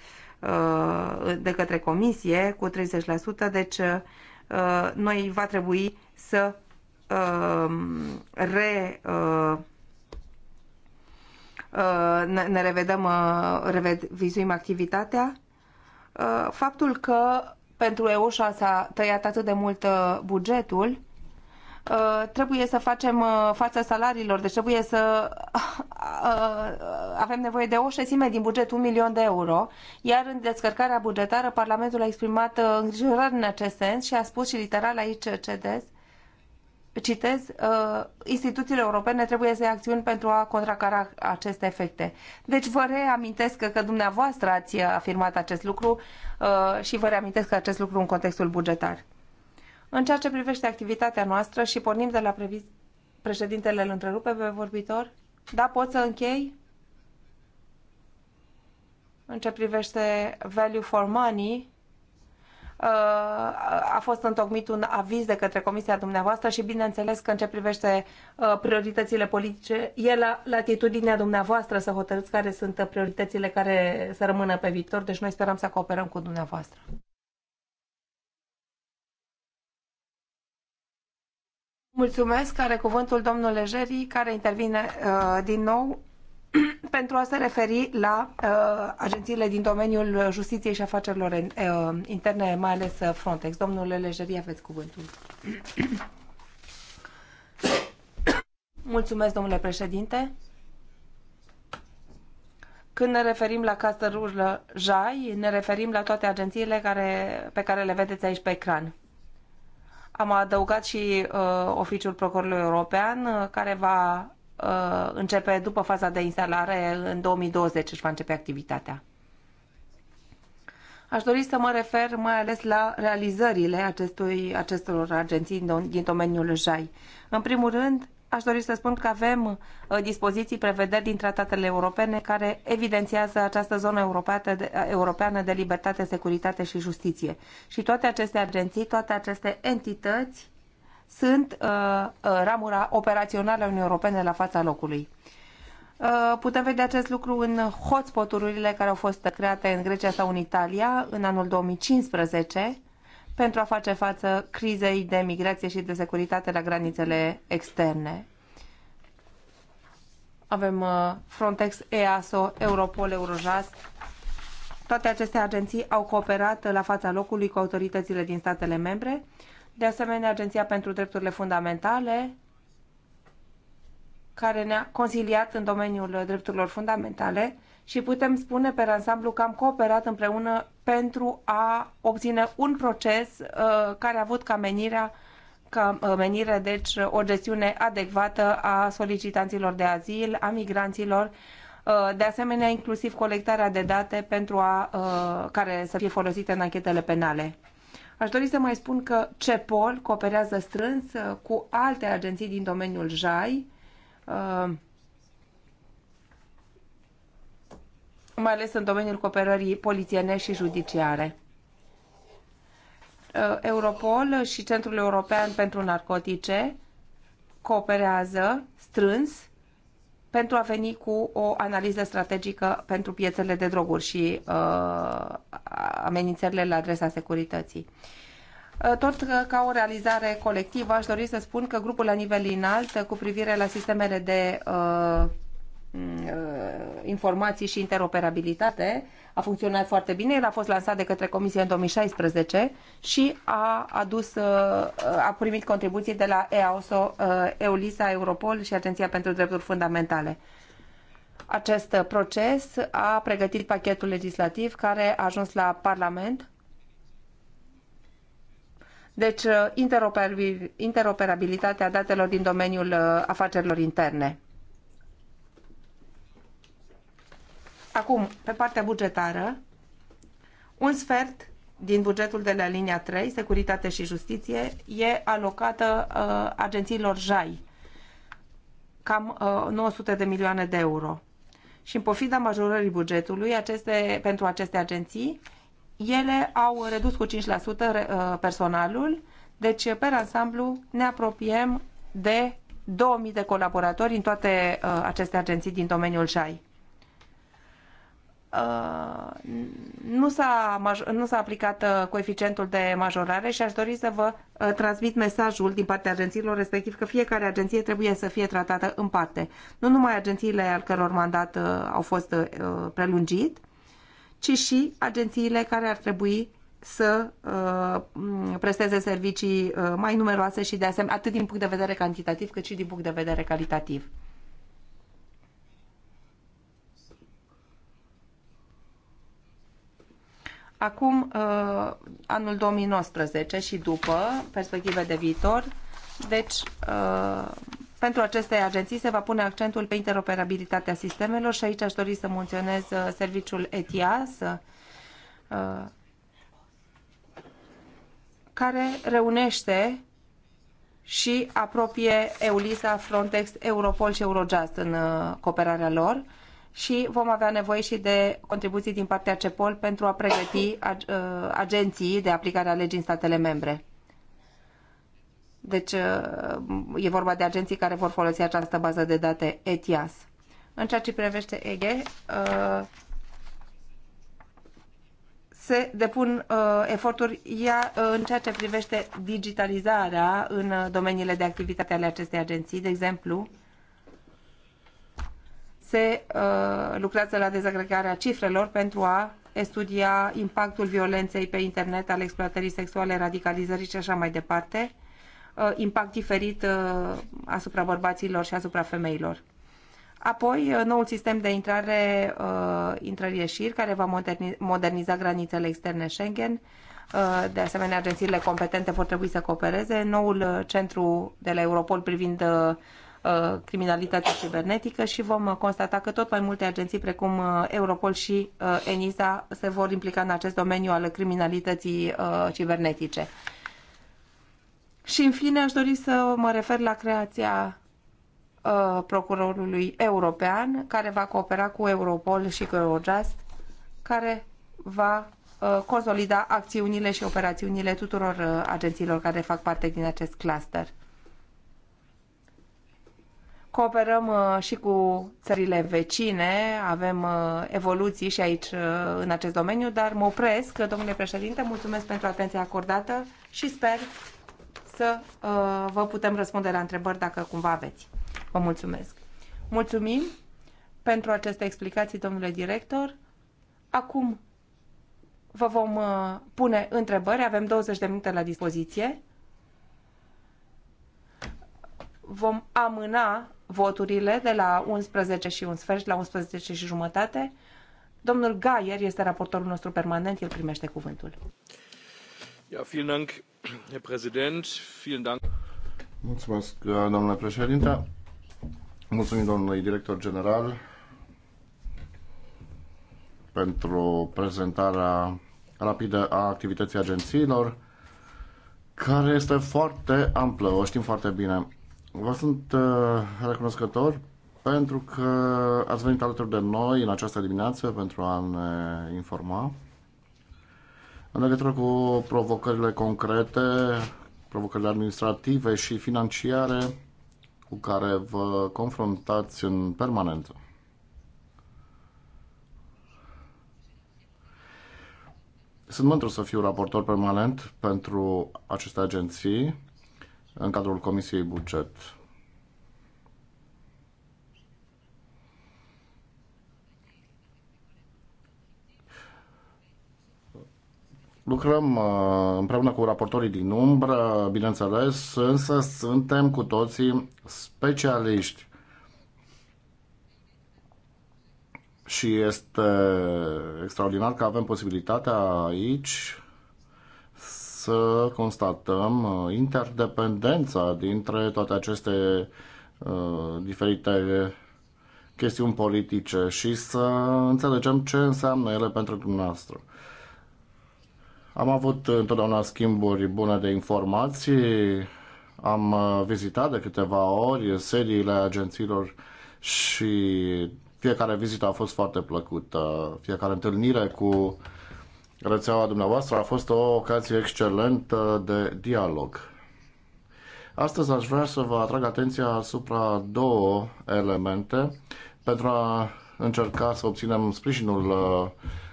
uh, de către comisie cu 30%, deci uh, noi va trebui să uh, re uh, uh ne revedem, revizuim activitatea. Faptul că pentru EUSHA s-a tăiat atât de mult uh, bugetul, uh, trebuie să facem uh, față salariilor, deci trebuie să avem nevoie de o șesime din buget, un milion de euro, iar în descărcarea bugetară Parlamentul a exprimat îngrijorări în acest sens și a spus și literal aici cedez citez, uh, instituțiile europene trebuie să ia acțiuni pentru a contracara aceste efecte. Deci vă reamintesc că, dumneavoastră ați afirmat acest lucru uh, și vă reamintesc că acest lucru în contextul bugetar. În ceea ce privește activitatea noastră și pornim de la previz... președintele îl întrerupe pe vorbitor, da, pot să închei? În ce privește value for money, a fost întocmit un aviz de către comisia dumneavoastră și bineînțeles că în ce privește uh, prioritățile politice, e la latitudinea dumneavoastră să hotărâți care sunt uh, prioritățile care să rămână pe viitor, deci noi sperăm să cooperăm cu dumneavoastră. Mulțumesc. Are cuvântul domnul Lejeri, care intervine uh, din nou pentru a se referi la uh, agențiile din domeniul justiției și afacerilor uh, interne, mai ales uh, Frontex. Domnule Lejerie, aveți cuvântul. Mulțumesc, domnule președinte. Când ne referim la castărul JAI, ne referim la toate agențiile care, pe care le vedeți aici pe ecran. Am adăugat și uh, oficiul Procurorului European, uh, care va Uh, începe după faza de instalare, în 2020 își va începe activitatea. Aș dori să mă refer mai ales la realizările acestui, acestor agenții din domeniul JAI. În primul rând, aș dori să spun că avem uh, dispoziții, prevederi din tratatele europene care evidențiază această zonă europeană de, uh, europeană de libertate, securitate și justiție. Și toate aceste agenții, toate aceste entități sunt uh, uh, ramura operațională a Uniunii Europene la fața locului. Uh, putem vedea acest lucru în hotspoturile care au fost create în Grecia sau în Italia în anul 2015 pentru a face față crizei de migrație și de securitate la granițele externe. Avem uh, Frontex, EASO, Europol, Eurojust. Toate aceste agenții au cooperat la fața locului cu autoritățile din statele membre de asemenea Agenția pentru Drepturile Fundamentale, care ne-a consiliat în domeniul drepturilor fundamentale și putem spune pe ansamblu că am cooperat împreună pentru a obține un proces uh, care a avut ca menirea ca uh, menire, deci, o gestiune adecvată a solicitanților de azil, a migranților, uh, de asemenea, inclusiv colectarea de date pentru a, uh, care să fie folosite în anchetele penale. Aș dori să mai spun că CEPOL cooperează strâns uh, cu alte agenții din domeniul JAI, uh, mai ales în domeniul cooperării polițiene și judiciare. Uh, Europol și Centrul European pentru Narcotice cooperează strâns pentru a veni cu o analiză strategică pentru piețele de droguri și uh, amenințările la adresa securității. Uh, tot ca o realizare colectivă, aș dori să spun că grupul la nivel înalt cu privire la sistemele de uh, Uh, informații și interoperabilitate a funcționat foarte bine. El a fost lansat de către Comisie în 2016 și a adus, uh, a primit contribuții de la EAOSO, uh, EULISA, Europol și Agenția pentru Drepturi Fundamentale. Acest proces a pregătit pachetul legislativ care a ajuns la Parlament. Deci, interoperabilitatea datelor din domeniul afacerilor interne. Acum, pe partea bugetară, un sfert din bugetul de la linia 3, Securitate și Justiție, e alocată uh, agențiilor JAI, cam uh, 900 de milioane de euro. Și în pofida majorării bugetului aceste, pentru aceste agenții, ele au redus cu 5% uh, personalul, deci pe ansamblu ne apropiem de 2000 de colaboratori în toate uh, aceste agenții din domeniul JAI. Uh, nu s-a, nu s-a aplicat uh, coeficientul de majorare și aș dori să vă uh, transmit mesajul din partea agențiilor, respectiv că fiecare agenție trebuie să fie tratată în parte. Nu numai agențiile al căror mandat au fost prelungit, ci și agențiile care ar trebui să presteze servicii mai numeroase și de asemenea, atât din punct de vedere cantitativ cât și din punct de vedere calitativ. acum uh, anul 2019 și după perspective de viitor. Deci, uh, pentru aceste agenții se va pune accentul pe interoperabilitatea sistemelor și aici aș dori să menționez uh, serviciul ETIAS, care reunește și apropie EULISA, Frontex, Europol și Eurojust în cooperarea lor și vom avea nevoie și de contribuții din partea CEPOL pentru a pregăti uh, agenții de aplicare a legii în statele membre. Deci uh, e vorba de agenții care vor folosi această bază de date ETIAS. În ceea ce privește EGE, uh, se depun eforturi în ceea ce privește digitalizarea în domeniile de activitate ale acestei agenții, de exemplu, se uh, lucrează la dezagregarea cifrelor pentru a studia impactul violenței pe internet, al exploatării sexuale, radicalizării și așa mai departe, uh, impact diferit uh, asupra bărbaților și asupra femeilor. Apoi, uh, noul sistem de intrare, uh, intrări-ieșiri, care va moderni moderniza granițele externe Schengen. Uh, de asemenea, agențiile competente vor trebui să coopereze. Noul uh, centru de la Europol privind uh, Uh, criminalitatea cibernetică și vom uh, constata că tot mai multe agenții precum uh, Europol și ENISA se vor implica în acest domeniu al criminalității cibernetice. Și în fine aș dori să mă refer la creația procurorului european care va coopera cu Europol și cu Eurojust care va consolida acțiunile și operațiunile tuturor agențiilor care fac parte din acest cluster. Cooperăm uh, și cu țările vecine, avem uh, evoluții și aici uh, în acest domeniu, dar mă opresc, domnule președinte, mulțumesc pentru atenția acordată și sper să vă putem răspunde la întrebări dacă cumva aveți. Vă mulțumesc. Mulțumim pentru aceste explicații, domnule director. Acum vă vom pune întrebări, avem 20 de minute la dispoziție vom amâna voturile de la 11 și un sfert la 11 și jumătate. Domnul Gaier este raportorul nostru permanent, el primește cuvântul. Ja, vielen Dank, Herr Präsident. Vielen Dank. Mulțumesc, domnule președinte. Mulțumim, domnului director general, pentru prezentarea rapidă a activității agențiilor, care este foarte amplă, o știm foarte bine. Vă sunt uh, recunoscător pentru că ați venit alături de noi în această dimineață pentru a ne informa în legătură cu provocările concrete, provocările administrative și financiare cu care vă confruntați în permanență. Sunt mândru să fiu raportor permanent pentru aceste agenții în cadrul Comisiei Buget. Lucrăm uh, împreună cu raportorii din umbră, bineînțeles, însă suntem cu toții specialiști. Și este extraordinar că avem posibilitatea aici să constatăm uh, interdependența dintre toate aceste uh, diferite chestiuni politice și să înțelegem ce înseamnă ele pentru dumneavoastră. Am avut întotdeauna schimburi bune de informații, am uh, vizitat de câteva ori sediile agențiilor și fiecare vizită a fost foarte plăcută, fiecare întâlnire cu rețeaua dumneavoastră a fost o ocazie excelentă de dialog. Astăzi aș vrea să vă atrag atenția asupra două elemente pentru a încerca să obținem sprijinul uh,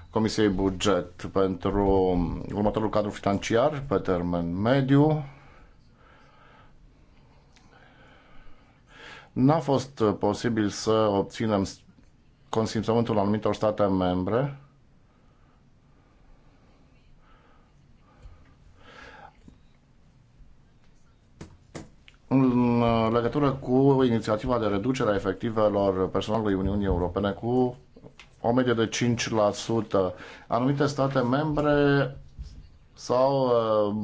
Comisiei Buget pentru următorul cadru financiar pe termen mediu. N-a fost posibil să obținem consimțământul anumitor state membre Uh, legătură cu inițiativa de reducere a efectivelor personalului Uniunii Europene cu o medie de 5%. Anumite state membre s-au uh,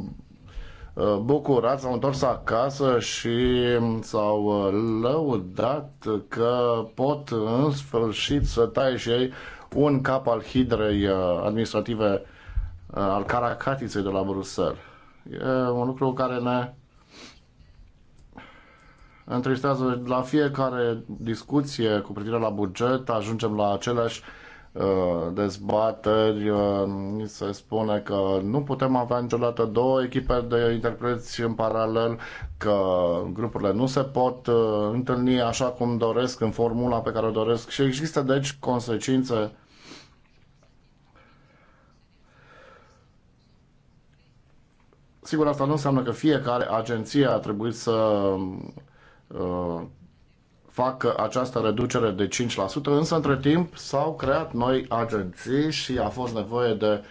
uh, bucurat, s-au întors acasă și s-au lăudat că pot în sfârșit să taie și ei un cap al hidrei administrative al caracatiței de la Bruxelles. E un lucru care ne întristează la fiecare discuție cu privire la buget, ajungem la aceleași uh, dezbateri, mi uh, se spune că nu putem avea niciodată două echipe de interpreți în paralel, că grupurile nu se pot uh, întâlni așa cum doresc, în formula pe care o doresc și există deci consecințe Sigur, asta nu înseamnă că fiecare agenție a trebuit să Uh, facă această reducere de 5%, însă între timp s-au creat noi agenții și a fost nevoie de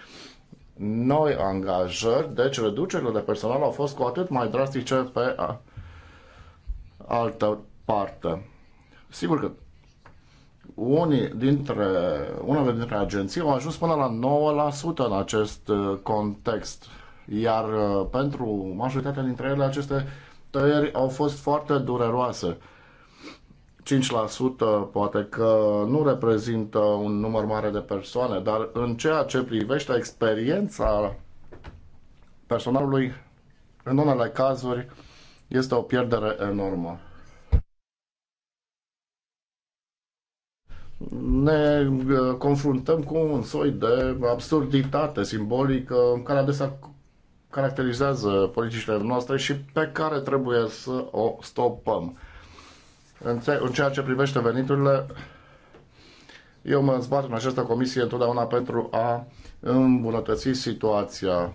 noi angajări, deci reducerile de personal au fost cu atât mai drastice pe altă parte. Sigur că unii dintre, unele dintre agenții au ajuns până la 9% în acest uh, context, iar uh, pentru majoritatea dintre ele aceste tăieri au fost foarte dureroase. 5% poate că nu reprezintă un număr mare de persoane, dar în ceea ce privește experiența personalului, în unele cazuri, este o pierdere enormă. ne uh, confruntăm cu un soi de absurditate simbolică care adesea caracterizează politicile noastre și pe care trebuie să o stopăm. În ceea ce privește veniturile, eu mă zbat în această comisie întotdeauna pentru a îmbunătăți situația.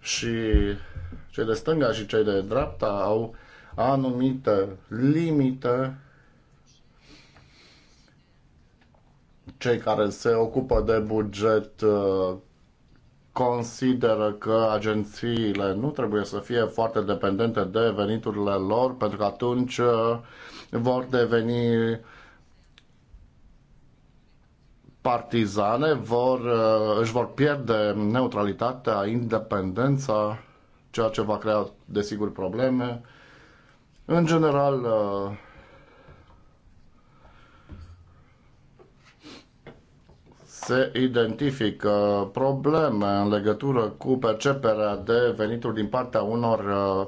Și cei de stânga și cei de dreapta au anumite limite cei care se ocupă de buget uh, consideră că agențiile nu trebuie să fie foarte dependente de veniturile lor, pentru că atunci uh, vor deveni partizane, vor, uh, își vor pierde neutralitatea, independența, ceea ce va crea, desigur, probleme. În general, se identifică probleme în legătură cu perceperea de venituri din partea unor uh,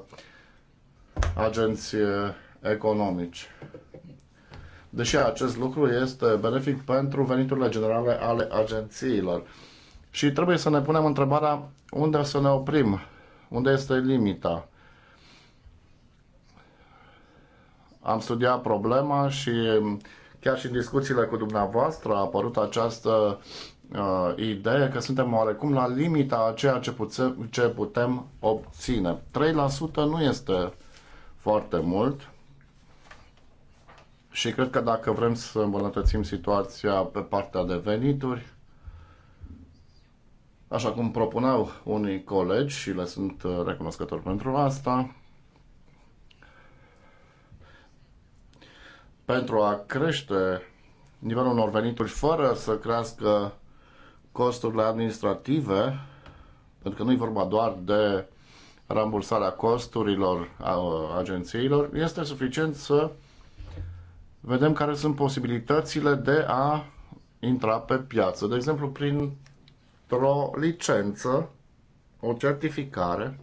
agenți uh, economici. Deși acest lucru este benefic pentru veniturile generale ale agențiilor. Și trebuie să ne punem întrebarea unde să ne oprim, unde este limita. Am studiat problema și Chiar și în discuțiile cu dumneavoastră a apărut această uh, idee că suntem oarecum la limita a ceea ce putem, ce putem obține. 3% nu este foarte mult și cred că dacă vrem să îmbunătățim situația pe partea de venituri, așa cum propuneau unii colegi și le sunt uh, recunoscători pentru asta, pentru a crește nivelul unor venituri fără să crească costurile administrative, pentru că nu e vorba doar de rambursarea costurilor a agențiilor, este suficient să vedem care sunt posibilitățile de a intra pe piață. De exemplu, prin o licență, o certificare.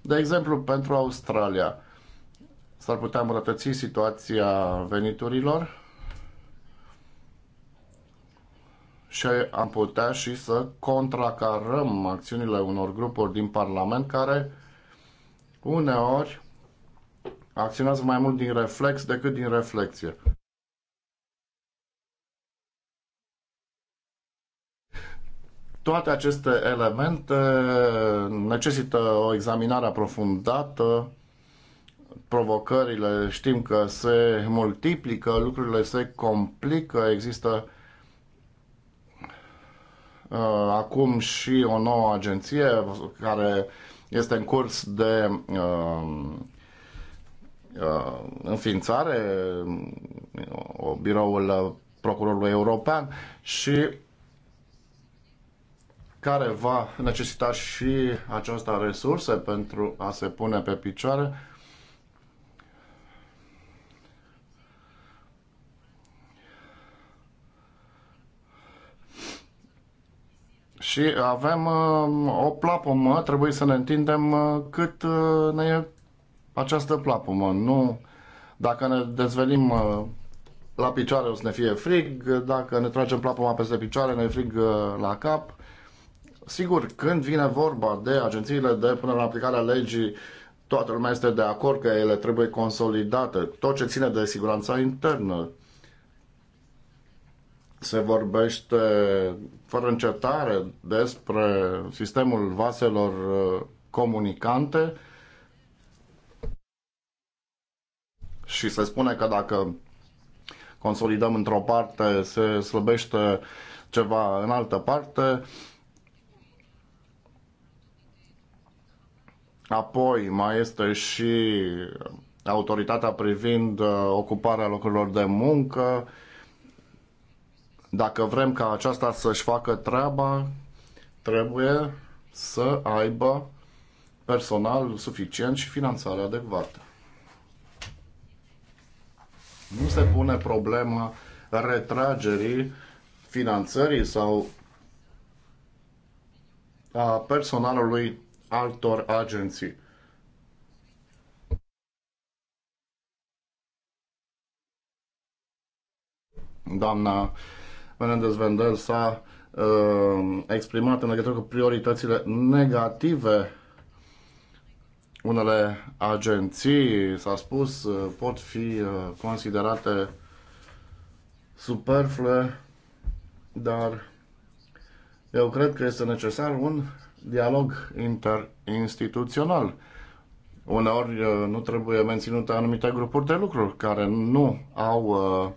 De exemplu, pentru Australia, S-ar putea îmbrătăți situația veniturilor și am putea și să contracarăm acțiunile unor grupuri din Parlament care uneori acționează mai mult din reflex decât din reflexie. Toate aceste elemente necesită o examinare aprofundată provocările știm că se multiplică, lucrurile se complică, există uh, acum și o nouă agenție care este în curs de uh, uh, înființare, o biroul procurorului european și care va necesita și aceasta resurse pentru a se pune pe picioare. și avem uh, o plapumă, trebuie să ne întindem uh, cât uh, ne e această plapumă. Nu, dacă ne dezvelim la picioare o să ne fie frig, dacă ne tragem plapuma peste picioare ne frig la cap. Sigur, când vine vorba de agențiile de punere în aplicare a legii, toată lumea este de acord că ele trebuie consolidate. Tot ce ține de siguranța internă, se vorbește fără încetare despre sistemul vaselor uh, comunicante și se spune că dacă consolidăm într-o parte, se slăbește ceva în altă parte. Apoi mai este și autoritatea privind uh, ocuparea locurilor de muncă, dacă vrem ca aceasta să-și facă treaba, trebuie să aibă personal suficient și finanțare adecvată. Nu se pune problema retragerii finanțării sau a personalului altor agenții. Doamna Menendez Vendel s-a uh, exprimat în legătură cu prioritățile negative unele agenții, s-a spus, uh, pot fi uh, considerate superflue, dar eu cred că este necesar un dialog interinstituțional. Uneori uh, nu trebuie menținute anumite grupuri de lucruri care nu au uh,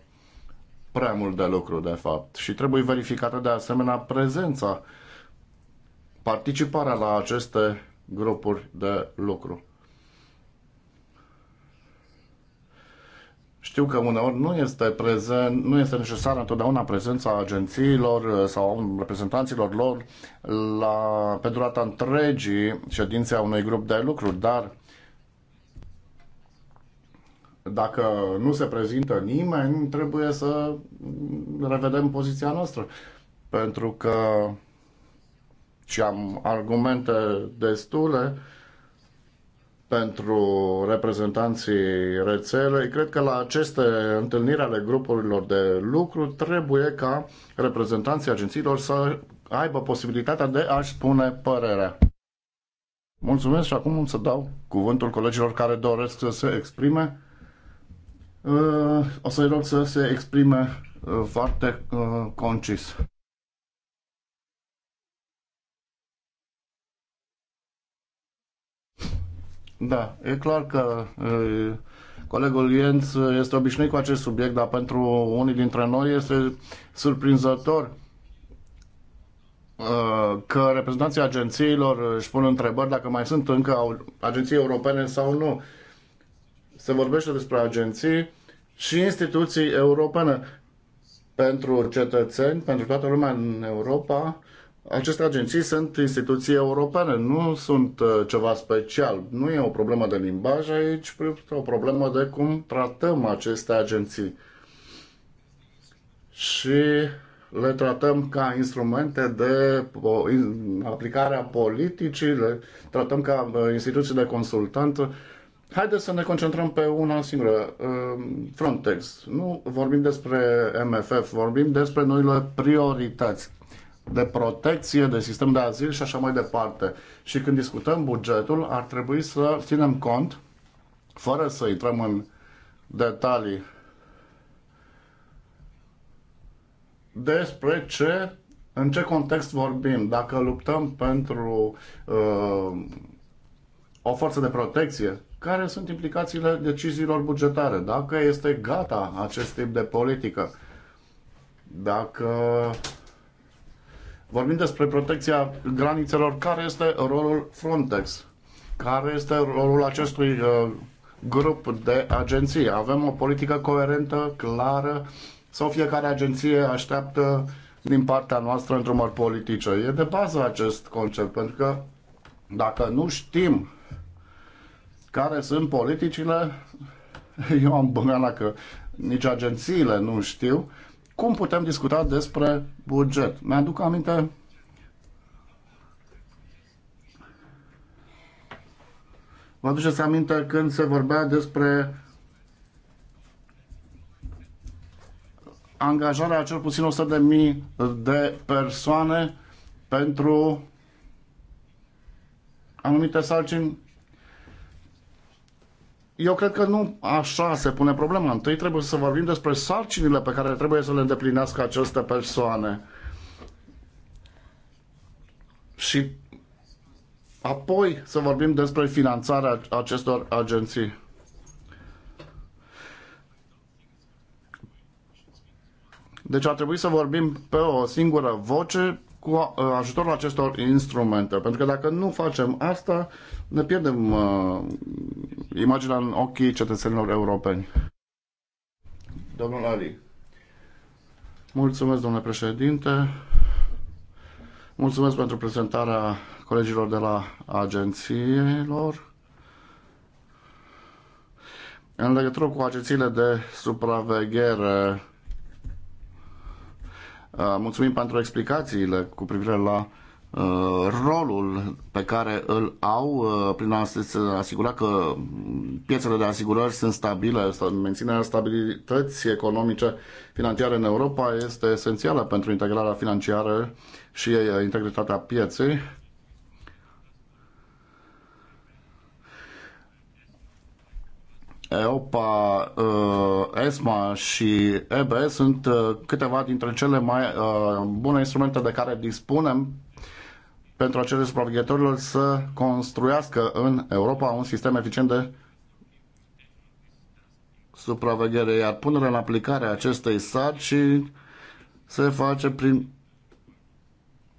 prea mult de lucru, de fapt, și trebuie verificată de asemenea prezența, participarea la aceste grupuri de lucru. Știu că uneori nu este, prezent, nu este necesară întotdeauna prezența agențiilor uh, sau reprezentanților lor la, pe durata întregii ședințe a unui grup de lucru, dar dacă nu se prezintă nimeni, trebuie să revedem poziția noastră. Pentru că și am argumente destule pentru reprezentanții rețelei. Cred că la aceste întâlniri ale grupurilor de lucru trebuie ca reprezentanții agențiilor să aibă posibilitatea de a-și spune părerea. Mulțumesc și acum să dau cuvântul colegilor care doresc să se exprime. Ă, o să-i rog să se exprime ă, foarte ă, concis. Da, e clar că uh, colegul Ienț este obișnuit cu acest subiect, dar pentru unii dintre noi este surprinzător că reprezentanții agențiilor își pun întrebări dacă mai sunt încă agenții europene sau nu se vorbește despre agenții și instituții europene pentru cetățeni, pentru toată lumea în Europa. Aceste agenții sunt instituții europene, nu sunt uh, ceva special. Nu e o problemă de limbaj aici, e o problemă de cum tratăm aceste agenții. Și le tratăm ca instrumente de aplicare a politicii, le tratăm ca uh, instituții de consultanță Haideți să ne concentrăm pe una singură, uh, Frontex. Nu vorbim despre MFF, vorbim despre noile priorități de protecție, de sistem de azil și așa mai departe. Și când discutăm bugetul, ar trebui să ținem cont, fără să intrăm în detalii, despre ce, în ce context vorbim. Dacă luptăm pentru uh, o forță de protecție care sunt implicațiile deciziilor bugetare, dacă este gata acest tip de politică, dacă vorbim despre protecția granițelor, care este rolul Frontex, care este rolul acestui uh, grup de agenții. Avem o politică coerentă, clară, sau fiecare agenție așteaptă din partea noastră într-o mări politice. E de bază acest concept, pentru că dacă nu știm care sunt politicile, eu am băgat că nici agențiile nu știu, cum putem discuta despre buget. Mi-aduc aminte Vă aduceți aminte când se vorbea despre angajarea a cel puțin 100.000 de persoane pentru anumite sarcini eu cred că nu așa se pune problema. Întâi trebuie să vorbim despre sarcinile pe care trebuie să le îndeplinească aceste persoane. Și apoi să vorbim despre finanțarea acestor agenții. Deci ar trebui să vorbim pe o singură voce cu uh, ajutorul acestor instrumente. Pentru că dacă nu facem asta, ne pierdem uh, imaginea în ochii cetățenilor europeni. Domnul Ali. Mulțumesc, domnule președinte. Mulțumesc pentru prezentarea colegilor de la agențiilor. În legătură cu agențiile de supraveghere, uh, mulțumim pentru explicațiile cu privire la Uh, rolul pe care îl au uh, prin a se asigura că piețele de asigurări sunt stabile, menținerea stabilității economice financiare în Europa este esențială pentru integrarea financiară și uh, integritatea pieței. EOPA, ESMA și EBS sunt câteva dintre cele mai bune instrumente de care dispunem pentru a cere supraveghetorilor să construiască în Europa un sistem eficient de supraveghere, iar punerea în aplicare a acestei sarci se face prin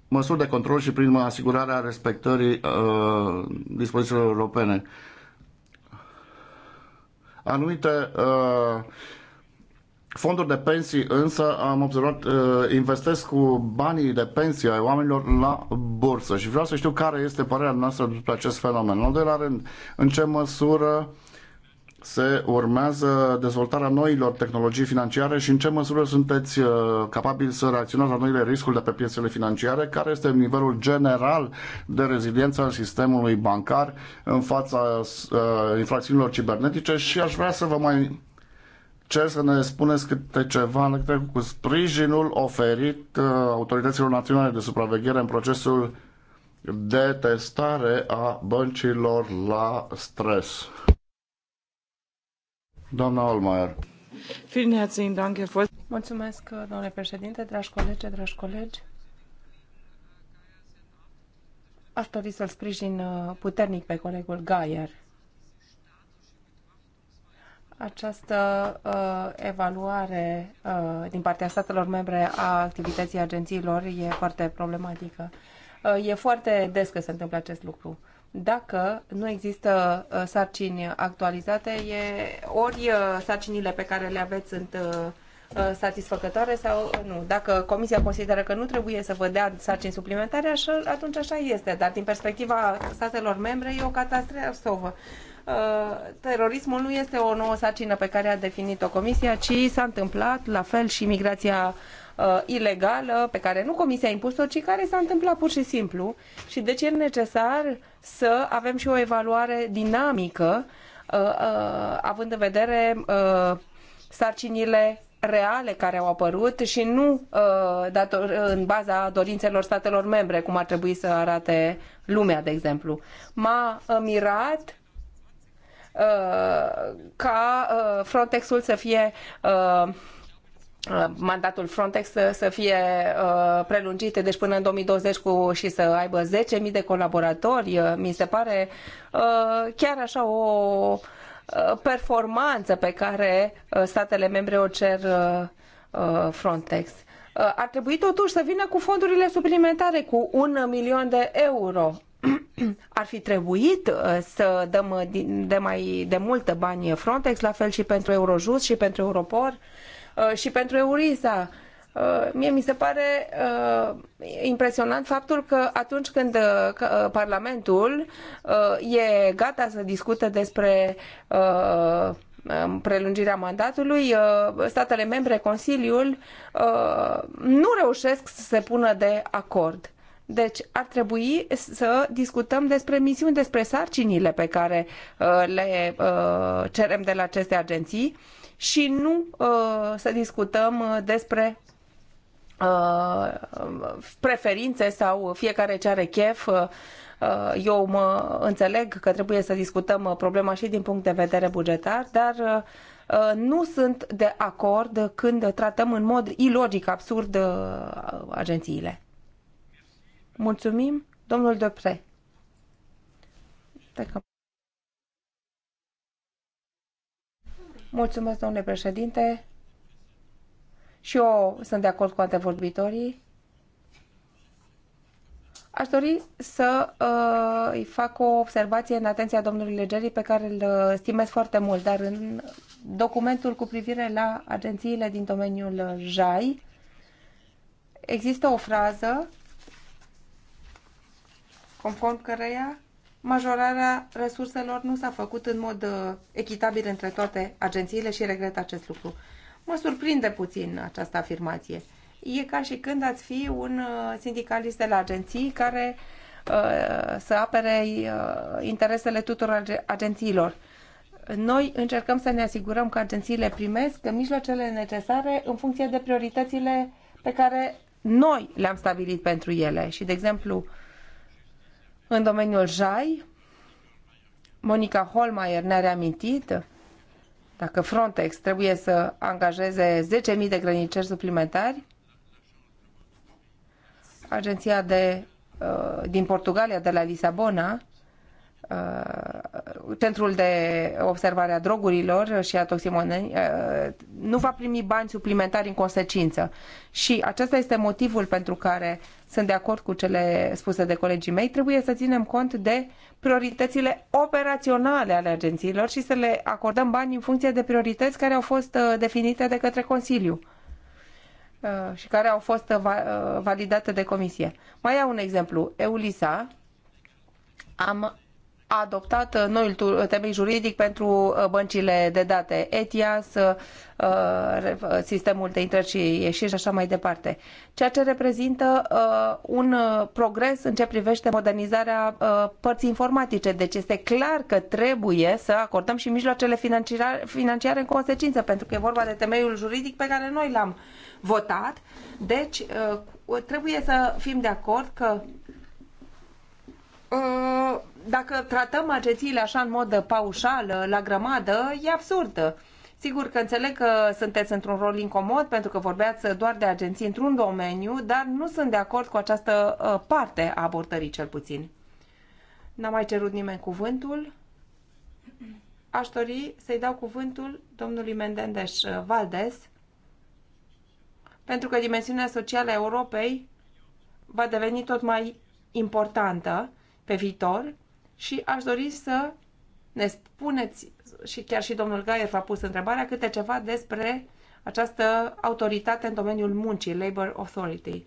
măsuri de control și prin asigurarea respectării uh, dispozițiilor europene. Anumite uh, Fonduri de pensii însă, am observat, uh, investesc cu banii de pensie ai oamenilor la bursă și vreau să știu care este părerea noastră despre acest fenomen. În al doilea rând, în ce măsură se urmează dezvoltarea noilor tehnologii financiare și în ce măsură sunteți uh, capabili să reacționați la noile riscuri de pe piețele financiare? Care este nivelul general de reziliență al sistemului bancar în fața uh, infracțiunilor cibernetice? Și aș vrea să vă mai cer să ne spuneți câte ceva în legătură cu sprijinul oferit uh, autorităților naționale de supraveghere în procesul de testare a băncilor la stres. Doamna Olmaier. Mulțumesc, uh, domnule președinte, dragi colegi, dragi colegi. Aș dori să-l sprijin uh, puternic pe colegul Gaier această uh, evaluare uh, din partea statelor membre a activității agențiilor e foarte problematică. Uh, e foarte des că se întâmplă acest lucru. Dacă nu există uh, sarcini actualizate, e, ori uh, sarcinile pe care le aveți sunt uh, uh satisfăcătoare sau nu. Dacă comisia consideră că nu trebuie să vă dea sarcini suplimentare, așa, atunci așa este. Dar din perspectiva statelor membre e o catastrofă Uh, terorismul nu este o nouă sarcină pe care a definit-o Comisia, ci s-a întâmplat la fel și migrația uh, ilegală pe care nu Comisia a impus-o, ci care s-a întâmplat pur și simplu. Și deci e necesar să avem și o evaluare dinamică, uh, având în vedere sarcinile reale care au apărut și nu dator, în baza dorințelor statelor membre, cum ar trebui să arate lumea, de exemplu. M-a mirat Uh, ca uh, Frontexul să fie uh, mandatul Frontex să fie prelungit, deci până în 2020 cu, și să aibă 10.000 de colaboratori, mi se pare chiar așa o performanță pe care statele membre o cer Frontex. Ar trebui totuși să vină cu fondurile suplimentare, cu un milion de euro ar fi trebuit uh, să dăm uh, de mai de multă bani Frontex, la fel și pentru Eurojust și pentru Europol uh, și pentru Eurisa. Mie mi se pare impresionant faptul că atunci când Parlamentul e gata să discute despre um, prelungirea mandatului, statele membre, Consiliul nu reușesc să se pună de acord. Deci ar trebui să discutăm despre misiuni, despre sarcinile pe care uh, le uh, cerem de la aceste agenții și nu uh, să discutăm uh, despre uh, preferințe sau fiecare ce are chef. Uh, eu mă înțeleg că trebuie să discutăm problema și din punct de vedere bugetar, dar nu sunt de acord când tratăm în mod ilogic, absurd agențiile. Mulțumim, domnul Depre. Mulțumesc, domnule președinte. Și eu sunt de acord cu antevorbitorii. Aș dori să uh, îi fac o observație în atenția domnului Legerii, pe care îl uh, stimez foarte mult, dar în documentul cu privire la agențiile din domeniul JAI există o frază conform căreia majorarea resurselor nu s-a făcut în mod uh, echitabil între toate agențiile și regret acest lucru. Mă surprinde puțin această afirmație. E ca și când ați fi un uh, sindicalist de la agenții care uh, să apere interesele tuturor agențiilor. Noi încercăm să ne asigurăm că agențiile primesc mijloacele necesare în funcție de prioritățile pe care noi le-am stabilit pentru ele. Și, de exemplu, uh, în domeniul JAI, Monica Holmeier ne-a reamintit dacă Frontex trebuie să angajeze 10.000 de grăniceri suplimentari, agenția de, uh, din Portugalia, de la Lisabona, Uh, centrul de Observare a Drogurilor și a Toximonei uh, nu va primi bani suplimentari în consecință. Și acesta este motivul pentru care sunt de acord cu cele spuse de colegii mei. Trebuie să ținem cont de prioritățile operaționale ale agențiilor și să le acordăm bani în funcție de priorități care au fost uh, definite de către Consiliu și care au fost validate de comisie. Mai iau un exemplu. EULISA am a adoptat uh, noul uh, temei juridic pentru uh, băncile de date ETIAS, sistemul de intrări și ieșiri și așa mai departe. Ceea ce reprezintă un progres în ce privește modernizarea părții informatice. Deci este clar că trebuie să acordăm și mijloacele financiare în consecință, pentru că e vorba de temeiul juridic pe care noi l-am votat. Deci trebuie să fim de acord că dacă tratăm agențiile așa în mod paușal, la grămadă, e absurd. Sigur că înțeleg că sunteți într-un rol incomod pentru că vorbeați doar de agenții într-un domeniu, dar nu sunt de acord cu această uh, parte a abordării cel puțin. N-a mai cerut nimeni cuvântul. Aș dori să-i dau cuvântul domnului Mendendeș uh, Valdes, pentru că dimensiunea socială a Europei va deveni tot mai importantă pe viitor și aș dori să ne spuneți, și chiar și domnul Gaier v-a pus întrebarea, câte ceva despre această autoritate în domeniul muncii, Labor Authority.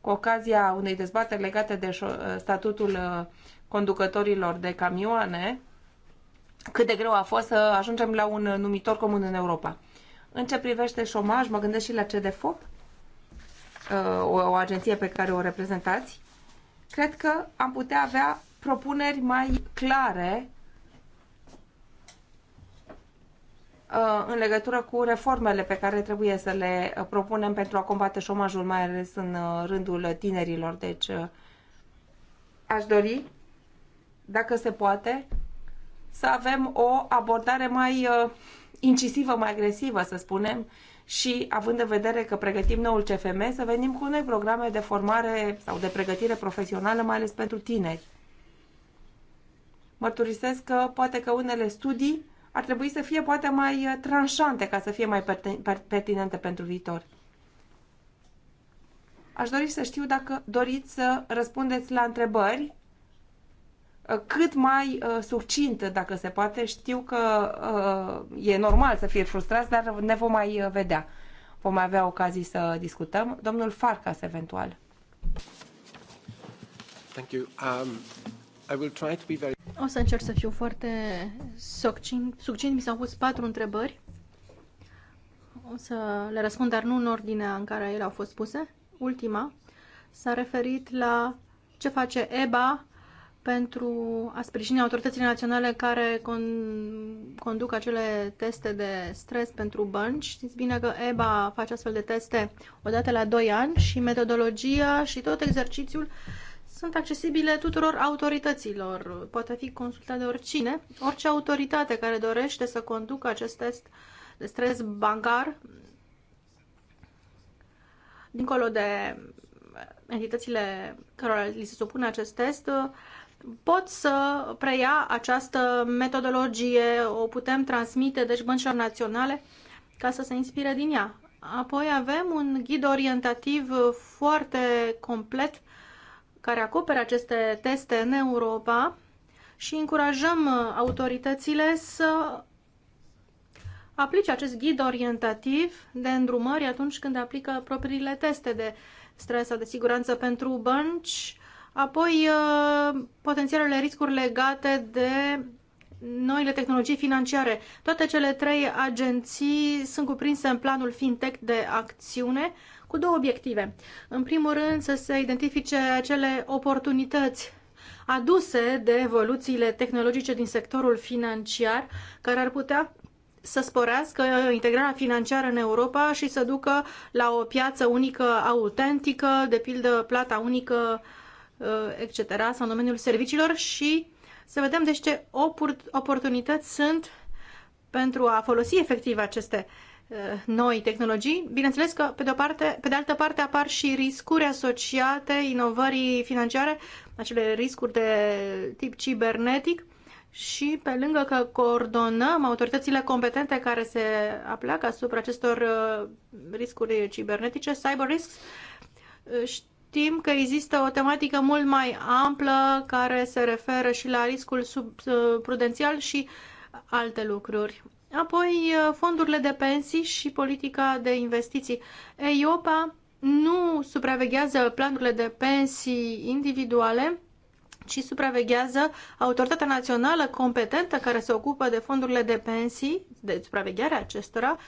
Cu ocazia unei dezbateri legate de statutul uh, conducătorilor de camioane, cât de greu a fost să ajungem la un numitor comun în Europa. În ce privește șomaj, mă gândesc și la CDFOP, uh, o, o agenție pe care o reprezentați, cred că am putea avea propuneri mai clare uh, în legătură cu reformele pe care trebuie să le uh, propunem pentru a combate șomajul, mai ales în uh, rândul tinerilor. Deci aș dori, dacă se poate, să avem o abordare mai incisivă, mai agresivă, să spunem, și având în vedere că pregătim noul CFM, să venim cu noi programe de formare sau de pregătire profesională, mai ales pentru tineri. Mărturisesc că poate că unele studii ar trebui să fie poate mai uh, tranșante ca să fie mai pertinente pentru viitor. Aș dori să știu dacă doriți să răspundeți la întrebări uh, cât mai uh, succint, dacă se poate. Știu că uh, e normal să fie frustrați, dar ne vom mai uh, vedea. Vom mai avea ocazii să discutăm. Domnul Farcas, eventual. Thank you. Um, o să încerc să fiu foarte succint. succint. Mi s-au pus patru întrebări. O să le răspund, dar nu în ordinea în care ele au fost puse. Ultima s-a referit la ce face EBA pentru a sprijini autoritățile naționale care con- conduc acele teste de stres pentru bănci. Știți bine că EBA face astfel de teste odată la 2 ani și metodologia și tot exercițiul uh, sunt accesibile tuturor autorităților. Poate fi consultat de oricine, orice autoritate care dorește să conducă acest test de stres bancar, dincolo de entitățile care li se supune acest test, pot să preia această metodologie, o putem transmite deci băncilor naționale ca să se inspire din ea. Apoi avem un ghid orientativ foarte complet care acoperă aceste teste în Europa și încurajăm uh, autoritățile să aplice acest ghid orientativ de îndrumări atunci când aplică propriile teste de stres sau de siguranță pentru bănci, apoi uh, potențialele riscuri legate de noile tehnologii financiare. Toate cele trei agenții sunt cuprinse în planul FinTech de acțiune cu două obiective. În primul rând să se identifice acele oportunități aduse de evoluțiile tehnologice din sectorul financiar care ar putea să sporească integrarea financiară în Europa și să ducă la o piață unică autentică, de pildă plata unică, uh, etc., sau în domeniul serviciilor și să vedem deci ce oportunități sunt pentru a folosi efectiv aceste Eh, noi tehnologii, bineînțeles că, pe de, o parte, pe de altă parte, apar și riscuri asociate inovării financiare, acele riscuri de tip cibernetic și pe lângă că coordonăm autoritățile competente care se apleacă asupra acestor eh, riscuri cibernetice, cyber risks, eh, știm că există o tematică mult mai amplă care se referă și la riscul sub, prudențial și alte lucruri. Apoi, uh, fondurile de pensii și politica de investiții. EIOPA nu supraveghează planurile de pensii individuale, ci supraveghează autoritatea națională competentă care se ocupă de fondurile de pensii, de supravegherea acestora,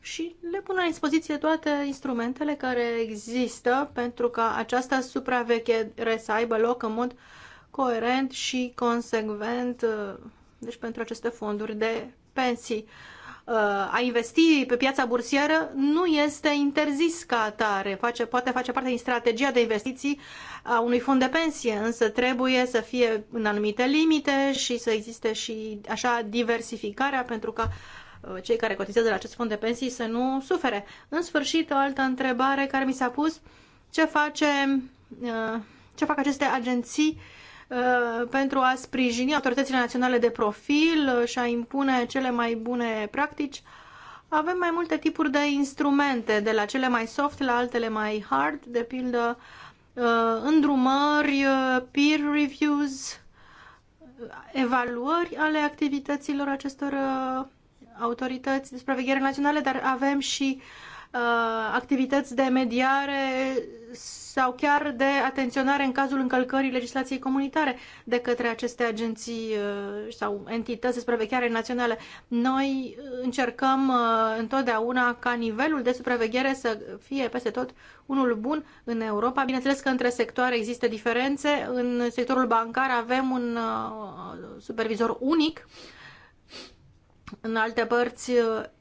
și le pun la dispoziție toate instrumentele care există pentru ca această supraveghere să aibă loc în mod coerent și consecvent, uh, deci pentru aceste fonduri de pensii. Uh, a investi pe piața bursieră nu este interzis ca atare, face, poate face parte din strategia de investiții a unui fond de pensie, însă trebuie să fie în anumite limite și să existe și așa diversificarea pentru că uh, cei care cotizează la acest fond de pensii să nu sufere. În sfârșit, o altă întrebare care mi s-a pus, ce face, uh, ce fac aceste agenții Uh, pentru a sprijini autoritățile naționale de profil uh, și a impune cele mai bune practici. Avem mai multe tipuri de instrumente, de la cele mai soft la altele mai hard, de pildă uh, îndrumări, peer reviews, evaluări ale activităților acestor autorități de supraveghere naționale, dar avem și uh, Uh, activități de mediare sau chiar de atenționare în cazul încălcării legislației comunitare de către aceste agenții uh, sau entități de supraveghere naționale. Noi încercăm uh, întotdeauna ca nivelul de supraveghere să fie peste tot unul bun în Europa. Bineînțeles că între sectoare există diferențe. În sectorul bancar avem un supervizor unic în alte părți,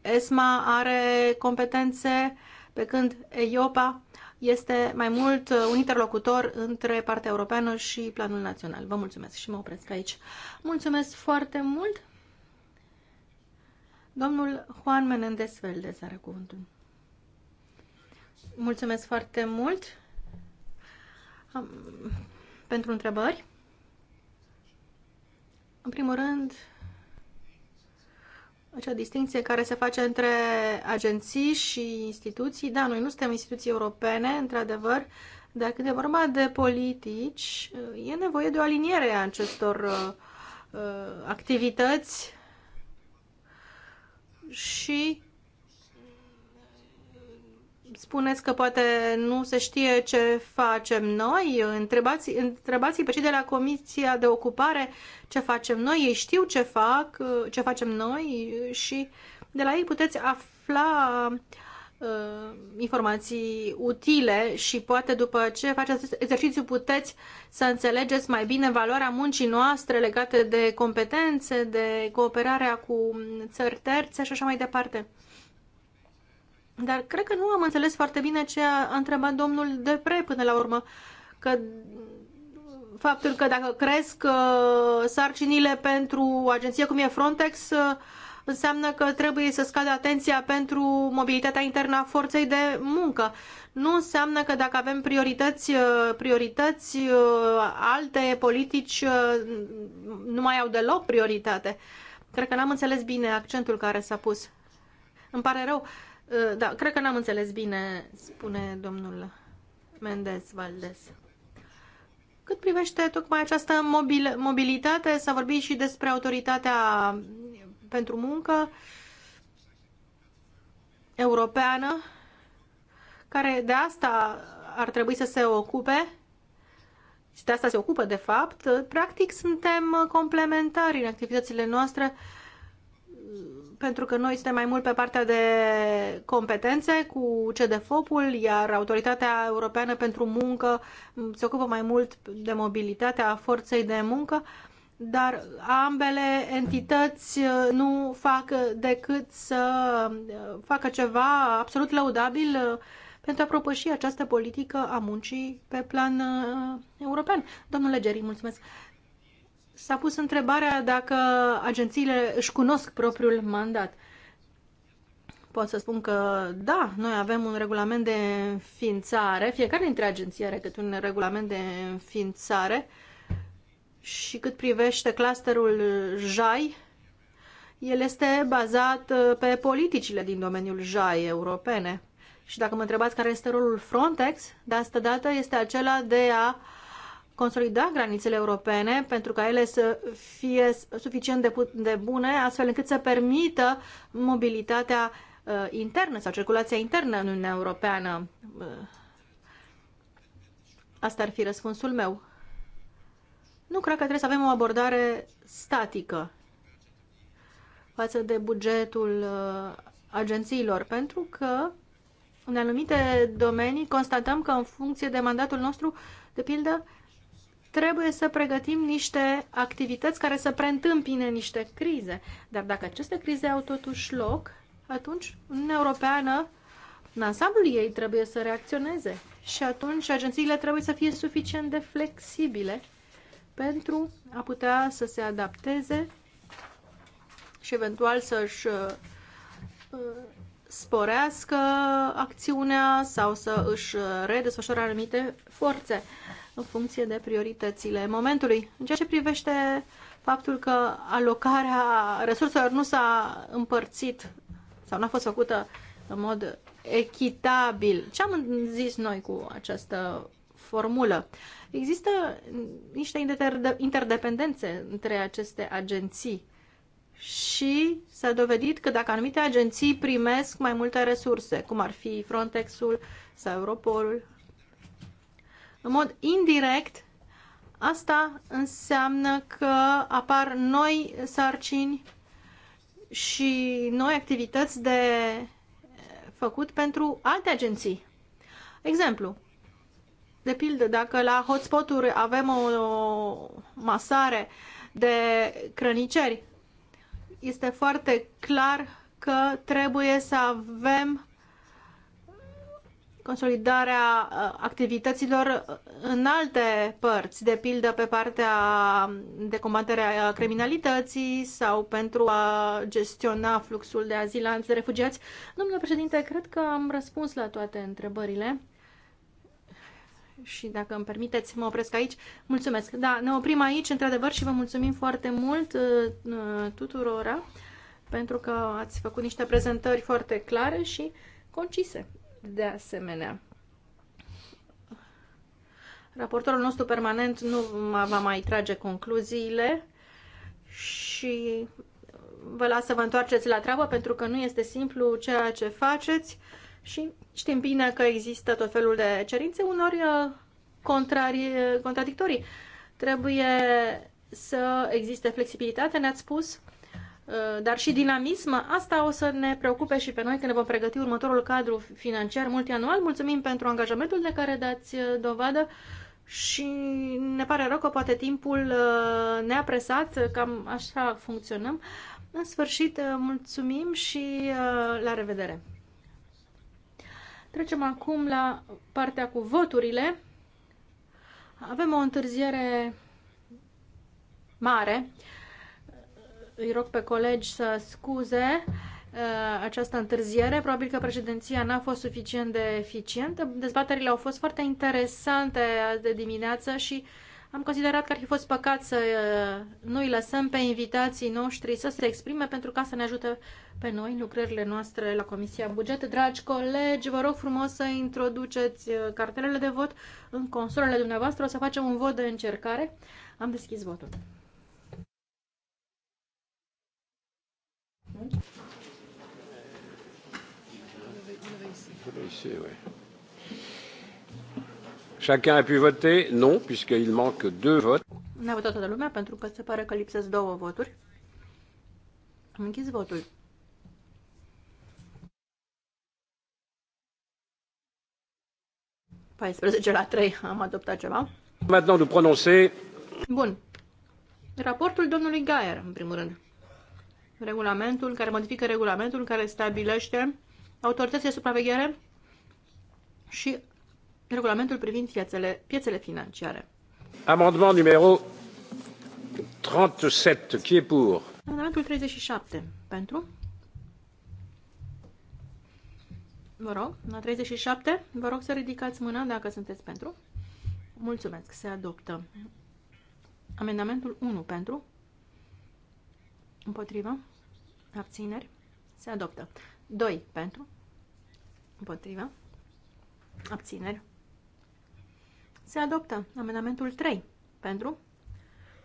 ESMA are competențe, pe când EIOPA este mai mult un interlocutor între partea europeană și planul național. Vă mulțumesc și mă opresc aici. Mulțumesc foarte mult! Domnul Juan Menendez Veldez are cuvântul. Mulțumesc foarte mult pentru întrebări. În primul rând, acea distinție care se face între agenții și instituții. Da, noi nu suntem instituții europene, într-adevăr, dar când e vorba de politici, e nevoie de o aliniere a acestor uh, uh activități și spuneți că poate nu se știe ce facem noi, întrebați, întrebați pe cei de la Comisia de Ocupare ce facem noi, ei știu ce fac, ce facem noi și de la ei puteți afla uh, informații utile și poate după ce faceți exercițiu puteți să înțelegeți mai bine valoarea muncii noastre legate de competențe, de cooperarea cu țări terțe și așa mai departe. Dar cred că nu am înțeles foarte bine ce a întrebat domnul Depre până la urmă, că faptul că dacă cresc uh, sarcinile pentru agenția cum e Frontex, uh, înseamnă că trebuie să scadă atenția pentru mobilitatea internă a forței de muncă. Nu înseamnă că dacă avem priorități, uh, priorități alte politici nu mai au deloc prioritate. Cred că n-am înțeles bine accentul care s-a pus. Îmi pare rău. Eh, da, cred că n-am înțeles bine, spune domnul Mendez Valdez. Cât privește tocmai această mobil, mobilitate, s-a vorbit și despre autoritatea pentru muncă europeană, care de asta ar trebui să se ocupe și de asta se ocupă de fapt. Practic suntem complementari în activitățile noastre pentru că noi suntem mai mult pe partea de competențe cu CDFOP-ul, iar Autoritatea Europeană pentru Muncă mm, se ocupă mai mult de mobilitatea forței de muncă, dar ambele entități uh, nu fac decât să uh, facă ceva absolut lăudabil uh, pentru a propăși această politică a muncii pe plan european. Domnule Geri, mulțumesc! s-a pus întrebarea dacă agențiile își cunosc propriul mandat. Pot să spun că da, noi avem un regulament de înființare, fiecare dintre agenții are câte un regulament de înființare și cât privește clusterul JAI, el este bazat uh, pe politicile din domeniul JAI europene. Și dacă mă întrebați care este rolul Frontex, de asta dată este acela de a consolida granițele europene pentru ca ele să fie suficient de, de bune, astfel încât să permită mobilitatea uh, internă sau circulația internă în Uniunea Europeană. Uh, asta ar fi răspunsul meu. Nu cred că trebuie să avem o abordare statică față de bugetul uh, agențiilor, pentru că în anumite domenii constatăm că în funcție de mandatul nostru, de pildă, uh, trebuie să pregătim niște activități care să preîntâmpine niște crize. Dar dacă aceste crize au totuși loc, atunci Uniunea Europeană, în ansamblul ei, trebuie să reacționeze. Și atunci agențiile trebuie să fie suficient de flexibile pentru a putea să se adapteze și eventual să-și uh, sporească acțiunea sau să își uh, redesfășoare anumite forțe în funcție de prioritățile momentului. În ceea ce privește faptul că alocarea resurselor nu s-a împărțit sau nu a fost făcută în mod echitabil. Ce am zis noi cu această formulă? Există niște interdependențe între aceste agenții și s-a dovedit că dacă anumite agenții primesc mai multe resurse, cum ar fi Frontexul sau Europolul, în mod indirect, asta înseamnă că apar noi sarcini și noi activități de făcut pentru alte agenții. Exemplu, de pildă, dacă la hotspot-uri avem o masare de crăniceri, este foarte clar că trebuie să avem consolidarea uh, activităților în alte părți, de pildă pe partea de combatere a criminalității sau pentru a gestiona fluxul de azilanți, de refugiați. Domnule președinte, cred că am răspuns la toate întrebările și dacă îmi permiteți, mă opresc aici. Mulțumesc. Da, ne oprim aici, într-adevăr, și vă mulțumim foarte mult uh, tuturora pentru că ați făcut niște prezentări foarte clare și concise de asemenea. Raportorul nostru permanent nu va mai trage concluziile și vă las să vă întoarceți la treabă pentru că nu este simplu ceea ce faceți și știm bine că există tot felul de cerințe, unori uh, contrari, uh, contradictorii. Trebuie să existe flexibilitate, ne-ați spus, Uh, dar și dinamism. Asta o să ne preocupe și pe noi când ne vom pregăti următorul cadru financiar multianual. Mulțumim pentru angajamentul de care dați uh, dovadă și ne pare rău că poate timpul uh, ne-a presat, cam așa funcționăm. În sfârșit, mulțumim și la revedere! Trecem acum la partea cu voturile. Avem o întârziere mare îi rog pe colegi să scuze uh, această întârziere. Probabil că președinția n-a fost suficient de eficientă. Dezbaterile au fost foarte interesante azi de dimineață și am considerat că ar fi fost păcat să uh, nu îi lăsăm pe invitații noștri să se exprime pentru ca să ne ajute pe noi în lucrările noastre la Comisia Buget. Dragi colegi, vă rog frumos să introduceți uh, cartelele de vot în consolele dumneavoastră. O să facem un vot de încercare. Am deschis votul. Chacun a pu voter? Non, puisqu'il manque deux votes. N-a votat toată lumea pentru că se pare că lipsesc două voturi. Am închis votul. Paisprezece la trei am adoptat ceva. Maintenant de prononcer. Bun. Raportul domnului Gaier, în primul rând regulamentul, care modifică regulamentul care stabilește autoritățile de supraveghere și regulamentul privind piețele, piețele financiare. Amendement numero 37, qui est pour? Amendamentul 37, pentru? Vă rog, la 37, vă rog să ridicați mâna dacă sunteți pentru. Mulțumesc, se adoptă. Amendamentul 1 pentru, Împotrivă. Abțineri. Se adoptă. 2 pentru. Împotrivă. Abțineri. Se adoptă. Amendamentul 3 pentru.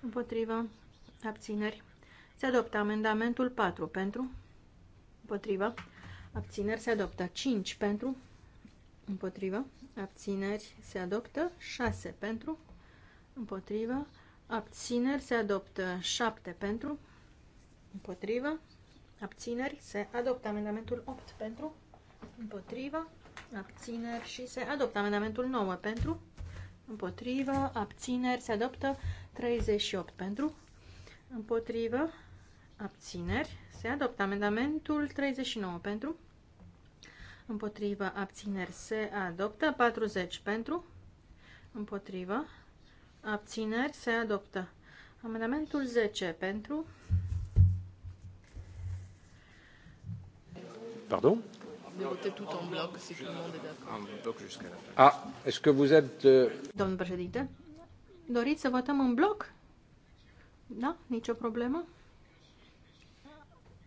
Împotrivă. Abțineri. Se adoptă. Amendamentul 4 pentru. Împotrivă. Abțineri. Se adoptă. 5 pentru. Împotrivă. Abțineri. Se adoptă. 6 pentru. Împotrivă. Abțineri. Se adoptă. 7 pentru Împotrivă. Abțineri. Se adoptă amendamentul 8 pentru. Împotrivă. Abțineri. Și se adoptă amendamentul 9 pentru. Împotrivă. Abțineri. Se adoptă 38 pentru. Împotrivă. Abțineri. Se adoptă amendamentul 39 pentru. Împotrivă. Abțineri. Se adoptă 40 pentru. Împotrivă. Abțineri. Se adoptă amendamentul 10 pentru. Pardon tout en bloc, si tout le monde est d'accord. Ah, est-ce que vous êtes... Euh, Domnul președinte, doriți să votăm în bloc? Da? Nicio problemă?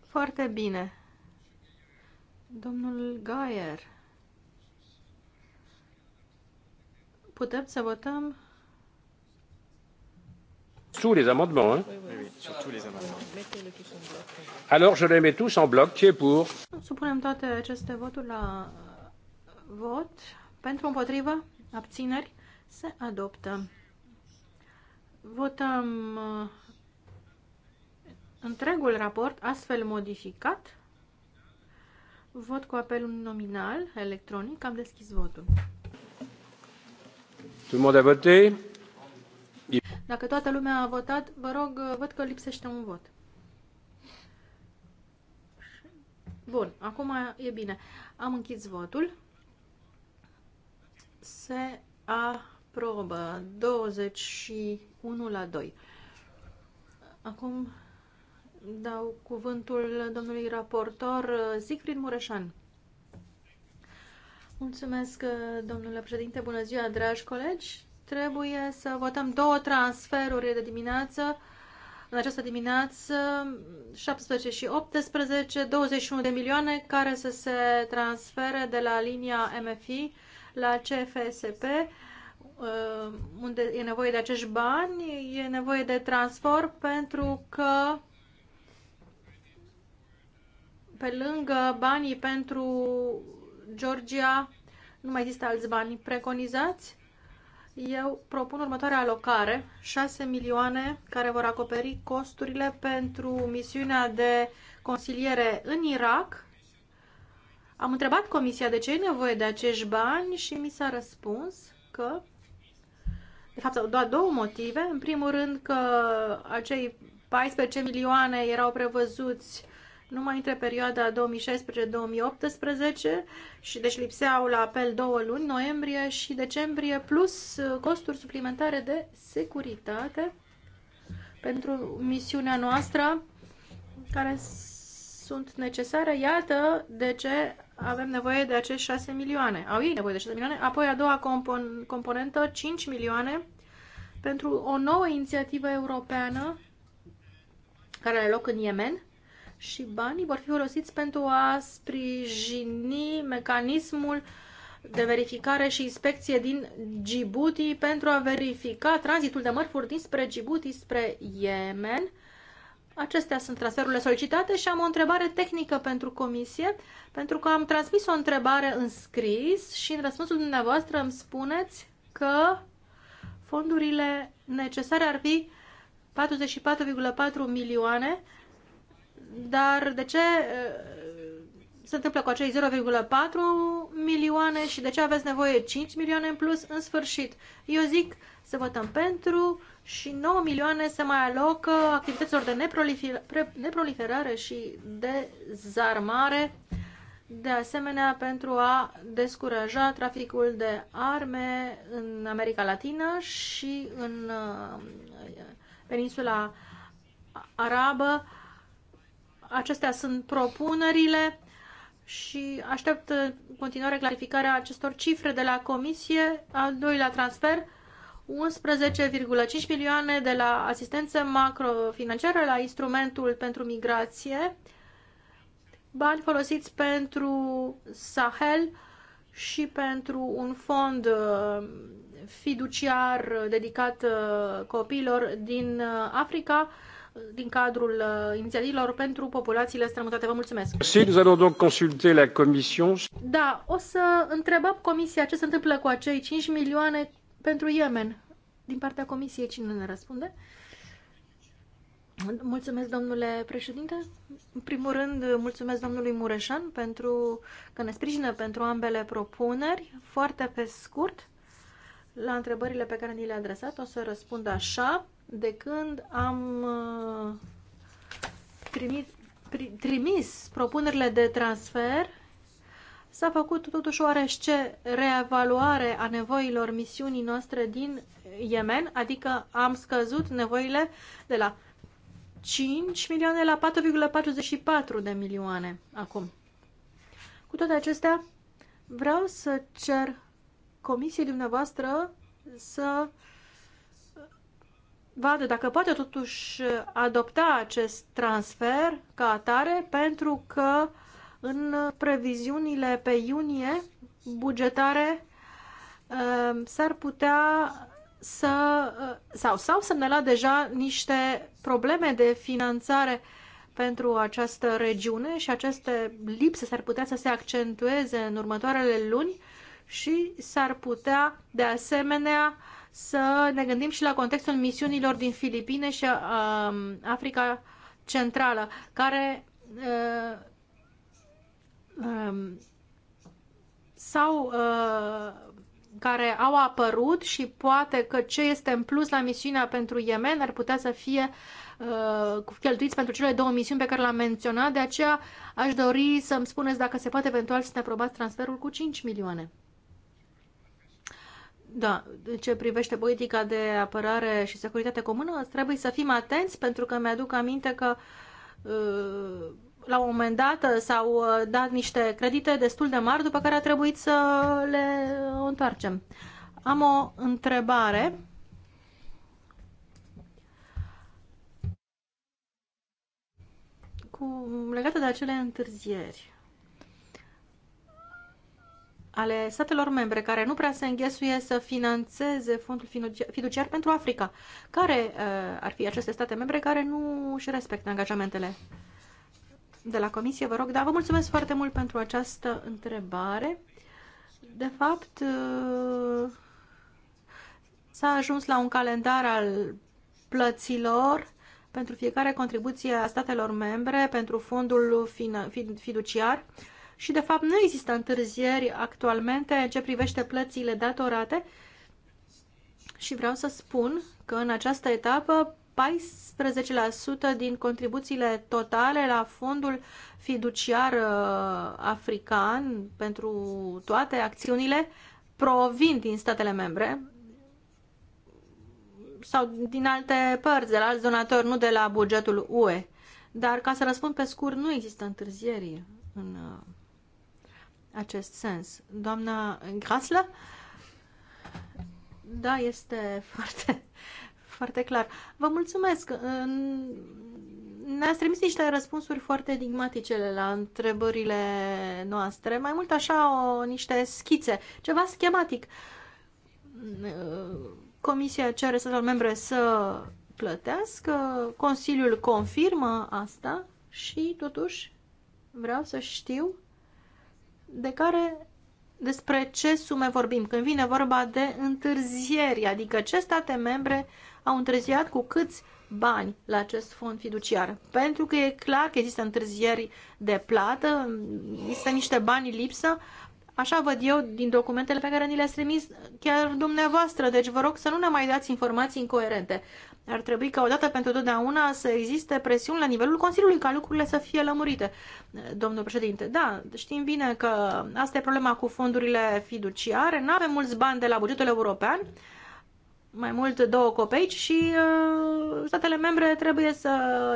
Foarte bine. Domnul Gaier, putem să votăm Tous les amendements, hein oui, oui, sur tous les amendements. Alors, je les mets tous en bloc. Qui est pour Supunem toate aceste voturi la uh, vot. Pentru împotrivă, abțineri, se adoptă. Votăm uh, întregul raport astfel modificat. Vot cu apel nominal, electronic. Am deschis votul. Tout le monde a voté dacă toată lumea a votat, vă rog, văd că lipsește un vot. Bun, acum e bine. Am închis votul. Se aprobă 21 la 2. Acum dau cuvântul domnului raportor Siegfried Mureșan. Mulțumesc, domnule președinte. Bună ziua, dragi colegi. Trebuie să votăm două transferuri de dimineață, în această dimineață, 17 și 18, 21 de milioane care să se transfere de la linia MFI la CFSP, uh, unde e nevoie de acești bani, e nevoie de transfer pentru că pe lângă banii pentru Georgia nu mai există alți bani preconizați eu propun următoarea alocare, 6 milioane care vor acoperi costurile pentru misiunea de consiliere în Irak. Am întrebat comisia de ce e nevoie de acești bani și mi s-a răspuns că, de fapt, doar două motive. În primul rând că acei 14 milioane erau prevăzuți numai între perioada 2016-2018 și deci lipseau la apel două luni, noiembrie și decembrie, plus uh, costuri suplimentare de securitate pentru misiunea noastră care sunt necesare. Iată de ce avem nevoie de acești 6 milioane. Au ei nevoie de 6 milioane. Apoi a doua compon- componentă, 5 milioane pentru o nouă inițiativă europeană care are loc în Yemen și banii vor fi folosiți pentru a sprijini mecanismul de verificare și inspecție din Djibouti pentru a verifica tranzitul de mărfuri dinspre Djibouti spre Yemen. Acestea sunt transferurile solicitate și am o întrebare tehnică pentru comisie, pentru că am transmis o întrebare în scris și în răspunsul dumneavoastră îmi spuneți că fondurile necesare ar fi 44,4 milioane dar de ce uh, se întâmplă cu acei 0,4 milioane și de ce aveți nevoie 5 milioane în plus în sfârșit? Eu zic să votăm pentru și 9 milioane se mai alocă activităților de neproliferare și dezarmare, de asemenea pentru a descuraja traficul de arme în America Latină și în uh, peninsula arabă Acestea sunt propunerile și aștept în continuare clarificarea acestor cifre de la Comisie. Al doilea transfer, 11,5 milioane de la asistență macrofinanciară la instrumentul pentru migrație, bani folosiți pentru Sahel și pentru un fond uh, fiduciar dedicat uh, copiilor din uh, Africa din cadrul uh, inițiativilor pentru populațiile strămutate. Vă mulțumesc! Si, nous allons donc consulter la commission. Da, o să întrebăm comisia ce se întâmplă cu acei 5 milioane pentru Yemen. Din partea comisiei, cine ne răspunde? Mulțumesc, domnule președinte. În primul rând, mulțumesc domnului Mureșan pentru că ne sprijină pentru ambele propuneri. Foarte pe scurt, la întrebările pe care ni le-a adresat, o să răspund așa de când am primit, uh, trimis propunerile de transfer, s-a făcut totuși oarește reevaluare a nevoilor misiunii noastre din Yemen, adică am scăzut nevoile de la 5 milioane la 4,44 de milioane acum. Cu toate acestea, vreau să cer comisiei dumneavoastră să uh, vadă dacă poate totuși adopta acest transfer ca atare, pentru că în previziunile pe iunie bugetare uh, s-ar putea să, uh, sau s-au semnalat deja niște probleme de finanțare pentru această regiune și aceste lipse s-ar putea să se accentueze în următoarele luni și s-ar putea de asemenea să ne gândim și la contextul misiunilor din Filipine și um, Africa Centrală, care uh, um, sau uh, care au apărut și poate că ce este în plus la misiunea pentru Yemen ar putea să fie uh, cheltuiți pentru cele două misiuni pe care le-am menționat, de aceea aș dori să-mi spuneți dacă se poate eventual să ne aprobați transferul cu 5 milioane. Da, în ce privește politica de apărare și securitate comună, trebuie să fim atenți pentru că mi-aduc aminte că uh, la un moment dat s-au uh, dat niște credite destul de mari, după care a trebuit să le întoarcem. Am o întrebare. Cu, legată de acele întârzieri ale statelor membre care nu prea se înghesuie să financeze fondul fiduciar pentru Africa. Care uh, ar fi aceste state membre care nu își respectă angajamentele? De la Comisie, vă rog, da, vă mulțumesc foarte mult pentru această întrebare. De fapt, uh, s-a ajuns la un calendar al plăților pentru fiecare contribuție a statelor membre pentru fondul fiduciar și de fapt nu există întârzieri actualmente în ce privește plățile datorate și vreau să spun că în această etapă 14% din contribuțiile totale la fondul fiduciar uh, african pentru toate acțiunile provin din statele membre sau din alte părți, de la alți donatori, nu de la bugetul UE. Dar ca să răspund pe scurt, nu există întârzieri în uh, acest sens. Doamna Grasla? Da, este foarte, foarte clar. Vă mulțumesc! Ne-ați trimis niște răspunsuri foarte enigmatice la întrebările noastre, mai mult așa o, niște schițe, ceva schematic. Comisia cere statelor membre să plătească, Consiliul confirmă asta și totuși vreau să știu de care despre ce sume vorbim când vine vorba de întârzieri, adică ce state membre au întârziat cu câți bani la acest fond fiduciar. Pentru că e clar că există întârzieri de plată, există niște bani lipsă, Așa văd eu din documentele pe care ni le-ați trimis chiar dumneavoastră, deci vă rog să nu ne mai dați informații incoerente. Ar trebui ca odată pentru totdeauna să existe presiuni la nivelul Consiliului ca lucrurile să fie lămurite, domnul președinte. Da, știm bine că asta e problema cu fondurile fiduciare, nu avem mulți bani de la bugetul european, mai mult două copeici și uh, statele membre trebuie să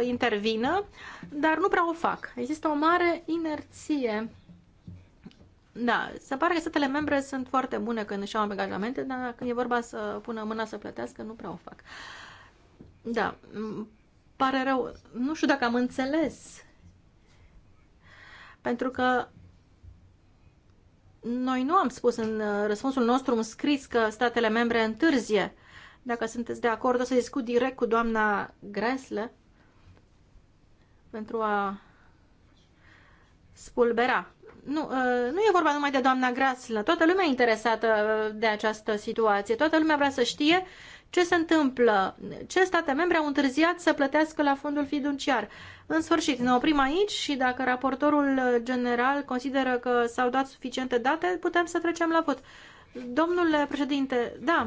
intervină, dar nu prea o fac. Există o mare inerție da, se pare că statele membre sunt foarte bune când își au angajamente, dar când e vorba să pună mâna să plătească, nu prea o fac. Da, pare rău. Nu știu dacă am înțeles. Pentru că noi nu am spus în uh, răspunsul nostru un scris că statele membre întârzie. Dacă sunteți de acord, o să discut direct cu doamna Gresle pentru a spulbera nu, uh, nu e vorba numai de doamna Grasla, toată lumea e interesată uh, de această situație, toată lumea vrea să știe ce se întâmplă, ce state membre au întârziat să plătească la fondul fiduciar. În sfârșit, ne oprim aici și dacă raportorul general consideră că s-au dat suficiente date, putem să trecem la vot. Domnule președinte, da,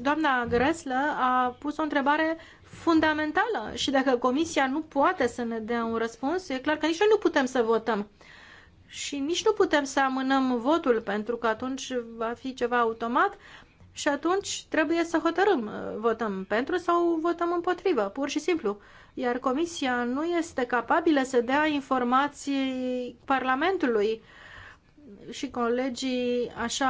doamna Greslă a pus o întrebare fundamentală și dacă comisia nu poate să ne dea un răspuns, e clar că nici noi nu putem să votăm și nici nu putem să amânăm votul pentru că atunci va fi ceva automat și atunci trebuie să hotărâm, uh, votăm pentru sau votăm împotrivă, pur și simplu. Iar comisia nu este capabilă să dea informații Parlamentului și colegii așa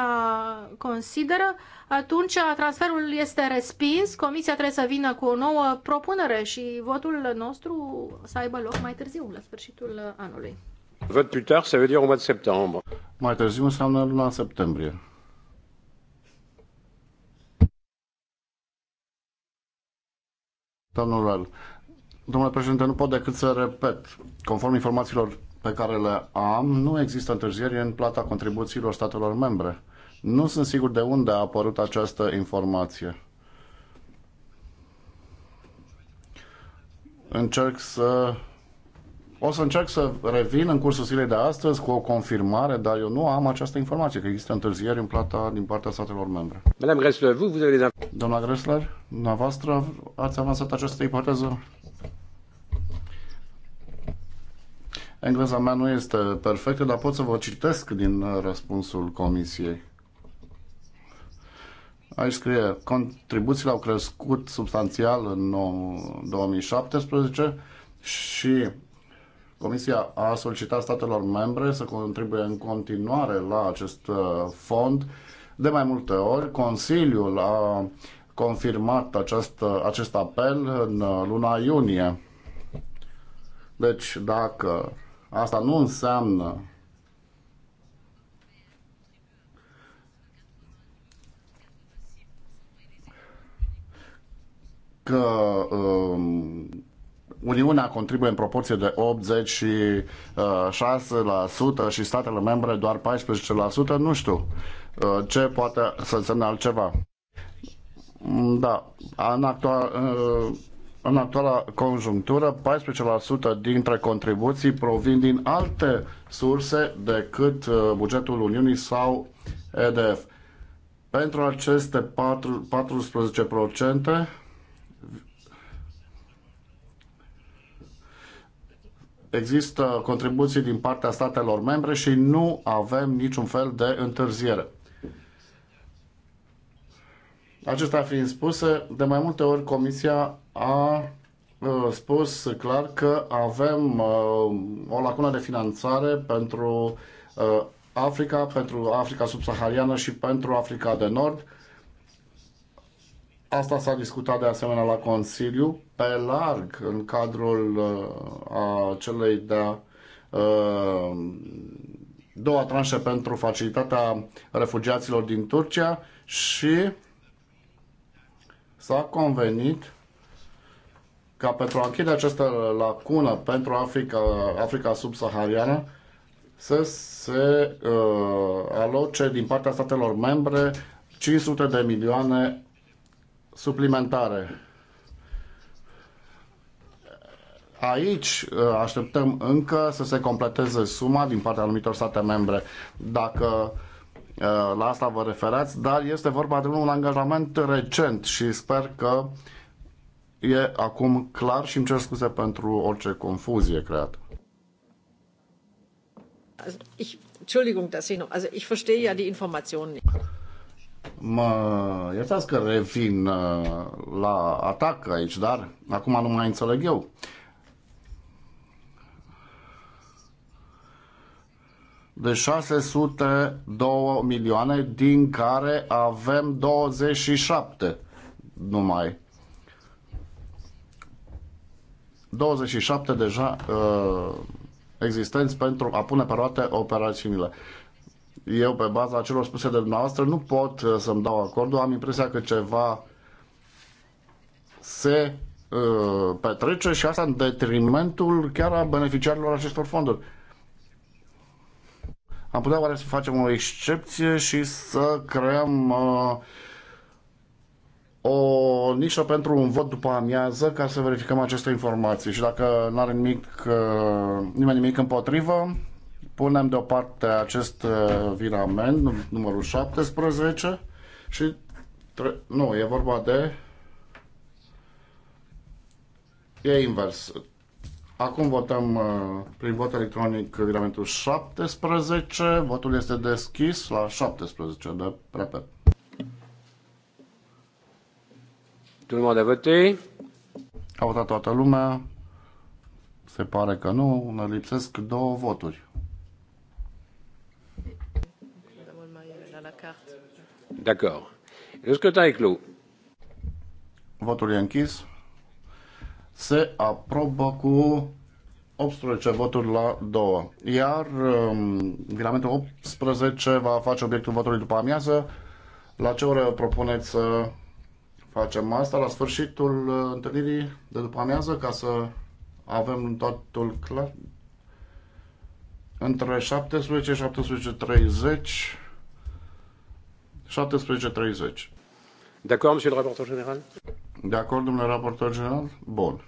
consideră, atunci transferul este respins, comisia trebuie să vină cu o nouă propunere și votul nostru să aibă loc mai târziu, la sfârșitul anului. Vot plus tard, ça veut dire au mois de septembre. Mai târziu înseamnă luna septembrie. Domnul Rel, domnule președinte, nu pot decât să repet. Conform informațiilor pe care le am, nu există întârzieri în plata contribuțiilor statelor membre. Nu sunt sigur de unde a apărut această informație. Încerc să o să încerc să revin în cursul zilei de astăzi cu o confirmare, dar eu nu am această informație că există întârzieri în plata din partea statelor membre. Madame Gressler, vous, vous avez Doamna Gressler, dumneavoastră ați avansat această ipoteză? Engleza mea nu este perfectă, dar pot să vă citesc din răspunsul comisiei. Aici scrie, contribuțiile au crescut substanțial în 2017 și Comisia a solicitat statelor membre să contribuie în continuare la acest uh, fond. De mai multe ori, Consiliul a confirmat acest, uh, acest apel în uh, luna iunie. Deci, dacă asta nu înseamnă că um, Uniunea contribuie în proporție de 86% uh, și statele membre doar 14%, nu știu uh, ce poate să însemne altceva. Da, în, actual, uh, în actuala conjunctură, 14% dintre contribuții provin din alte surse decât bugetul Uniunii sau EDF. Pentru aceste 4, 14%, există contribuții din partea statelor membre și nu avem niciun fel de întârziere. Acestea fiind spuse, de mai multe ori Comisia a uh, spus clar că avem uh, o lacună de finanțare pentru uh, Africa, pentru Africa subsahariană și pentru Africa de Nord. Asta s-a discutat de asemenea la Consiliu pe larg în cadrul uh, a celei de-a uh, doua tranșe pentru facilitatea refugiaților din Turcia și s-a convenit ca pentru a închide această lacună pentru Africa, Africa subsahariană să se uh, aloce din partea statelor membre 500 de milioane suplimentare. Aici uh, așteptăm încă să se completeze suma din partea anumitor state membre. Dacă uh, la asta vă referați, dar este vorba de un angajament recent și sper că e acum clar și îmi cer scuze pentru orice confuzie creată. Ich, Entschuldigung, dass ich also ich verstehe ja die Informationen nicht. Mă iertați că revin uh, la atac aici, dar acum nu mai înțeleg eu. de 602 milioane, din care avem 27 numai. 27 deja uh, existenți pentru a pune pe roate operațiunile. Eu, pe baza celor spuse de dumneavoastră, nu pot uh, să-mi dau acordul. Am impresia că ceva se uh, petrece și asta în detrimentul chiar a beneficiarilor acestor fonduri. Uh, am putea oare să facem o excepție și să creăm uh, o nișă pentru un vot după amiază ca să verificăm aceste informații și dacă nu are nimic, uh, nimeni nimic împotrivă, punem deoparte acest uh, virament, numărul 17 și tre- nu, e vorba de e invers. Acum votăm uh, prin vot electronic regulamentul 17. Votul este deschis la 17 de repet. Turma de monde a A votat toată lumea. Se pare că nu. Ne lipsesc două voturi. D'accord. Le scrutin est clos. Votul e închis se aprobă cu 18 voturi la 2. Iar um, regulamentul 18 va face obiectul votului după amiază. La ce oră propuneți să facem asta? La sfârșitul uh, întâlnirii de după amiază ca să avem totul clar? Între 17 și 17.30 17.30 D'accord, monsieur le rapporteur général D'accord, acord, domnule raportor general? Bun.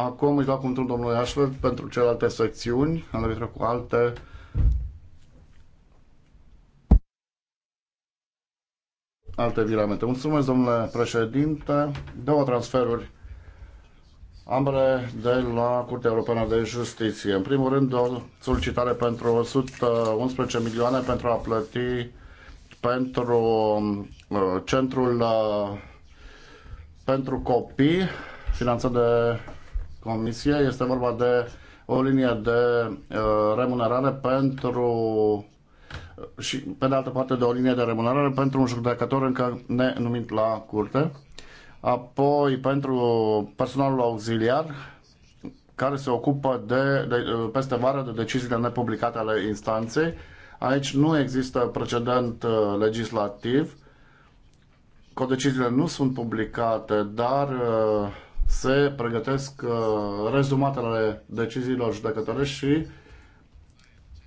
Acum își va cuvântul domnului Ashford pentru celelalte secțiuni, în legătură cu alte alte viramente. Mulțumesc, domnule președinte. Două transferuri, ambele de la Curtea Europeană de Justiție. În primul rând, o solicitare pentru 111 milioane pentru a plăti pentru uh, centrul uh, pentru copii finanțat de Comisie. Este vorba de o linie de uh, remunerare pentru uh, și pe de altă parte de o linie de remunerare pentru un judecător încă numit la curte, apoi pentru personalul auxiliar care se ocupă de, de uh, peste vară de deciziile nepublicate ale instanței. Aici nu există precedent legislativ, codeciziile nu sunt publicate, dar uh, se pregătesc uh, rezumatele deciziilor judecătorești și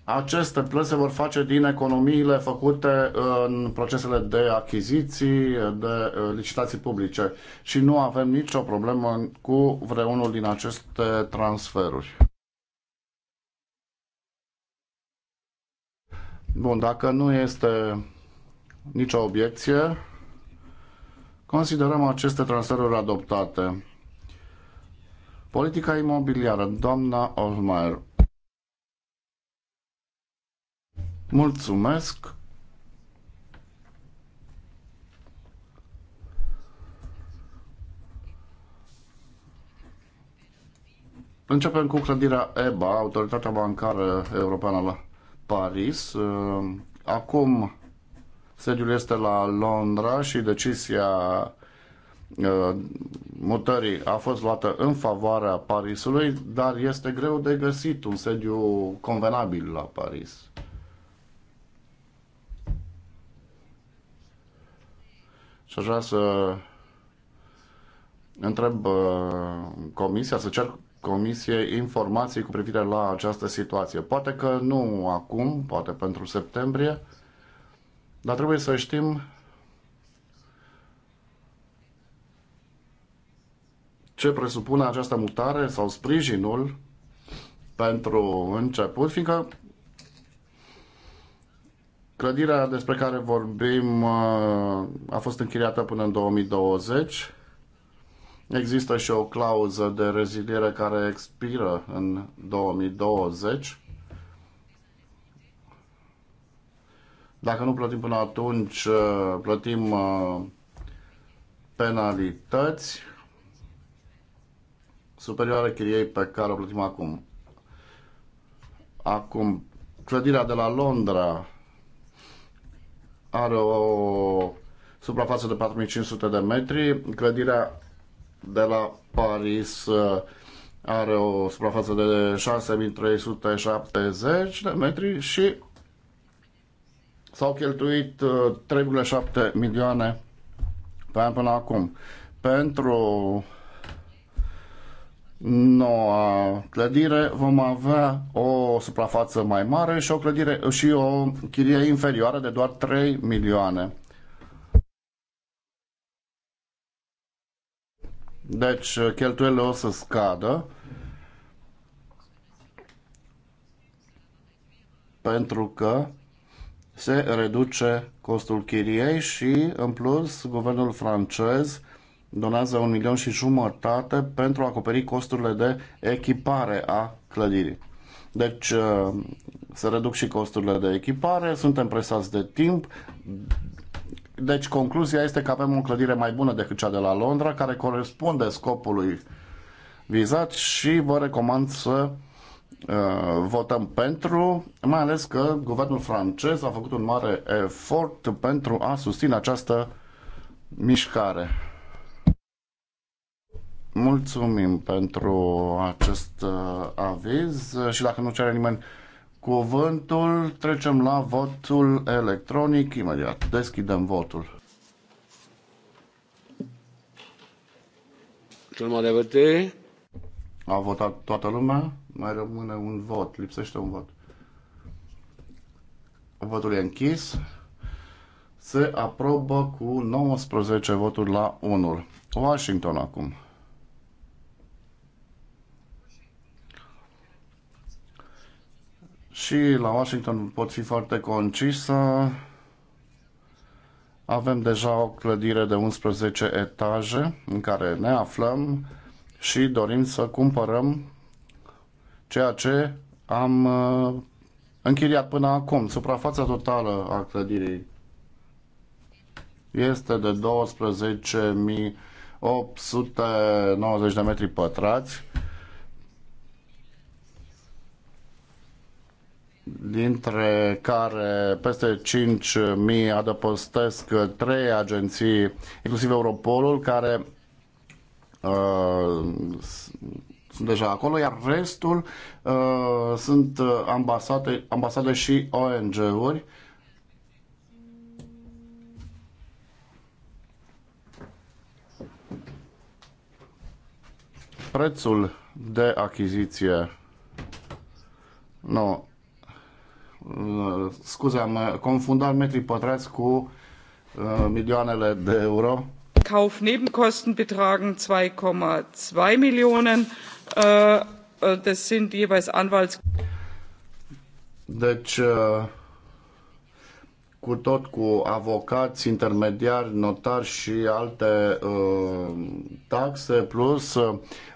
aceste plăți se vor face din economiile făcute uh, în procesele de achiziții, de uh, licitații publice și nu avem nicio problemă cu vreunul din aceste transferuri. Bun, dacă nu este nicio obiecție, considerăm aceste transferuri adoptate. Politica imobiliară, doamna Olmaier. Mulțumesc. Începem cu clădirea EBA, Autoritatea Bancară Europeană la Paris. Acum sediul este la Londra și decizia Uh, mutării a fost luată în favoarea Parisului, dar este greu de găsit un sediu convenabil la Paris. Și aș vrea să întreb uh, comisia, să cer comisie informații cu privire la această situație. Poate că nu acum, poate pentru septembrie, dar trebuie să știm ce presupune această mutare sau sprijinul pentru început, fiindcă clădirea despre care vorbim uh, a fost închiriată până în 2020. Există și o clauză de reziliere care expiră în 2020. Dacă nu plătim până atunci, uh, plătim uh, penalități superioară chiriei pe care o plătim acum. Acum, clădirea de la Londra are o suprafață de 4500 de metri, clădirea de la Paris uh, are o suprafață de 6370 de metri și s-au cheltuit 3,7 uh, milioane pe an până acum pentru noua clădire vom avea o suprafață mai mare și o clădire și o chirie inferioară de doar 3 milioane. Deci cheltuielile o să scadă pentru că se reduce costul chiriei și în plus guvernul francez donează un milion și jumătate pentru a acoperi costurile de echipare a clădirii. Deci uh, se reduc și costurile de echipare, suntem presați de timp. Deci concluzia este că avem o clădire mai bună decât cea de la Londra, care corespunde scopului vizat și vă recomand să uh, votăm pentru, mai ales că guvernul francez a făcut un mare efort pentru a susține această mișcare. Mulțumim pentru acest uh, aviz și dacă nu cere nimeni cuvântul, trecem la votul electronic imediat. Deschidem votul. Cel mai repede. A votat toată lumea? Mai rămâne un vot, lipsește un vot. Votul e închis. Se aprobă cu 19 voturi la 1. Washington acum. și la Washington pot fi foarte concisă. Avem deja o clădire de 11 etaje în care ne aflăm și dorim să cumpărăm ceea ce am uh, închiriat până acum. Suprafața totală a clădirii este de 12.890 de metri pătrați dintre care peste 5.000 adăpostesc trei agenții, inclusiv Europolul, care uh, sunt deja acolo, iar restul uh, sunt uh, ambasade, ambasade și ONG-uri. Prețul de achiziție. Nu, Uh, scuze, am uh, confundat metrii pătrați cu uh, milioanele de euro. Kaufnebenkosten betragen 2,2 Millionen. Das sind jeweils Anwalts. Deci, cu tot cu avocați, intermediari, notari și alte taxe, plus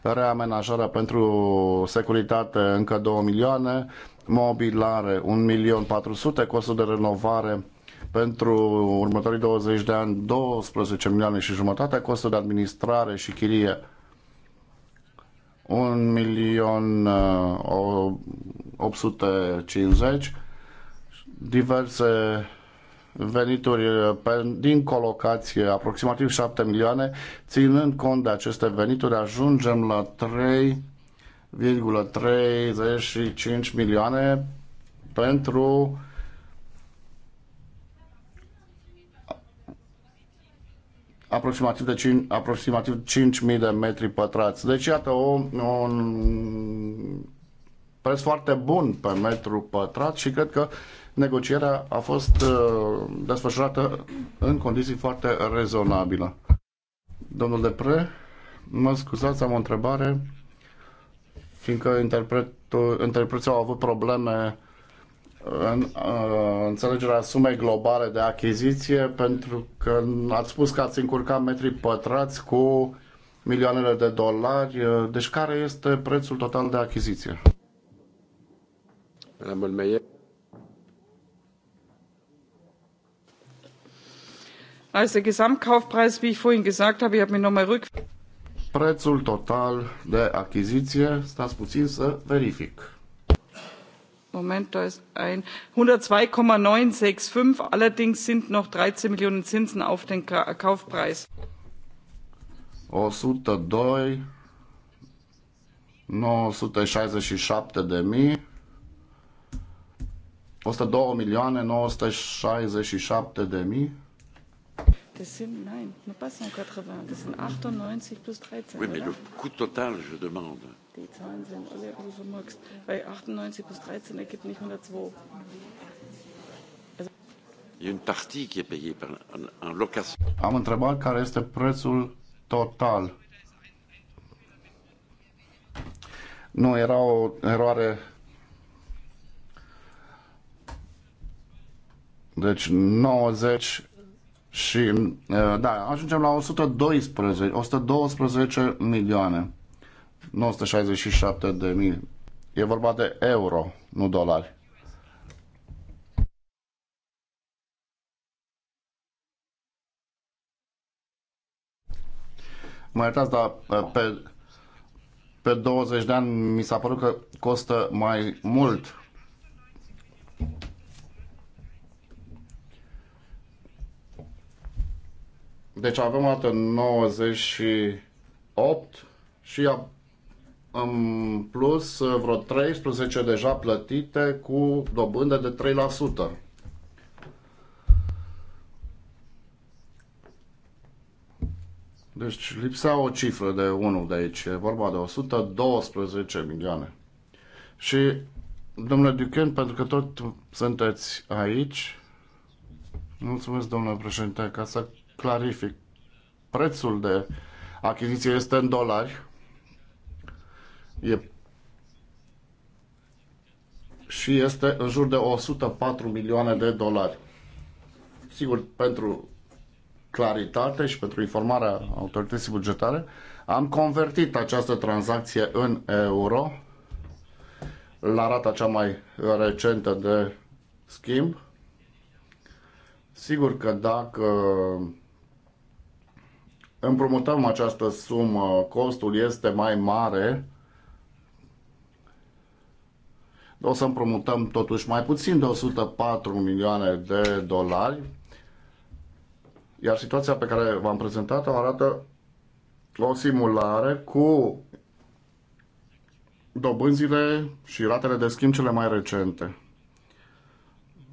reamenajarea pentru securitate încă 2 milioane, mobilare, 1.400.000 costul de renovare pentru următorii 20 de ani, 12 milioane și jumătate costul de administrare și chirie, 1 milion 850 uh, diverse venituri uh, pe, din colocație, aproximativ 7 milioane, ținând cont de aceste venituri ajungem la 3 1,35 milioane pentru aproximativ, de 5, aproximativ 5.000 de metri pătrați. Deci, iată, o, un preț foarte bun pe metru pătrat și cred că negocierea a fost uh, desfășurată în condiții foarte rezonabile. Domnul Depre, mă scuzați, am o întrebare fiindcă interpreții au avut probleme în uh, înțelegerea sumei globale de achiziție, pentru că ați spus că ați încurcat metri pătrați cu milioanele de dolari. Uh, deci care este prețul total de achiziție? Also Gesamtkaufpreis, wie ich vorhin gesagt habe, ich habe mir nochmal rück prețul total de achiziție. Stați puțin să verific. Moment, da ist ein 102,965. Allerdings sind noch 13 Millionen Zinsen auf den Kaufpreis. 102 967 de mii 102 milioane 967 de mii Das sind, nein, nur pas 180. Das sind 98 plus 13. Oui, mais oder? le coût total, je demande. Die Zahlen sind alle ein bisschen Weil 98 plus 13 ergibt nicht 102. Also Il y a une partie qui est payée par, un, en location. Am întrebat care este prețul total. Nu, era o eroare Deci 90 și, da, ajungem la 112, 112 milioane, 967 de mii. E vorba de euro, nu dolari. Mă iertați, dar pe, pe 20 de ani mi s-a părut că costă mai mult. Deci avem o 98 și în plus uh, vreo 13 deja plătite cu dobândă de 3%. Deci lipsea o cifră de 1 de aici, e vorba de 112 milioane. Și, domnule Duchen, pentru că tot sunteți aici, mulțumesc, domnule președinte, ca să clarific. Prețul de achiziție este în dolari. E și este în jur de 104 milioane de dolari. Sigur, pentru claritate și pentru informarea autorității bugetare, am convertit această tranzacție în euro la rata cea mai recentă de schimb. Sigur că dacă împrumutăm această sumă, costul este mai mare, o să împrumutăm totuși mai puțin de 104 milioane de dolari, iar situația pe care v-am prezentat-o arată o simulare cu dobânzile și ratele de schimb cele mai recente.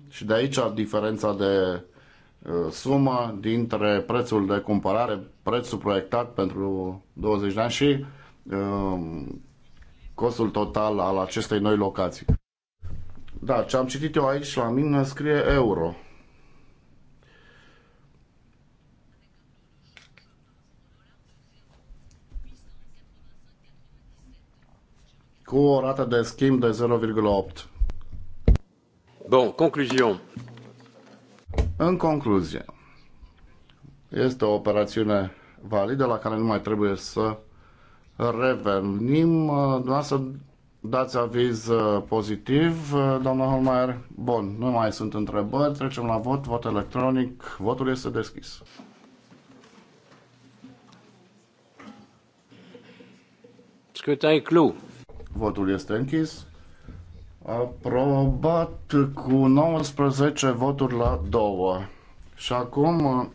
Și de aici diferența de suma dintre prețul de cumpărare, prețul proiectat pentru 20 de ani și um, costul total al acestei noi locații. Da, ce am citit eu aici la mine scrie euro. Cu o rată de schimb de 0,8. Bun, concluzion. În concluzie, este o operațiune validă la care nu mai trebuie să revenim. Dumneavoastră dați aviz uh, pozitiv, uh, doamna Holmeier. Bun, nu mai sunt întrebări, trecem la vot, vot electronic, votul este deschis. Scrutin Votul este închis. Aprobat cu 19 voturi la 2. Și acum...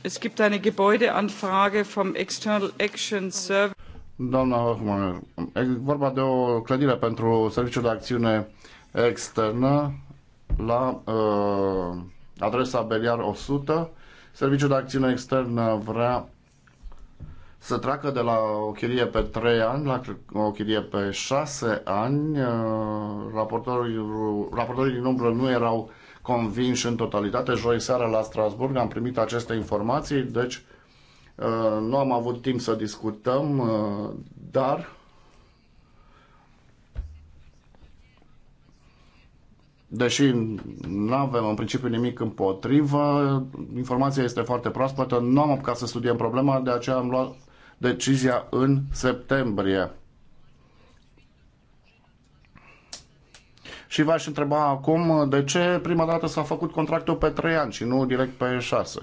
Es gibt eine Gebäudeanfrage vom External Action Service. Doamna Hochmann, e vorba de o clădire pentru serviciul de acțiune externă la uh, adresa Beliar 100. Serviciul de acțiune externă vrea să treacă de la o chirie pe 3 ani la o chirie pe 6 ani. Uh, raportorii, raportorii din umbră nu erau convinși în totalitate. Joi seara la Strasburg am primit aceste informații, deci uh, nu am avut timp să discutăm, uh, dar deși nu avem în principiu nimic împotrivă, informația este foarte proaspătă, nu am apucat să studiem problema, de aceea am luat decizia în septembrie. Și v-aș întreba acum de ce prima dată s-a făcut contractul pe 3 ani și nu direct pe 6.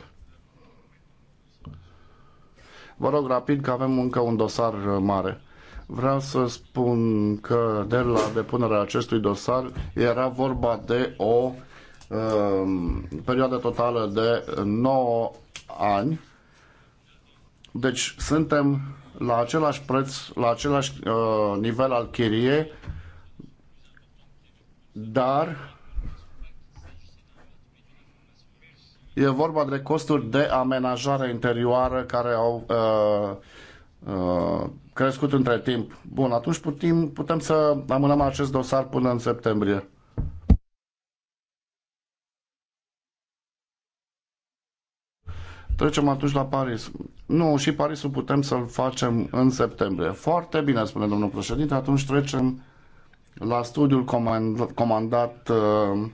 Vă rog rapid că avem încă un dosar mare. Vreau să spun că de la depunerea acestui dosar era vorba de o um, perioadă totală de 9 ani deci suntem la același preț, la același uh, nivel al chirie, dar e vorba de costuri de amenajare interioară care au uh, uh, crescut între timp. Bun, atunci putem, putem să amânăm acest dosar până în septembrie. Trecem atunci la Paris. Nu, și Parisul putem să-l facem în septembrie. Foarte bine, spune domnul președinte. Atunci trecem la studiul comand- comandat uh,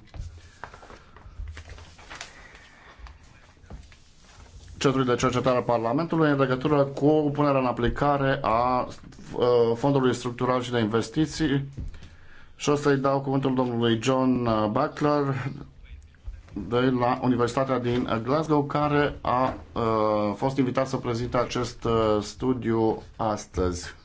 Centrului de Cercetare a Parlamentului în legătură cu punerea în aplicare a uh, Fondului Structural și de Investiții. Și o să-i dau cuvântul domnului John uh, Butler, de la Universitatea din Glasgow, care a uh, fost invitat să prezinte acest uh, studiu astăzi.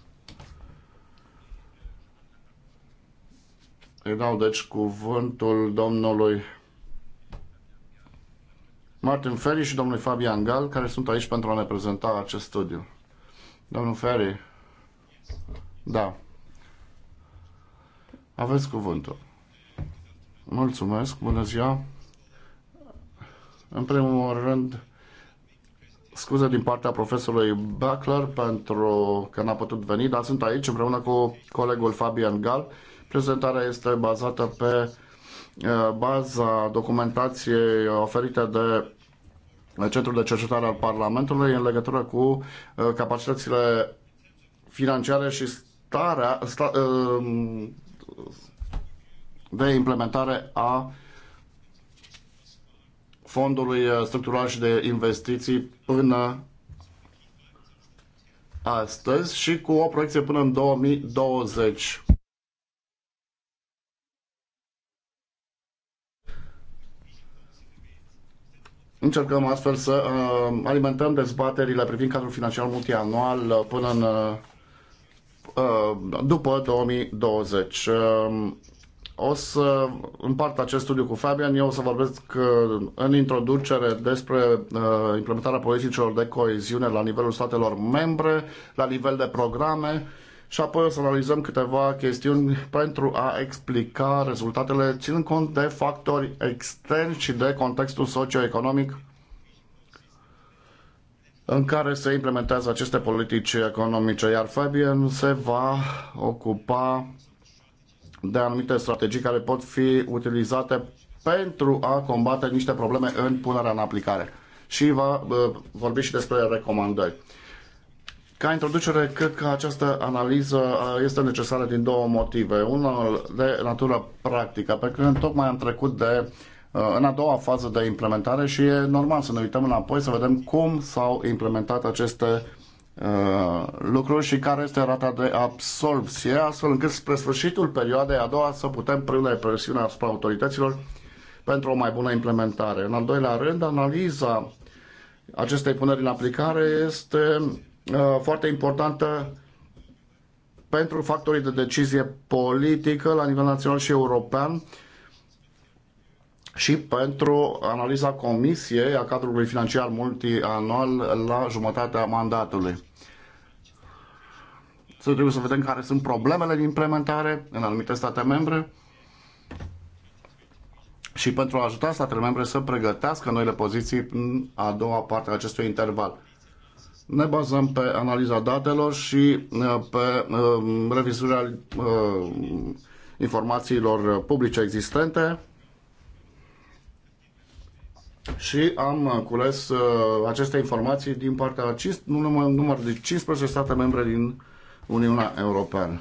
Îi dau deci cuvântul domnului Martin Ferry și domnului Fabian Gal, care sunt aici pentru a ne prezenta acest studiu. Domnul Ferry, da, aveți cuvântul. Mulțumesc, bună ziua! În primul rând, scuze din partea profesorului Buckler pentru că n-a putut veni, dar sunt aici împreună cu colegul Fabian Gal. Prezentarea este bazată pe uh, baza documentației oferite de Centrul de Cercetare al Parlamentului în legătură cu uh, capacitățile financiare și starea sta, uh, de implementare a Fondului uh, Structural și de Investiții până astăzi și cu o proiecție până în 2020. Încercăm astfel să uh, alimentăm dezbaterile privind cadrul financiar multianual uh, până în, uh, uh după 2020. Uh, o să împart acest studiu cu Fabian. Eu o să vorbesc uh, în introducere despre uh, implementarea politicilor de coeziune la nivelul statelor membre, la nivel de programe și apoi o să analizăm câteva chestiuni pentru a explica rezultatele ținând cont de factori externi și de contextul socioeconomic în care se implementează aceste politici economice, iar Fabian se va ocupa de anumite strategii care pot fi utilizate pentru a combate niște probleme în punerea în aplicare. Și va vorbi și despre recomandări. Ca introducere, cred că această analiză este necesară din două motive. Unul de natură practică, pe care tocmai am trecut de în a doua fază de implementare și e normal să ne uităm înapoi să vedem cum s-au implementat aceste Uh, lucruri și care este rata de absolvție, astfel încât spre sfârșitul perioadei a doua să putem prinde presiunea asupra autorităților pentru o mai bună implementare. În al doilea rând, analiza acestei puneri în aplicare este uh, foarte importantă pentru factorii de decizie politică la nivel național și european și pentru analiza Comisiei a cadrului financiar multianual la jumătatea mandatului. Să trebuie să vedem care sunt problemele de implementare în anumite state membre și pentru a ajuta statele membre să pregătească noile poziții în a doua parte a acestui interval. Ne bazăm pe analiza datelor și uh, pe uh, revizuirea uh, informațiilor publice existente și am cules uh, aceste informații din partea a număr, număr de deci 15 state membre din Uniunea Europeană.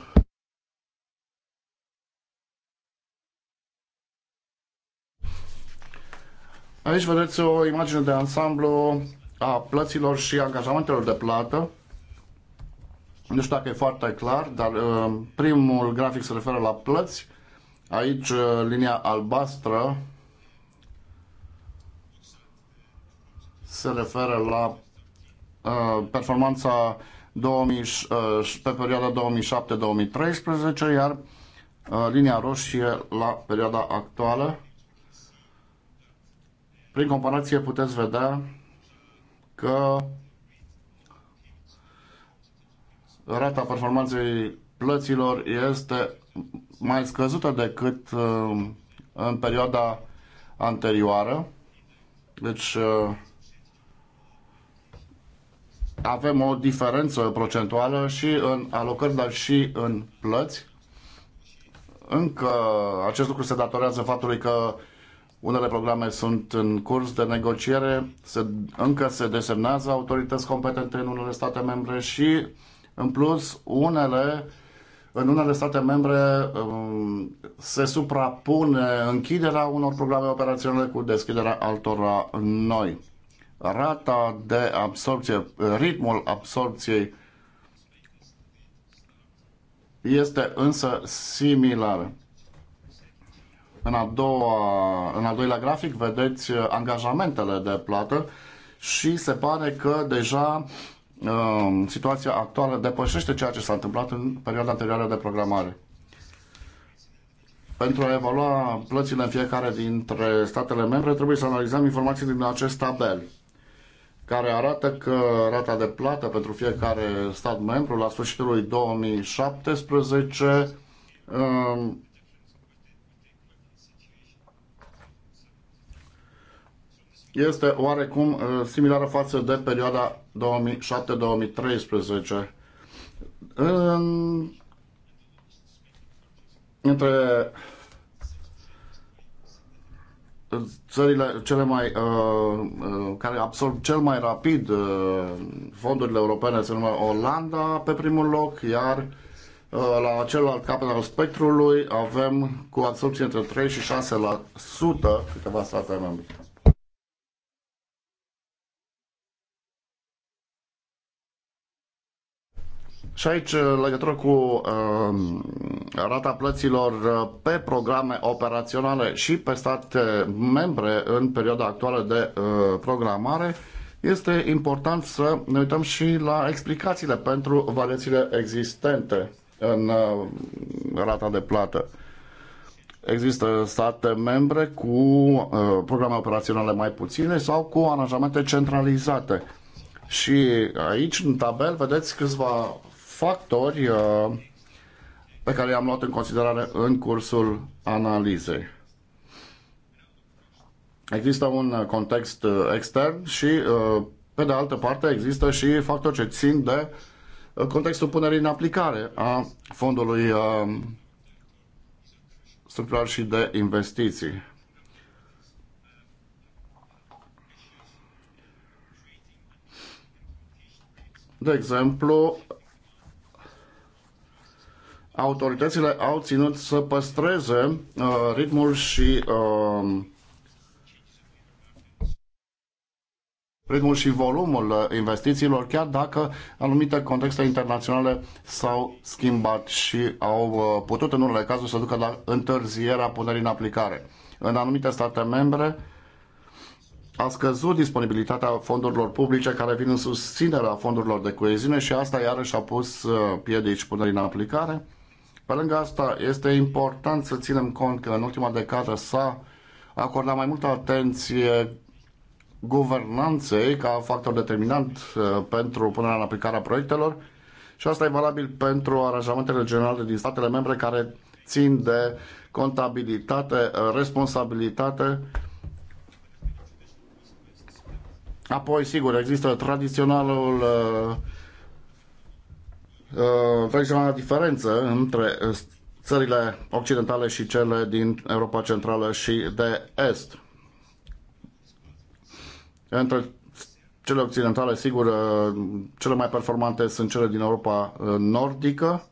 Aici vedeți o imagine de ansamblu a plăților și angajamentelor de plată. Nu știu dacă e foarte clar, dar uh, primul grafic se referă la plăți. Aici uh, linia albastră se referă la uh, performanța 2000, uh, pe perioada 2007-2013, iar uh, linia roșie la perioada actuală. Prin comparație puteți vedea că rata performanței plăților este mai scăzută decât în perioada anterioară. Deci avem o diferență procentuală și în alocări, dar și în plăți. Încă acest lucru se datorează faptului că unele programe sunt în curs de negociere, se, încă se desemnează autorități competente în unele state membre și, în plus, unele, în unele state membre um, se suprapune închiderea unor programe operaționale cu deschiderea altora noi rata de absorpție, ritmul absorpției este însă similar. În, a doua, în al doilea grafic vedeți uh, angajamentele de plată și se pare că deja uh, situația actuală depășește ceea ce s-a întâmplat în perioada anterioară de programare. Pentru a evalua plățile în fiecare dintre statele membre, trebuie să analizăm informații din acest tabel care arată că rata de plată pentru fiecare stat membru la sfârșitul lui 2017 um, este oarecum uh, similară față de perioada 2007-2013. În, între țările cele mai, uh, uh, care absorb cel mai rapid uh, fondurile europene se numește Olanda pe primul loc, iar uh, la celălalt capăt al spectrului avem cu absorpție între 3 și 6% câteva state membre. Și aici, legătură cu uh, rata plăților uh, pe programe operaționale și pe state membre în perioada actuală de uh, programare, este important să ne uităm și la explicațiile pentru variațiile existente în uh, rata de plată. Există state membre cu uh, programe operaționale mai puține sau cu aranjamente centralizate. Și aici, în tabel, vedeți câțiva factori uh, pe care i-am luat în considerare în cursul analizei. Există un uh, context uh, extern și, pe de altă parte, există și factori ce țin de contextul punerii în aplicare a fondului structural și de investiții. De exemplu, autoritățile au ținut să păstreze uh, ritmul și uh, ritmul și volumul uh, investițiilor, chiar dacă anumite contexte internaționale s-au schimbat și au uh, putut în unele cazuri să ducă la întârzierea punerii în aplicare. În anumite state membre a scăzut disponibilitatea fondurilor publice care vin în susținerea fondurilor de coeziune și asta iarăși a pus uh, piedici punerii în aplicare. Pe lângă asta, este important să ținem cont că în ultima decadă s-a acordat mai multă atenție guvernanței ca factor determinant uh, pentru punerea în aplicare a proiectelor și asta e valabil pentru aranjamentele generale din statele membre care țin de contabilitate, uh, responsabilitate. Apoi, sigur, există tradiționalul uh, vezi uh, o diferență între uh, țările occidentale și cele din Europa Centrală și de Est. Între cele occidentale, sigur, uh, cele mai performante sunt cele din Europa Nordică.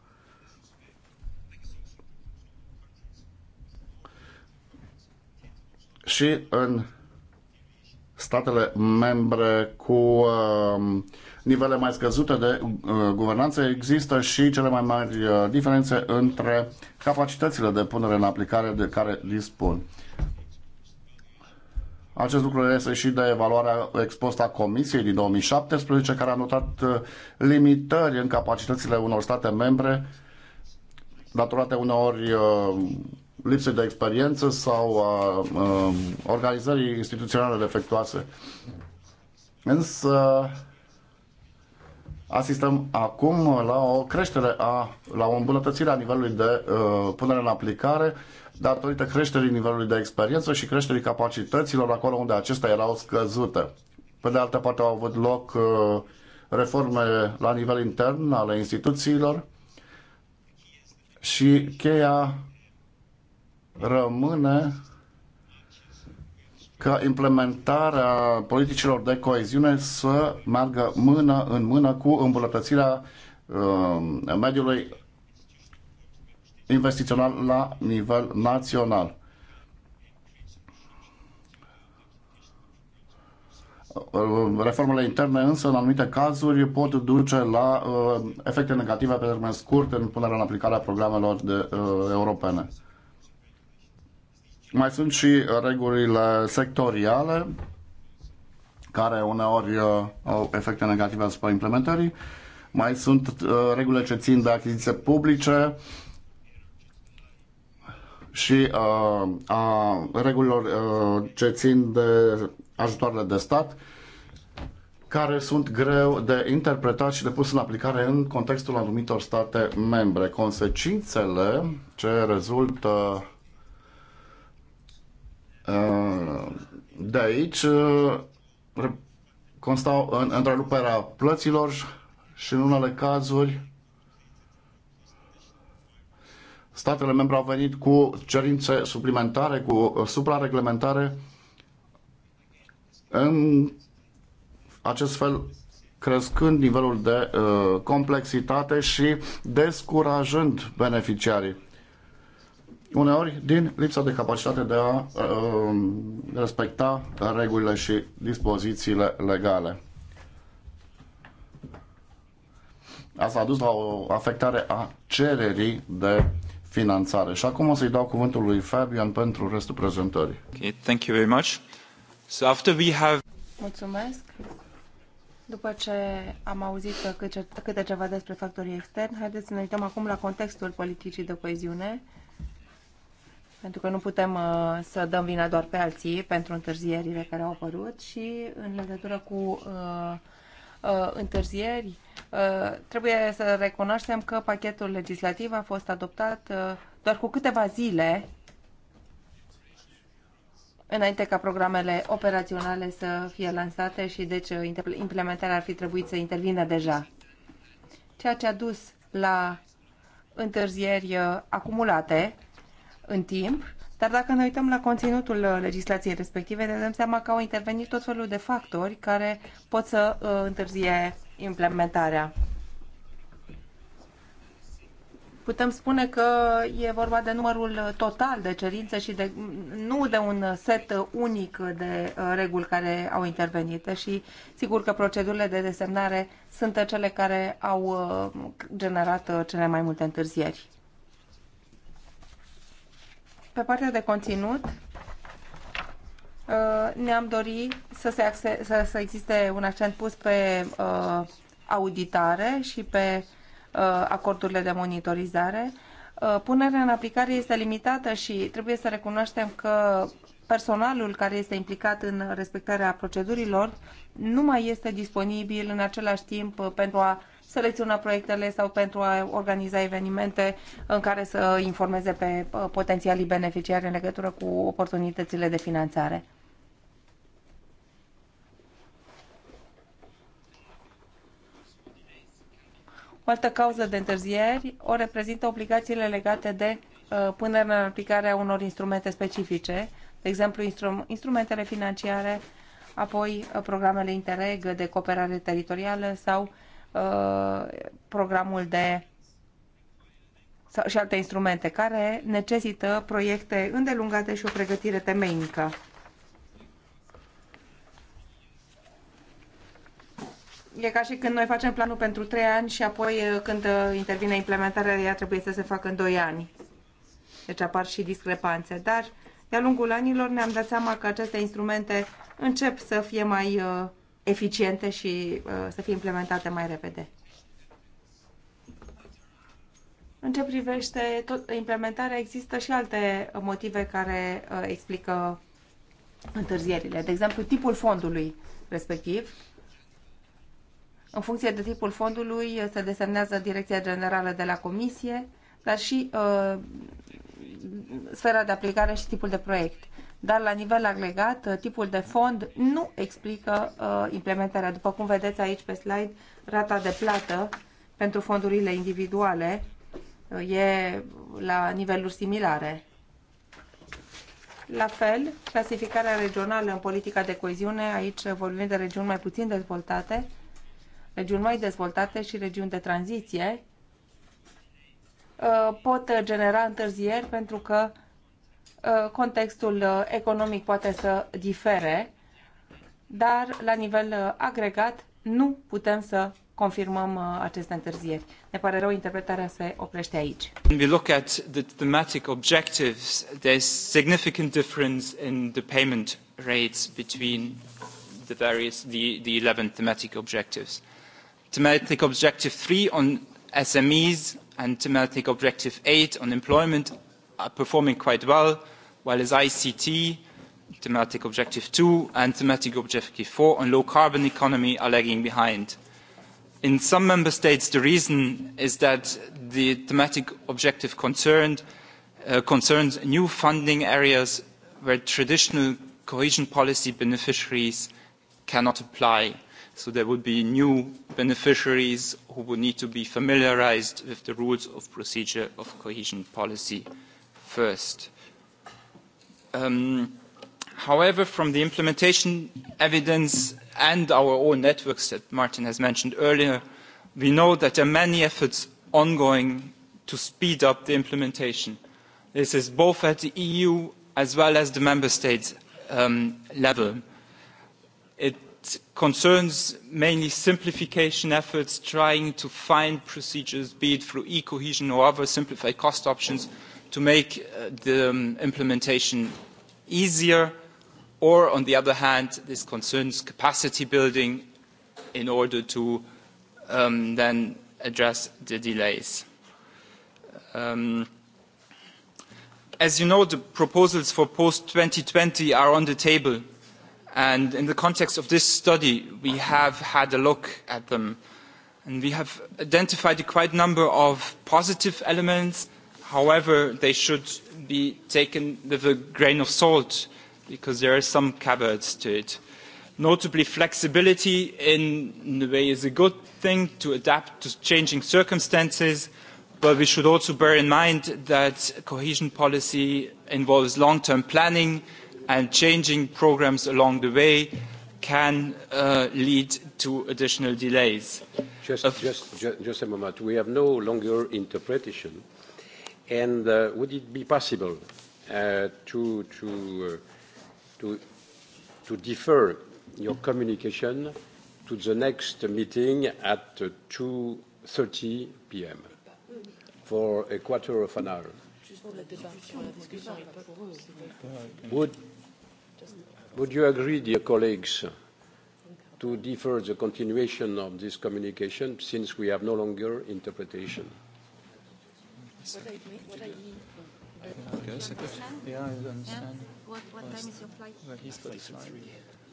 Și în statele membre cu uh, nivele mai scăzute de uh, guvernanță, există și cele mai mari uh, diferențe între capacitățile de punere în aplicare de care dispun. Acest lucru este și de evaluarea exposta Comisiei din 2017, care a notat uh, limitări în capacitățile unor state membre datorate uneori lipsei de experiență sau a organizării instituționale defectuoase. Însă, asistăm acum la o creștere, a, la o îmbunătățire a nivelului de uh, punere în aplicare datorită creșterii nivelului de experiență și creșterii capacităților acolo unde acestea erau scăzute. Pe de altă parte au avut loc uh, reforme la nivel intern ale instituțiilor și cheia rămâne ca implementarea politicilor de coeziune să meargă mână în mână cu îmbunătățirea uh, mediului investițional la nivel național. Uh, reformele interne însă, în anumite cazuri, pot duce la uh, efecte negative pe termen scurt în punerea în aplicare a programelor de, uh, europene. Mai sunt și regulile sectoriale, care uneori uh, au efecte negative asupra implementării. Mai sunt uh, regulile ce țin de achiziție publice și uh, a regulilor ce țin de ajutoarele de stat, care sunt greu de interpretat și de pus în aplicare în contextul anumitor state membre. Consecințele ce rezultă Uh, de aici uh, constau în întreruperea plăților și în unele cazuri statele membre au venit cu cerințe suplimentare, cu uh, suprareglementare. În acest fel crescând nivelul de uh, complexitate și descurajând beneficiarii uneori din lipsa de capacitate de a uh, respecta regulile și dispozițiile legale. Asta a dus la o afectare a cererii de finanțare. Și acum o să-i dau cuvântul lui Fabian pentru restul prezentării. Okay, thank you very much. So after we have... Mulțumesc. După ce am auzit câte, câte ceva despre factorii externi, haideți să ne uităm acum la contextul politicii de coeziune pentru că nu putem uh, să dăm vina doar pe alții pentru întârzierile care au apărut și în legătură cu uh, uh, întârzieri, uh, trebuie să recunoaștem că pachetul legislativ a fost adoptat uh, doar cu câteva zile înainte ca programele operaționale să fie lansate și deci uh, implementarea ar fi trebuit să intervină deja. Ceea ce a dus la întârzieri uh, acumulate în timp, dar dacă ne uităm la conținutul uh, legislației respective, ne dăm seama că au intervenit tot felul de factori care pot să uh, întârzie implementarea. Putem spune că e vorba de numărul uh, total de cerințe și de, nu de un set unic de reguli care au intervenit. Și sigur că procedurile de desemnare sunt cele care au generat cele mai multe întârzieri. Pe partea de conținut, uh, ne-am dorit să, se acce- să, să existe un accent pus pe uh, auditare și pe uh, acordurile de monitorizare. Uh, punerea în aplicare este limitată și trebuie să recunoaștem că personalul care este implicat în respectarea procedurilor nu mai este disponibil în același timp uh, pentru a selecționa proiectele sau pentru a organiza evenimente în care să informeze pe uh, potențialii beneficiari în legătură cu oportunitățile de finanțare. O altă cauză de întârzieri o reprezintă obligațiile legate de până uh, punerea în aplicare a unor instrumente specifice, de exemplu instrumentele financiare, apoi uh, programele Interreg de cooperare teritorială sau Uh, programul de și alte instrumente care necesită proiecte îndelungate și o pregătire temeinică. E ca și când noi facem planul pentru 3 ani și apoi uh, când uh, intervine implementarea, ea trebuie să se facă în 2 ani. Deci apar și discrepanțe. Dar de-a lungul anilor ne-am dat seama că aceste instrumente încep să fie mai eficiente și uh, să fie implementate mai repede. În ce privește tot, implementarea, există și alte motive care uh, explică întârzierile. De exemplu, tipul fondului respectiv. În funcție de tipul fondului uh, se desemnează Direcția Generală de la Comisie, dar și uh, sfera de aplicare și tipul de proiect dar la nivel agregat, uh, tipul de fond nu explică uh, implementarea. După cum vedeți aici pe slide, rata de plată pentru fondurile individuale uh, e la niveluri similare. La fel, clasificarea regională în politica de coeziune, aici vorbim de regiuni mai puțin dezvoltate, regiuni mai dezvoltate și regiuni de tranziție, uh, pot genera întârzieri pentru că Uh, contextul uh, economic poate să difere, dar la nivel uh, agregat nu putem să confirmăm aceste întârzieri. Ne pare rău, interpretarea se oprește aici. When we look at the thematic objectives, there's significant difference in the payment rates between the various, the, the 11 thematic objectives. Thematic objective 3 on SMEs and thematic objective 8 on employment performing quite well, while as ICT, thematic objective 2 and thematic objective 4 on low carbon economy are lagging behind. In some member states, the reason is that the thematic objective concerned uh, concerns new funding areas where traditional cohesion policy beneficiaries cannot apply. So there would be new beneficiaries who would need to be familiarized with the rules of procedure of cohesion policy first. Um, however, from the implementation evidence and our own networks that Martin has mentioned earlier, we know that there are many efforts ongoing to speed up the implementation. This is both at the EU as well as the member states um, level. It concerns mainly simplification efforts, trying to find procedures, be it through e-cohesion or other simplified cost options, to make uh, the um, implementation easier or on the other hand this concerns capacity building in order to um, then address the delays. Um, as you know, the proposals for post-2020 are on the table. And in the context of this study, we have had a look at them. And we have identified a quite number of positive elements However, they should be taken with a grain of salt because there are some caveats to it. Notably, flexibility in, the a way is a good thing to adapt to changing circumstances, but we should also bear in mind that cohesion policy involves long-term planning and changing programs along the way can uh, lead to additional delays. just, just, just a moment. We have no longer interpretation. And uh, would it be possible uh, to, to, uh, to, to defer your communication to the next meeting at 2.30 p.m. for a quarter of an hour? Would, would you agree, dear colleagues, to defer the continuation of this communication since we have no longer interpretation? What I mean, okay, so good. Yeah, I understand. Yeah. What, what time is your flight? Well, he's got a flight.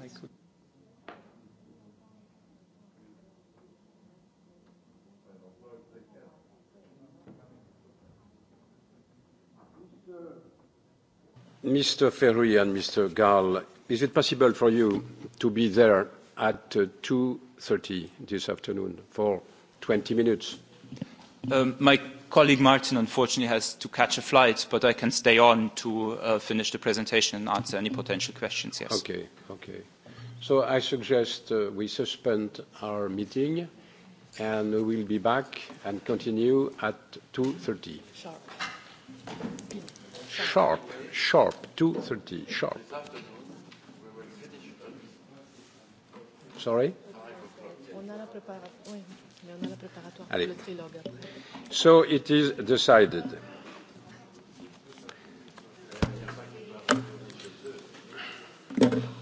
I could. Mr. Mr. Gall, is it possible for you to be there at 2.30 uh, this afternoon for 20 minutes? Um, my colleague Martin unfortunately has to catch a flight, but I can stay on to uh, finish the presentation and answer any potential questions, yes. Okay, okay. So I suggest uh, we suspend our meeting and we will be back and continue at 2.30. Sharp. Sharp, sharp, 2.30, sharp. Sorry? On a la préparation. Oui. Allez. So it is decided. Thank you.